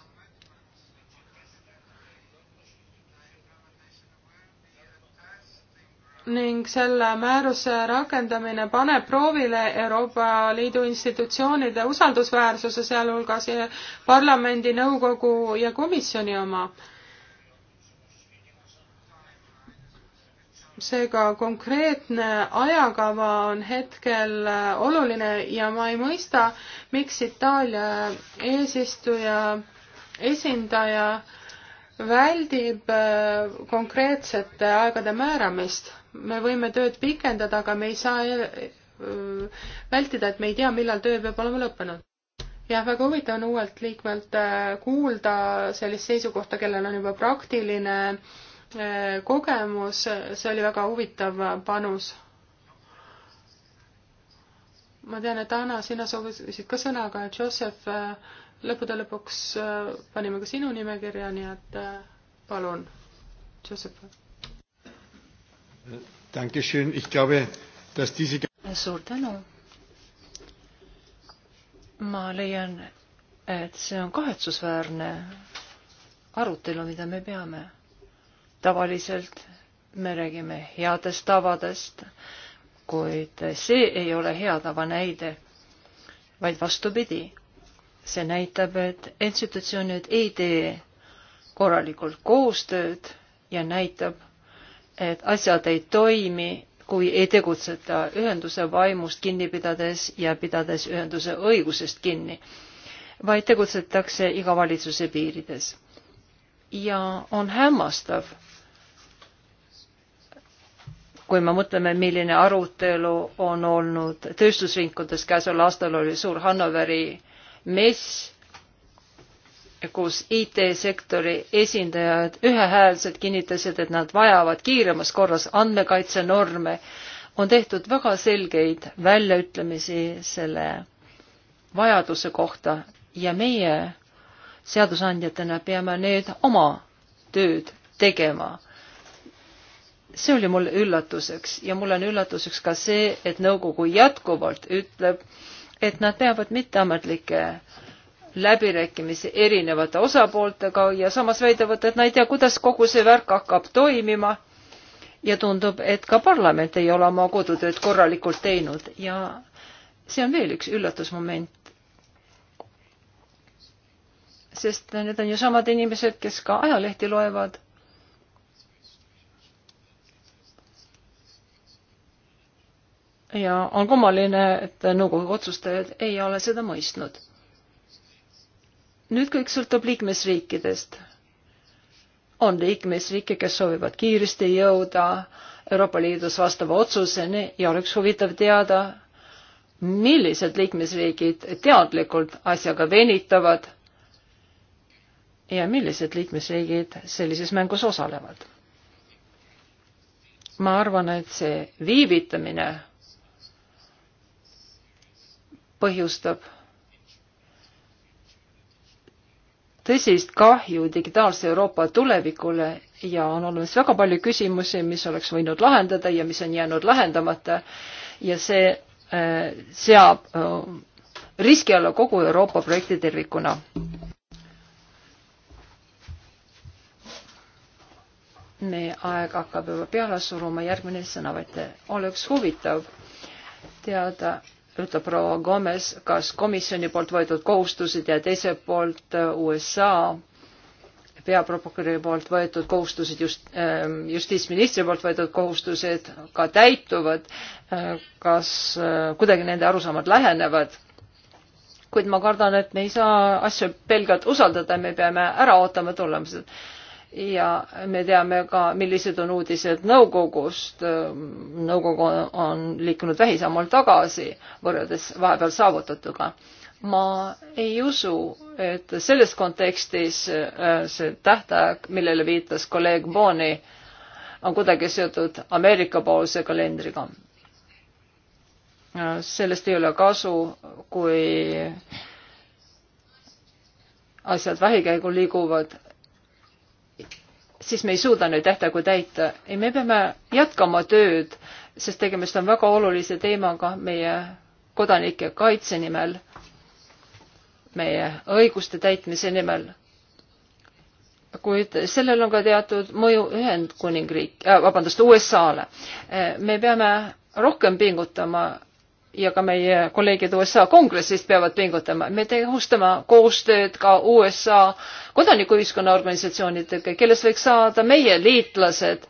ning selle määruse rakendamine paneb proovile Euroopa Liidu institutsioonide usaldusväärsuse, sealhulgas äh, parlamendi, nõukogu ja komisjoni oma seega konkreetne ajakava on hetkel äh, oluline ja ma ei mõista, miks Itaalia eesistuja esindaja väldib äh, konkreetsete aegade määramist. me võime tööd pikendada, aga me ei saa äh, vältida, et me ei tea, millal töö peab olema lõppenud. jah, väga huvitav on uuelt liikmelt kuulda sellist seisukohta, kellel on juba praktiline äh, Eh, kogemus, see oli väga huvitav panus. ma tean, et Anna, sina soovisid ka sõna, aga Joseph, eh, lõppude lõpuks eh, panime ka sinu nimekirja, nii et palun, Joseph. suur tänu. ma leian, et see on kahetsusväärne arutelu, mida me peame tavaliselt me räägime headest tavadest, kuid see ei ole hea tava näide, vaid vastupidi. see näitab, et institutsioonid ei tee korralikult koostööd ja näitab, et asjad ei toimi, kui ei tegutseta ühenduse vaimust kinni pidades ja pidades ühenduse õigusest kinni, vaid tegutsetakse iga valitsuse piirides. ja on hämmastav kui me mõtleme, milline arutelu on olnud tööstusringkondades, käesoleval aastal oli suur Hannoveri mess, kus IT-sektori esindajad ühehäälselt kinnitasid, et nad vajavad kiiremas korras andmekaitsenorme. on tehtud väga selgeid väljaütlemisi selle vajaduse kohta ja meie seadusandjatena peame nüüd oma tööd tegema see oli mul üllatuseks ja mul on üllatuseks ka see, et nõukogu jätkuvalt ütleb, et nad peavad mitteametlikke läbirääkimisi erinevate osapooltega ja samas väidavad, et nad ei tea, kuidas kogu see värk hakkab toimima. ja tundub, et ka parlament ei ole oma kodutööd korralikult teinud ja see on veel üks üllatusmoment. sest need on ju samad inimesed, kes ka ajalehti loevad ja on kummaline, et nõukogu otsustajad ei ole seda mõistnud. nüüd kõik sõltub liikmesriikidest. on liikmesriike, kes soovivad kiiresti jõuda Euroopa Liidus vastava otsuseni ja oleks huvitav teada, millised liikmesriigid teadlikult asjaga venitavad ja millised liikmesriigid sellises mängus osalevad. ma arvan, et see viivitamine põhjustab tõsist kahju digitaalse Euroopa tulevikule ja on olemas väga palju küsimusi, mis oleks võinud lahendada ja mis on jäänud lahendamata ja see äh, seab äh, riski alla kogu Euroopa projekti tervikuna. meie aeg hakkab juba peale suruma, järgmine sõnavõtja. oleks huvitav teada ütleb proua Gomes, kas komisjoni poolt võetud kohustused ja teiselt poolt äh, USA peaprokuröri poolt võetud kohustused, just, ähm, justiitsministri poolt võetud kohustused ka täituvad, äh, kas äh, kuidagi nende arusaamad lähenevad. kuid ma kardan, et me ei saa asju pelgalt usaldada, me peame ära ootama tulemused ja me teame ka, millised on uudised nõukogust. nõukogu on liikunud vähisammal tagasi võrreldes vahepeal saavutatuga. ma ei usu, et selles kontekstis äh, see tähtaeg, millele viitas kolleeg Booni, on kuidagi seotud Ameerika poolse kalendriga. Äh, sellest ei ole kasu, kui asjad vähikäigul liiguvad siis me ei suuda neid tähtaegu täita. ei, me peame jätkama tööd, sest tegemist on väga olulise teemaga meie kodanike kaitse nimel, meie õiguste täitmise nimel. kuid sellel on ka teatud mõju Ühendkuningriik äh,, vabandust, USA-le. me peame rohkem pingutama ja ka meie kolleegid USA kongressist peavad pingutama. me tõhustame koostööd ka USA kodanikuühiskonna organisatsioonidega, kellest võiks saada meie liitlased,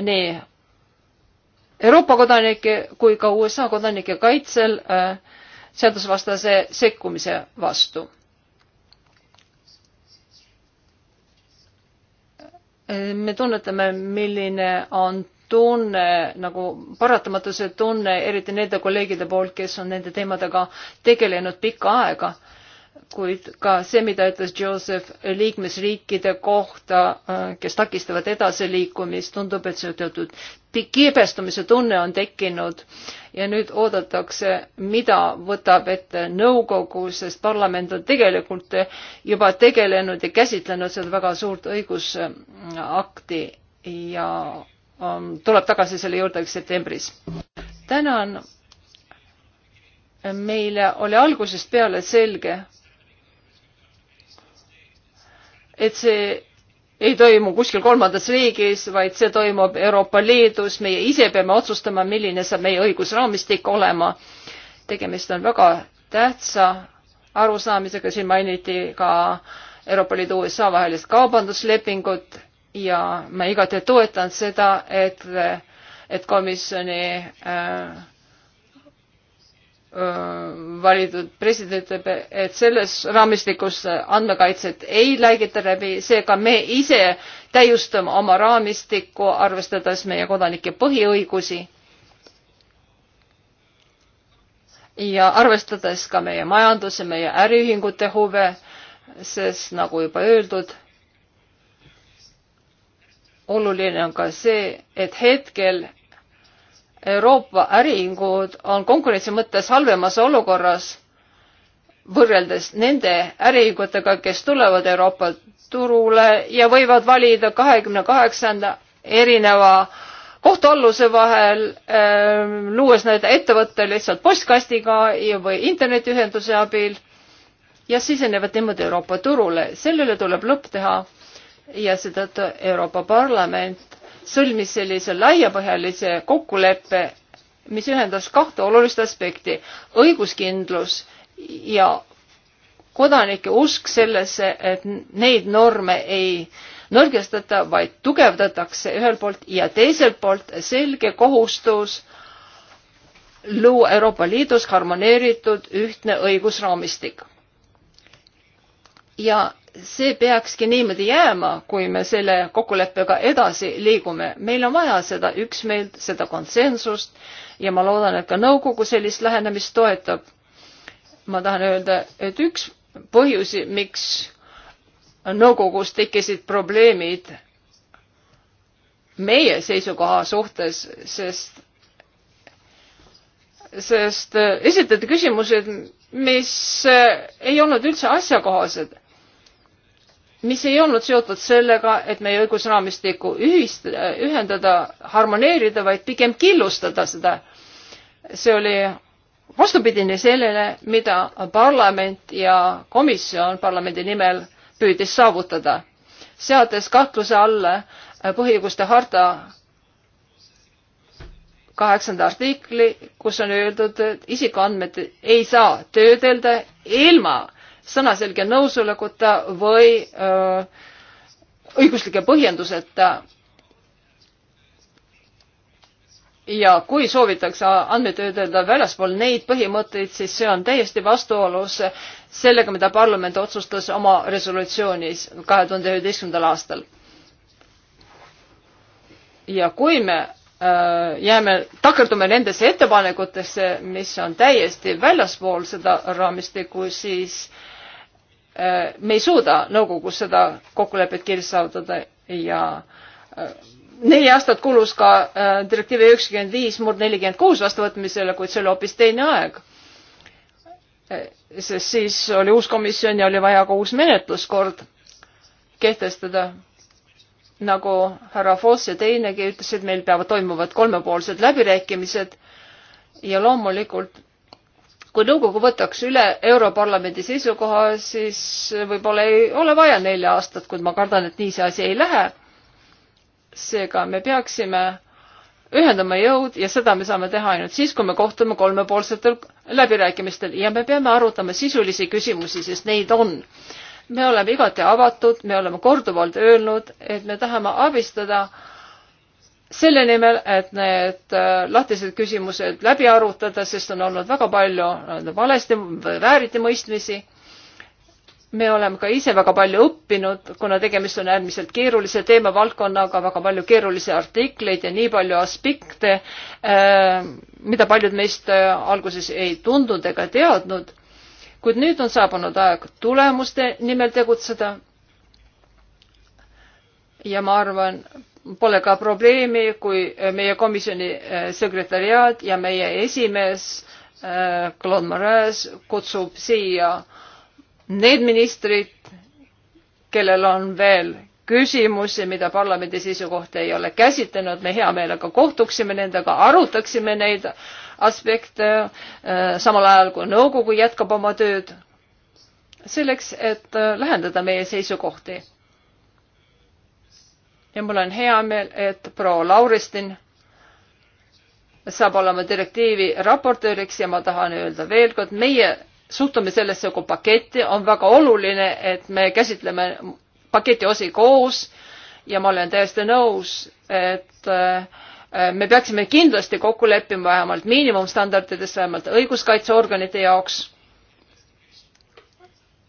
nii Euroopa kodanike kui ka USA kodanike kaitsel äh, seadusvastase sekkumise vastu. Äh, me tunnetame, milline on tunne nagu paratamatuse tunne, eriti nende kolleegide poolt, kes on nende teemadega tegelenud pikka aega. kuid ka see, mida ütles Joseph liikmesriikide kohta, äh, kes takistavad edasiliikumist, tundub, et see teatud kiibestumise tunne on tekkinud ja nüüd oodatakse, mida võtab ette nõukogu, sest parlament on tegelikult juba tegelenud ja käsitlenud seda väga suurt õigusakti ja Ähm, tuleb tagasi selle juurde üks septembris. tänan. meile oli algusest peale selge, et see ei toimu kuskil kolmandas riigis, vaid see toimub Euroopa Liidus, meie ise peame otsustama, milline saab meie õigusraamistik olema. tegemist on väga tähtsa arusaamisega, siin mainiti ka Euroopa Liidu USA vahelist kaubanduslepingut ja ma igati toetan seda, et, et komisjoni äh, äh valitud president ütleb, et selles raamistikus andmekaitset ei räägita läbi, seega me ise täiustame oma raamistikku, arvestades meie kodanike põhiõigusi. ja arvestades ka meie majanduse, meie äriühingute huve, sest nagu juba öeldud oluline on ka see, et hetkel Euroopa äriühingud on konkurentsi mõttes halvemas olukorras võrreldes nende äriühingutega, kes tulevad Euroopa turule ja võivad valida kahekümne kaheksanda erineva kohtualluse vahel, ähm, luues need ettevõtte lihtsalt postkastiga või internetiühenduse abil ja sisenevad niimoodi Euroopa turule. sellele tuleb lõpp teha ja seetõttu Euroopa Parlament sõlmis sellise laiapõhjalise kokkuleppe, mis ühendas kahte olulist aspekti, õiguskindlus ja kodanike usk sellesse, et neid norme ei nõrgestata, vaid tugevdatakse ühelt poolt ja teiselt poolt selge kohustus luua Euroopa Liidus harmoneeritud ühtne õigusraamistik. ja see peakski niimoodi jääma, kui me selle kokkuleppega edasi liigume. meil on vaja seda üksmeelt, seda konsensust ja ma loodan, et ka nõukogu sellist lähenemist toetab. ma tahan öelda, et üks põhjusi, miks nõukogus tekkisid probleemid meie seisukoha suhtes, sest, sest esitati küsimused, mis ei olnud üldse asjakohased mis ei olnud seotud sellega, et meie õigusraamistikku ühist, ühendada, harmoneerida, vaid pigem killustada seda. see oli vastupidine sellele, mida parlament ja komisjon parlamendi nimel püüdis saavutada, seades kahtluse alla põhiõiguste harta kaheksanda artikli, kus on öeldud, et isikuandmed ei saa töödelda ilma sõnaselge nõusolekuta või öö, õiguslike põhjenduseta. ja kui soovitakse andmeid töödelda väljaspool neid põhimõtteid, siis see on täiesti vastuolus sellega, mida parlament otsustas oma resolutsioonis kahe tuhande üheteistkümnendal aastal. ja kui me jääme, takerdume nendesse ettepanekutesse, mis on täiesti väljaspool seda raamistikku, siis äh, Äh, me ei suuda nõukogus seda kokkulepet kiiresti saavutada ja äh, neli aastat kulus ka äh, direktiivi üheksakümmend viis murd nelikümmend kuus vastuvõtmisele, kuid see oli hoopis teine aeg. sest siis oli uus komisjon ja oli vaja ka uus menetluskord kehtestada. nagu härra Foss ja teinegi ütlesid, meil peavad toimuvad kolmepoolsed läbirääkimised ja loomulikult kui nõukogu võtaks üle Europarlamendi seisukoha, siis võib-olla ei ole vaja nelja aastat, kuid ma kardan, et nii see asi ei lähe. seega me peaksime ühendama jõud ja seda me saame teha ainult siis, kui me kohtume kolmepoolsetel läbirääkimistel ja me peame arutama sisulisi küsimusi, sest neid on. me oleme igati avatud, me oleme korduvalt öelnud, et me tahame abistada äh, selle nimel, et need äh, lahtised küsimused läbi arutada, sest on olnud väga palju äh, valesti või vääritimõistmisi. me oleme ka ise väga palju õppinud, kuna tegemist on äärmiselt keerulise teemavaldkonnaga, väga palju keerulisi artikleid ja nii palju aspekte, äh, mida paljud meist alguses ei tundnud ega teadnud. kuid nüüd on saabunud aeg tulemuste nimel tegutseda. ja ma arvan, Pole ka probleemi, kui meie komisjoni eh, sekretäriaat ja meie esimees eh, Claude Marais kutsub siia need ministrid, kellel on veel küsimusi, mida parlamendi seisukoht ei ole käsitlenud, me hea meelega kohtuksime nendega, arutaksime neid aspekte, eh, samal ajal kui nõukogu jätkab oma tööd, selleks, et lähendada meie seisukohti ja mul on hea meel, et proua Lauristin saab olema direktiivi raportööriks ja ma tahan öelda veel kord, meie suhtume sellesse kui paketti, on väga oluline, et me käsitleme paketi osi koos ja ma olen täiesti nõus, et äh, me peaksime kindlasti kokku leppima vähemalt miinimumstandardites, vähemalt õiguskaitseorganite jaoks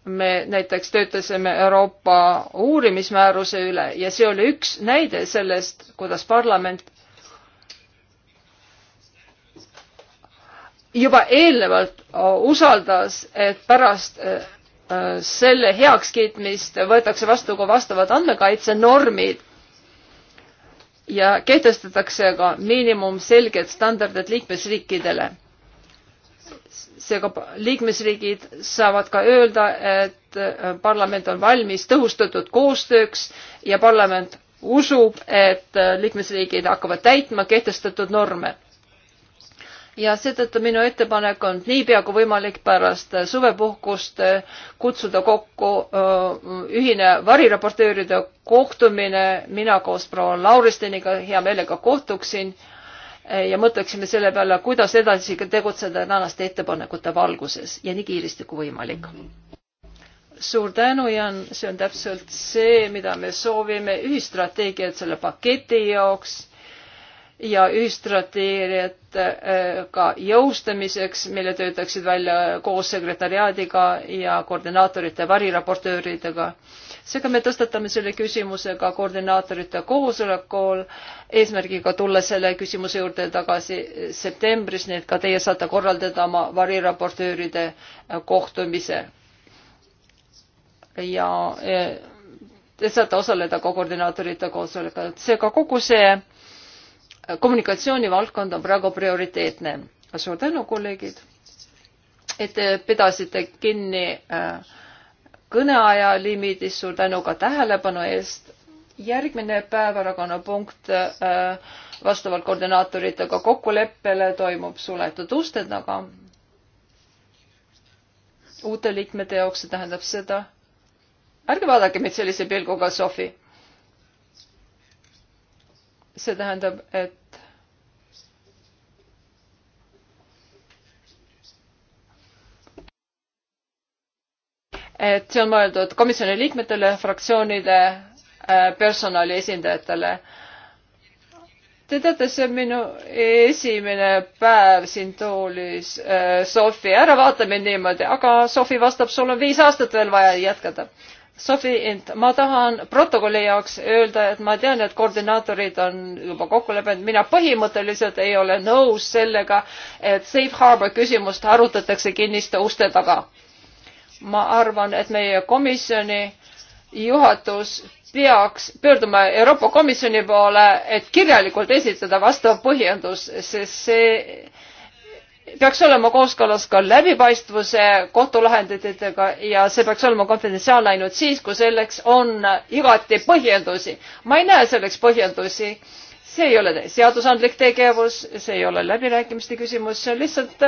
me näiteks töötasime Euroopa uurimismääruse üle ja see oli üks näide sellest, kuidas parlament juba eelnevalt usaldas, et pärast äh, äh, selle heakskiitmist võetakse vastu ka vastavad andmekaitsenormid ja kehtestatakse ka miinimumselged standardid liikmesriikidele seega liikmesriigid saavad ka öelda, et äh, parlament on valmis tõhustatud koostööks ja parlament usub, et äh, liikmesriigid hakkavad täitma kehtestatud norme. ja seetõttu minu ettepanek on niipea kui võimalik pärast suvepuhkust äh, kutsuda kokku ühine variraportööride kohtumine, mina koos proua Lauristeniga hea meelega kohtuksin Eh, ja mõtleksime selle peale, kuidas edasi tegutseda tänaste ettepanekute valguses ja nii kiiresti kui võimalik. suur tänu, Jan, see on täpselt see, mida me soovime, ühistrateegiat selle paketi jaoks ja ühistrateegiat eh, ka jõustamiseks, mille töötaksid välja koos sekretäriaadiga ja koordinaatorite variraportööridega seega me tõstatame selle küsimuse ka koordinaatorite koosolekul eesmärgiga tulla selle küsimuse juurde tagasi septembris, nii et ka teie saate korraldada oma variraportööride äh, kohtumise. ja äh, te saate osaleda ka koordinaatorite koosolekul, seega kogu see äh, kommunikatsioonivaldkond on praegu prioriteetne. suur tänu, kolleegid, et te pidasite kinni äh, kõneaja limiidis, suur tänu ka tähelepanu eest. järgmine päevakorrapunkt äh, vastavalt koordinaatoritega kokkuleppele toimub suletud uste taga. uute liikmete jaoks see tähendab seda. ärge vaadake meid sellise pilguga, Sofi. see tähendab, et et see on mõeldud komisjoni liikmetele, fraktsioonide, äh, personali esindajatele. Te teate, see on minu esimene päev siin toolis. Äh, Sofi, ära vaata mind niimoodi, aga Sofi vastab, sul on viis aastat veel vaja jätkata. Sofi, ent ma tahan protokolli jaoks öelda, et ma tean, et koordinaatorid on juba kokku leppinud, mina põhimõtteliselt ei ole nõus sellega, et safe harbor küsimust arutatakse kinniste uste taga ma arvan, et meie komisjoni juhatus peaks pöörduma Euroopa Komisjoni poole, et kirjalikult esitada vastav põhjendus, sest see peaks olema kooskõlas ka läbipaistvuse kohtulahenditega ja see peaks olema konfidentsiaalne ainult siis, kui selleks on igati põhjendusi. ma ei näe selleks põhjendusi see ei ole seadusandlik tegevus, see ei ole läbirääkimiste küsimus, see on lihtsalt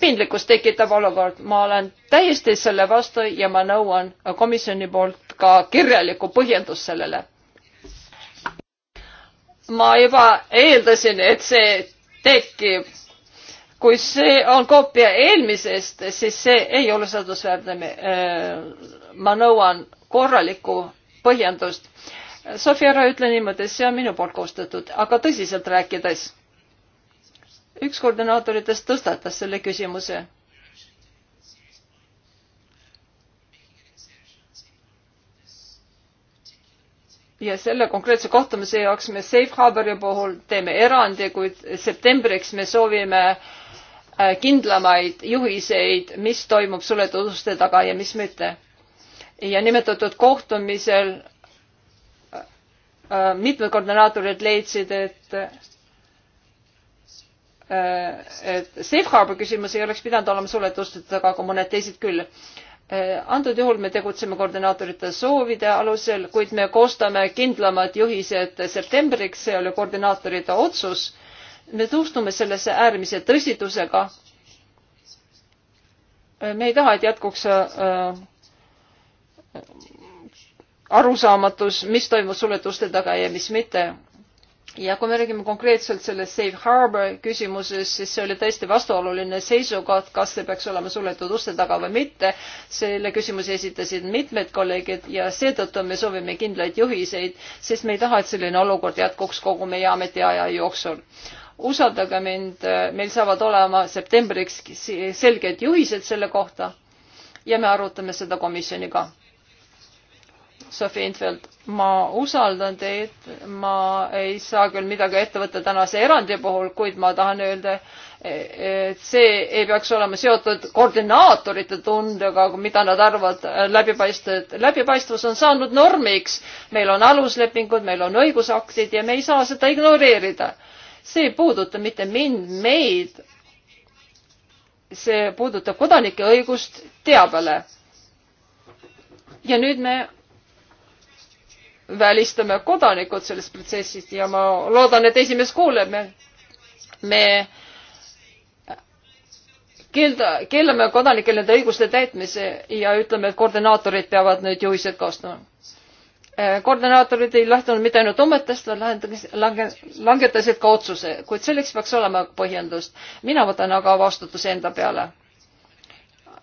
piinlikkust tekitav olukord. ma olen täiesti selle vastu ja ma nõuan komisjoni poolt ka kirjalikku põhjendust sellele. ma juba eeldasin, et see tekib. kui see on koopia eelmisest, siis see ei ole seadusväärne. Äh, ma nõuan korralikku põhjendust. Sofia Ra ütle niimoodi, see on minu poolt koostatud, aga tõsiselt rääkides üks koordinaatoritest tõstatas selle küsimuse. ja selle konkreetse kohtumise jaoks me Safe Harbori puhul teeme erandi, kuid septembriks me soovime äh, kindlamaid juhiseid, mis toimub suletud uste taga ja mis mitte. ja nimetatud kohtumisel äh, äh, mitmed koordinaatorid leidsid, et Äh, et safe harbor küsimus ei oleks pidanud olema suletud uste taga, aga mõned teised küll. Äh, antud juhul me tegutseme koordinaatorite soovide alusel, kuid me koostame kindlamad juhised septembriks, see oli koordinaatorite otsus. me suhtume sellesse äärmise tõsidusega. Äh, me ei taha, et jätkuks arusaamatus, mis toimub suletuste taga ja mis mitte ja kui me räägime konkreetselt sellest safe harbor küsimusest, siis see oli tõesti vastuoluline seisukoht, kas see peaks olema suletud uste taga või mitte. selle küsimuse esitasid mitmed kolleegid ja seetõttu me soovime kindlaid juhiseid, sest me ei taha, et selline olukord jätkuks kogu meie ametiaja jooksul usaldage mind, meil saavad olema septembriks selged juhised selle kohta ja me arutame seda komisjoniga Sofi Infeld, ma usaldan teid, ma ei saa küll midagi ette võtta tänase erandi puhul, kuid ma tahan öelda, et see ei peaks olema seotud koordinaatorite tundega, mida nad arvavad läbipaistvad. läbipaistvus on saanud normiks, meil on aluslepingud, meil on õigusaktid ja me ei saa seda ignoreerida. see ei puuduta mitte mind, meid. see puudutab kodanike õigust teabele ja nüüd me välistame kodanikud sellest protsessist ja ma loodan, et esimees kuuleb, me, me keelda, keelame kodanikele nende õiguste täitmise ja ütleme, et koordinaatorid peavad nüüd juhised koostama. Äh, koordinaatorid ei lähtunud mitte ainult ometest, vaid lange, langetasid ka otsuse, kuid selleks peaks olema põhjendust. mina võtan aga vastutuse enda peale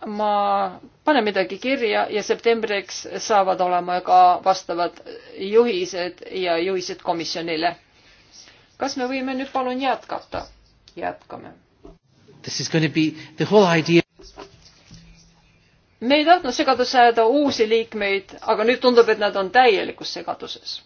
ma panen midagi kirja ja septembriks saavad olema ka vastavad juhised ja juhised komisjonile. kas me võime nüüd palun jätkata? jätkame. me ei tahtnud segadusse ajada uusi liikmeid, aga nüüd tundub, et nad on täielikus segaduses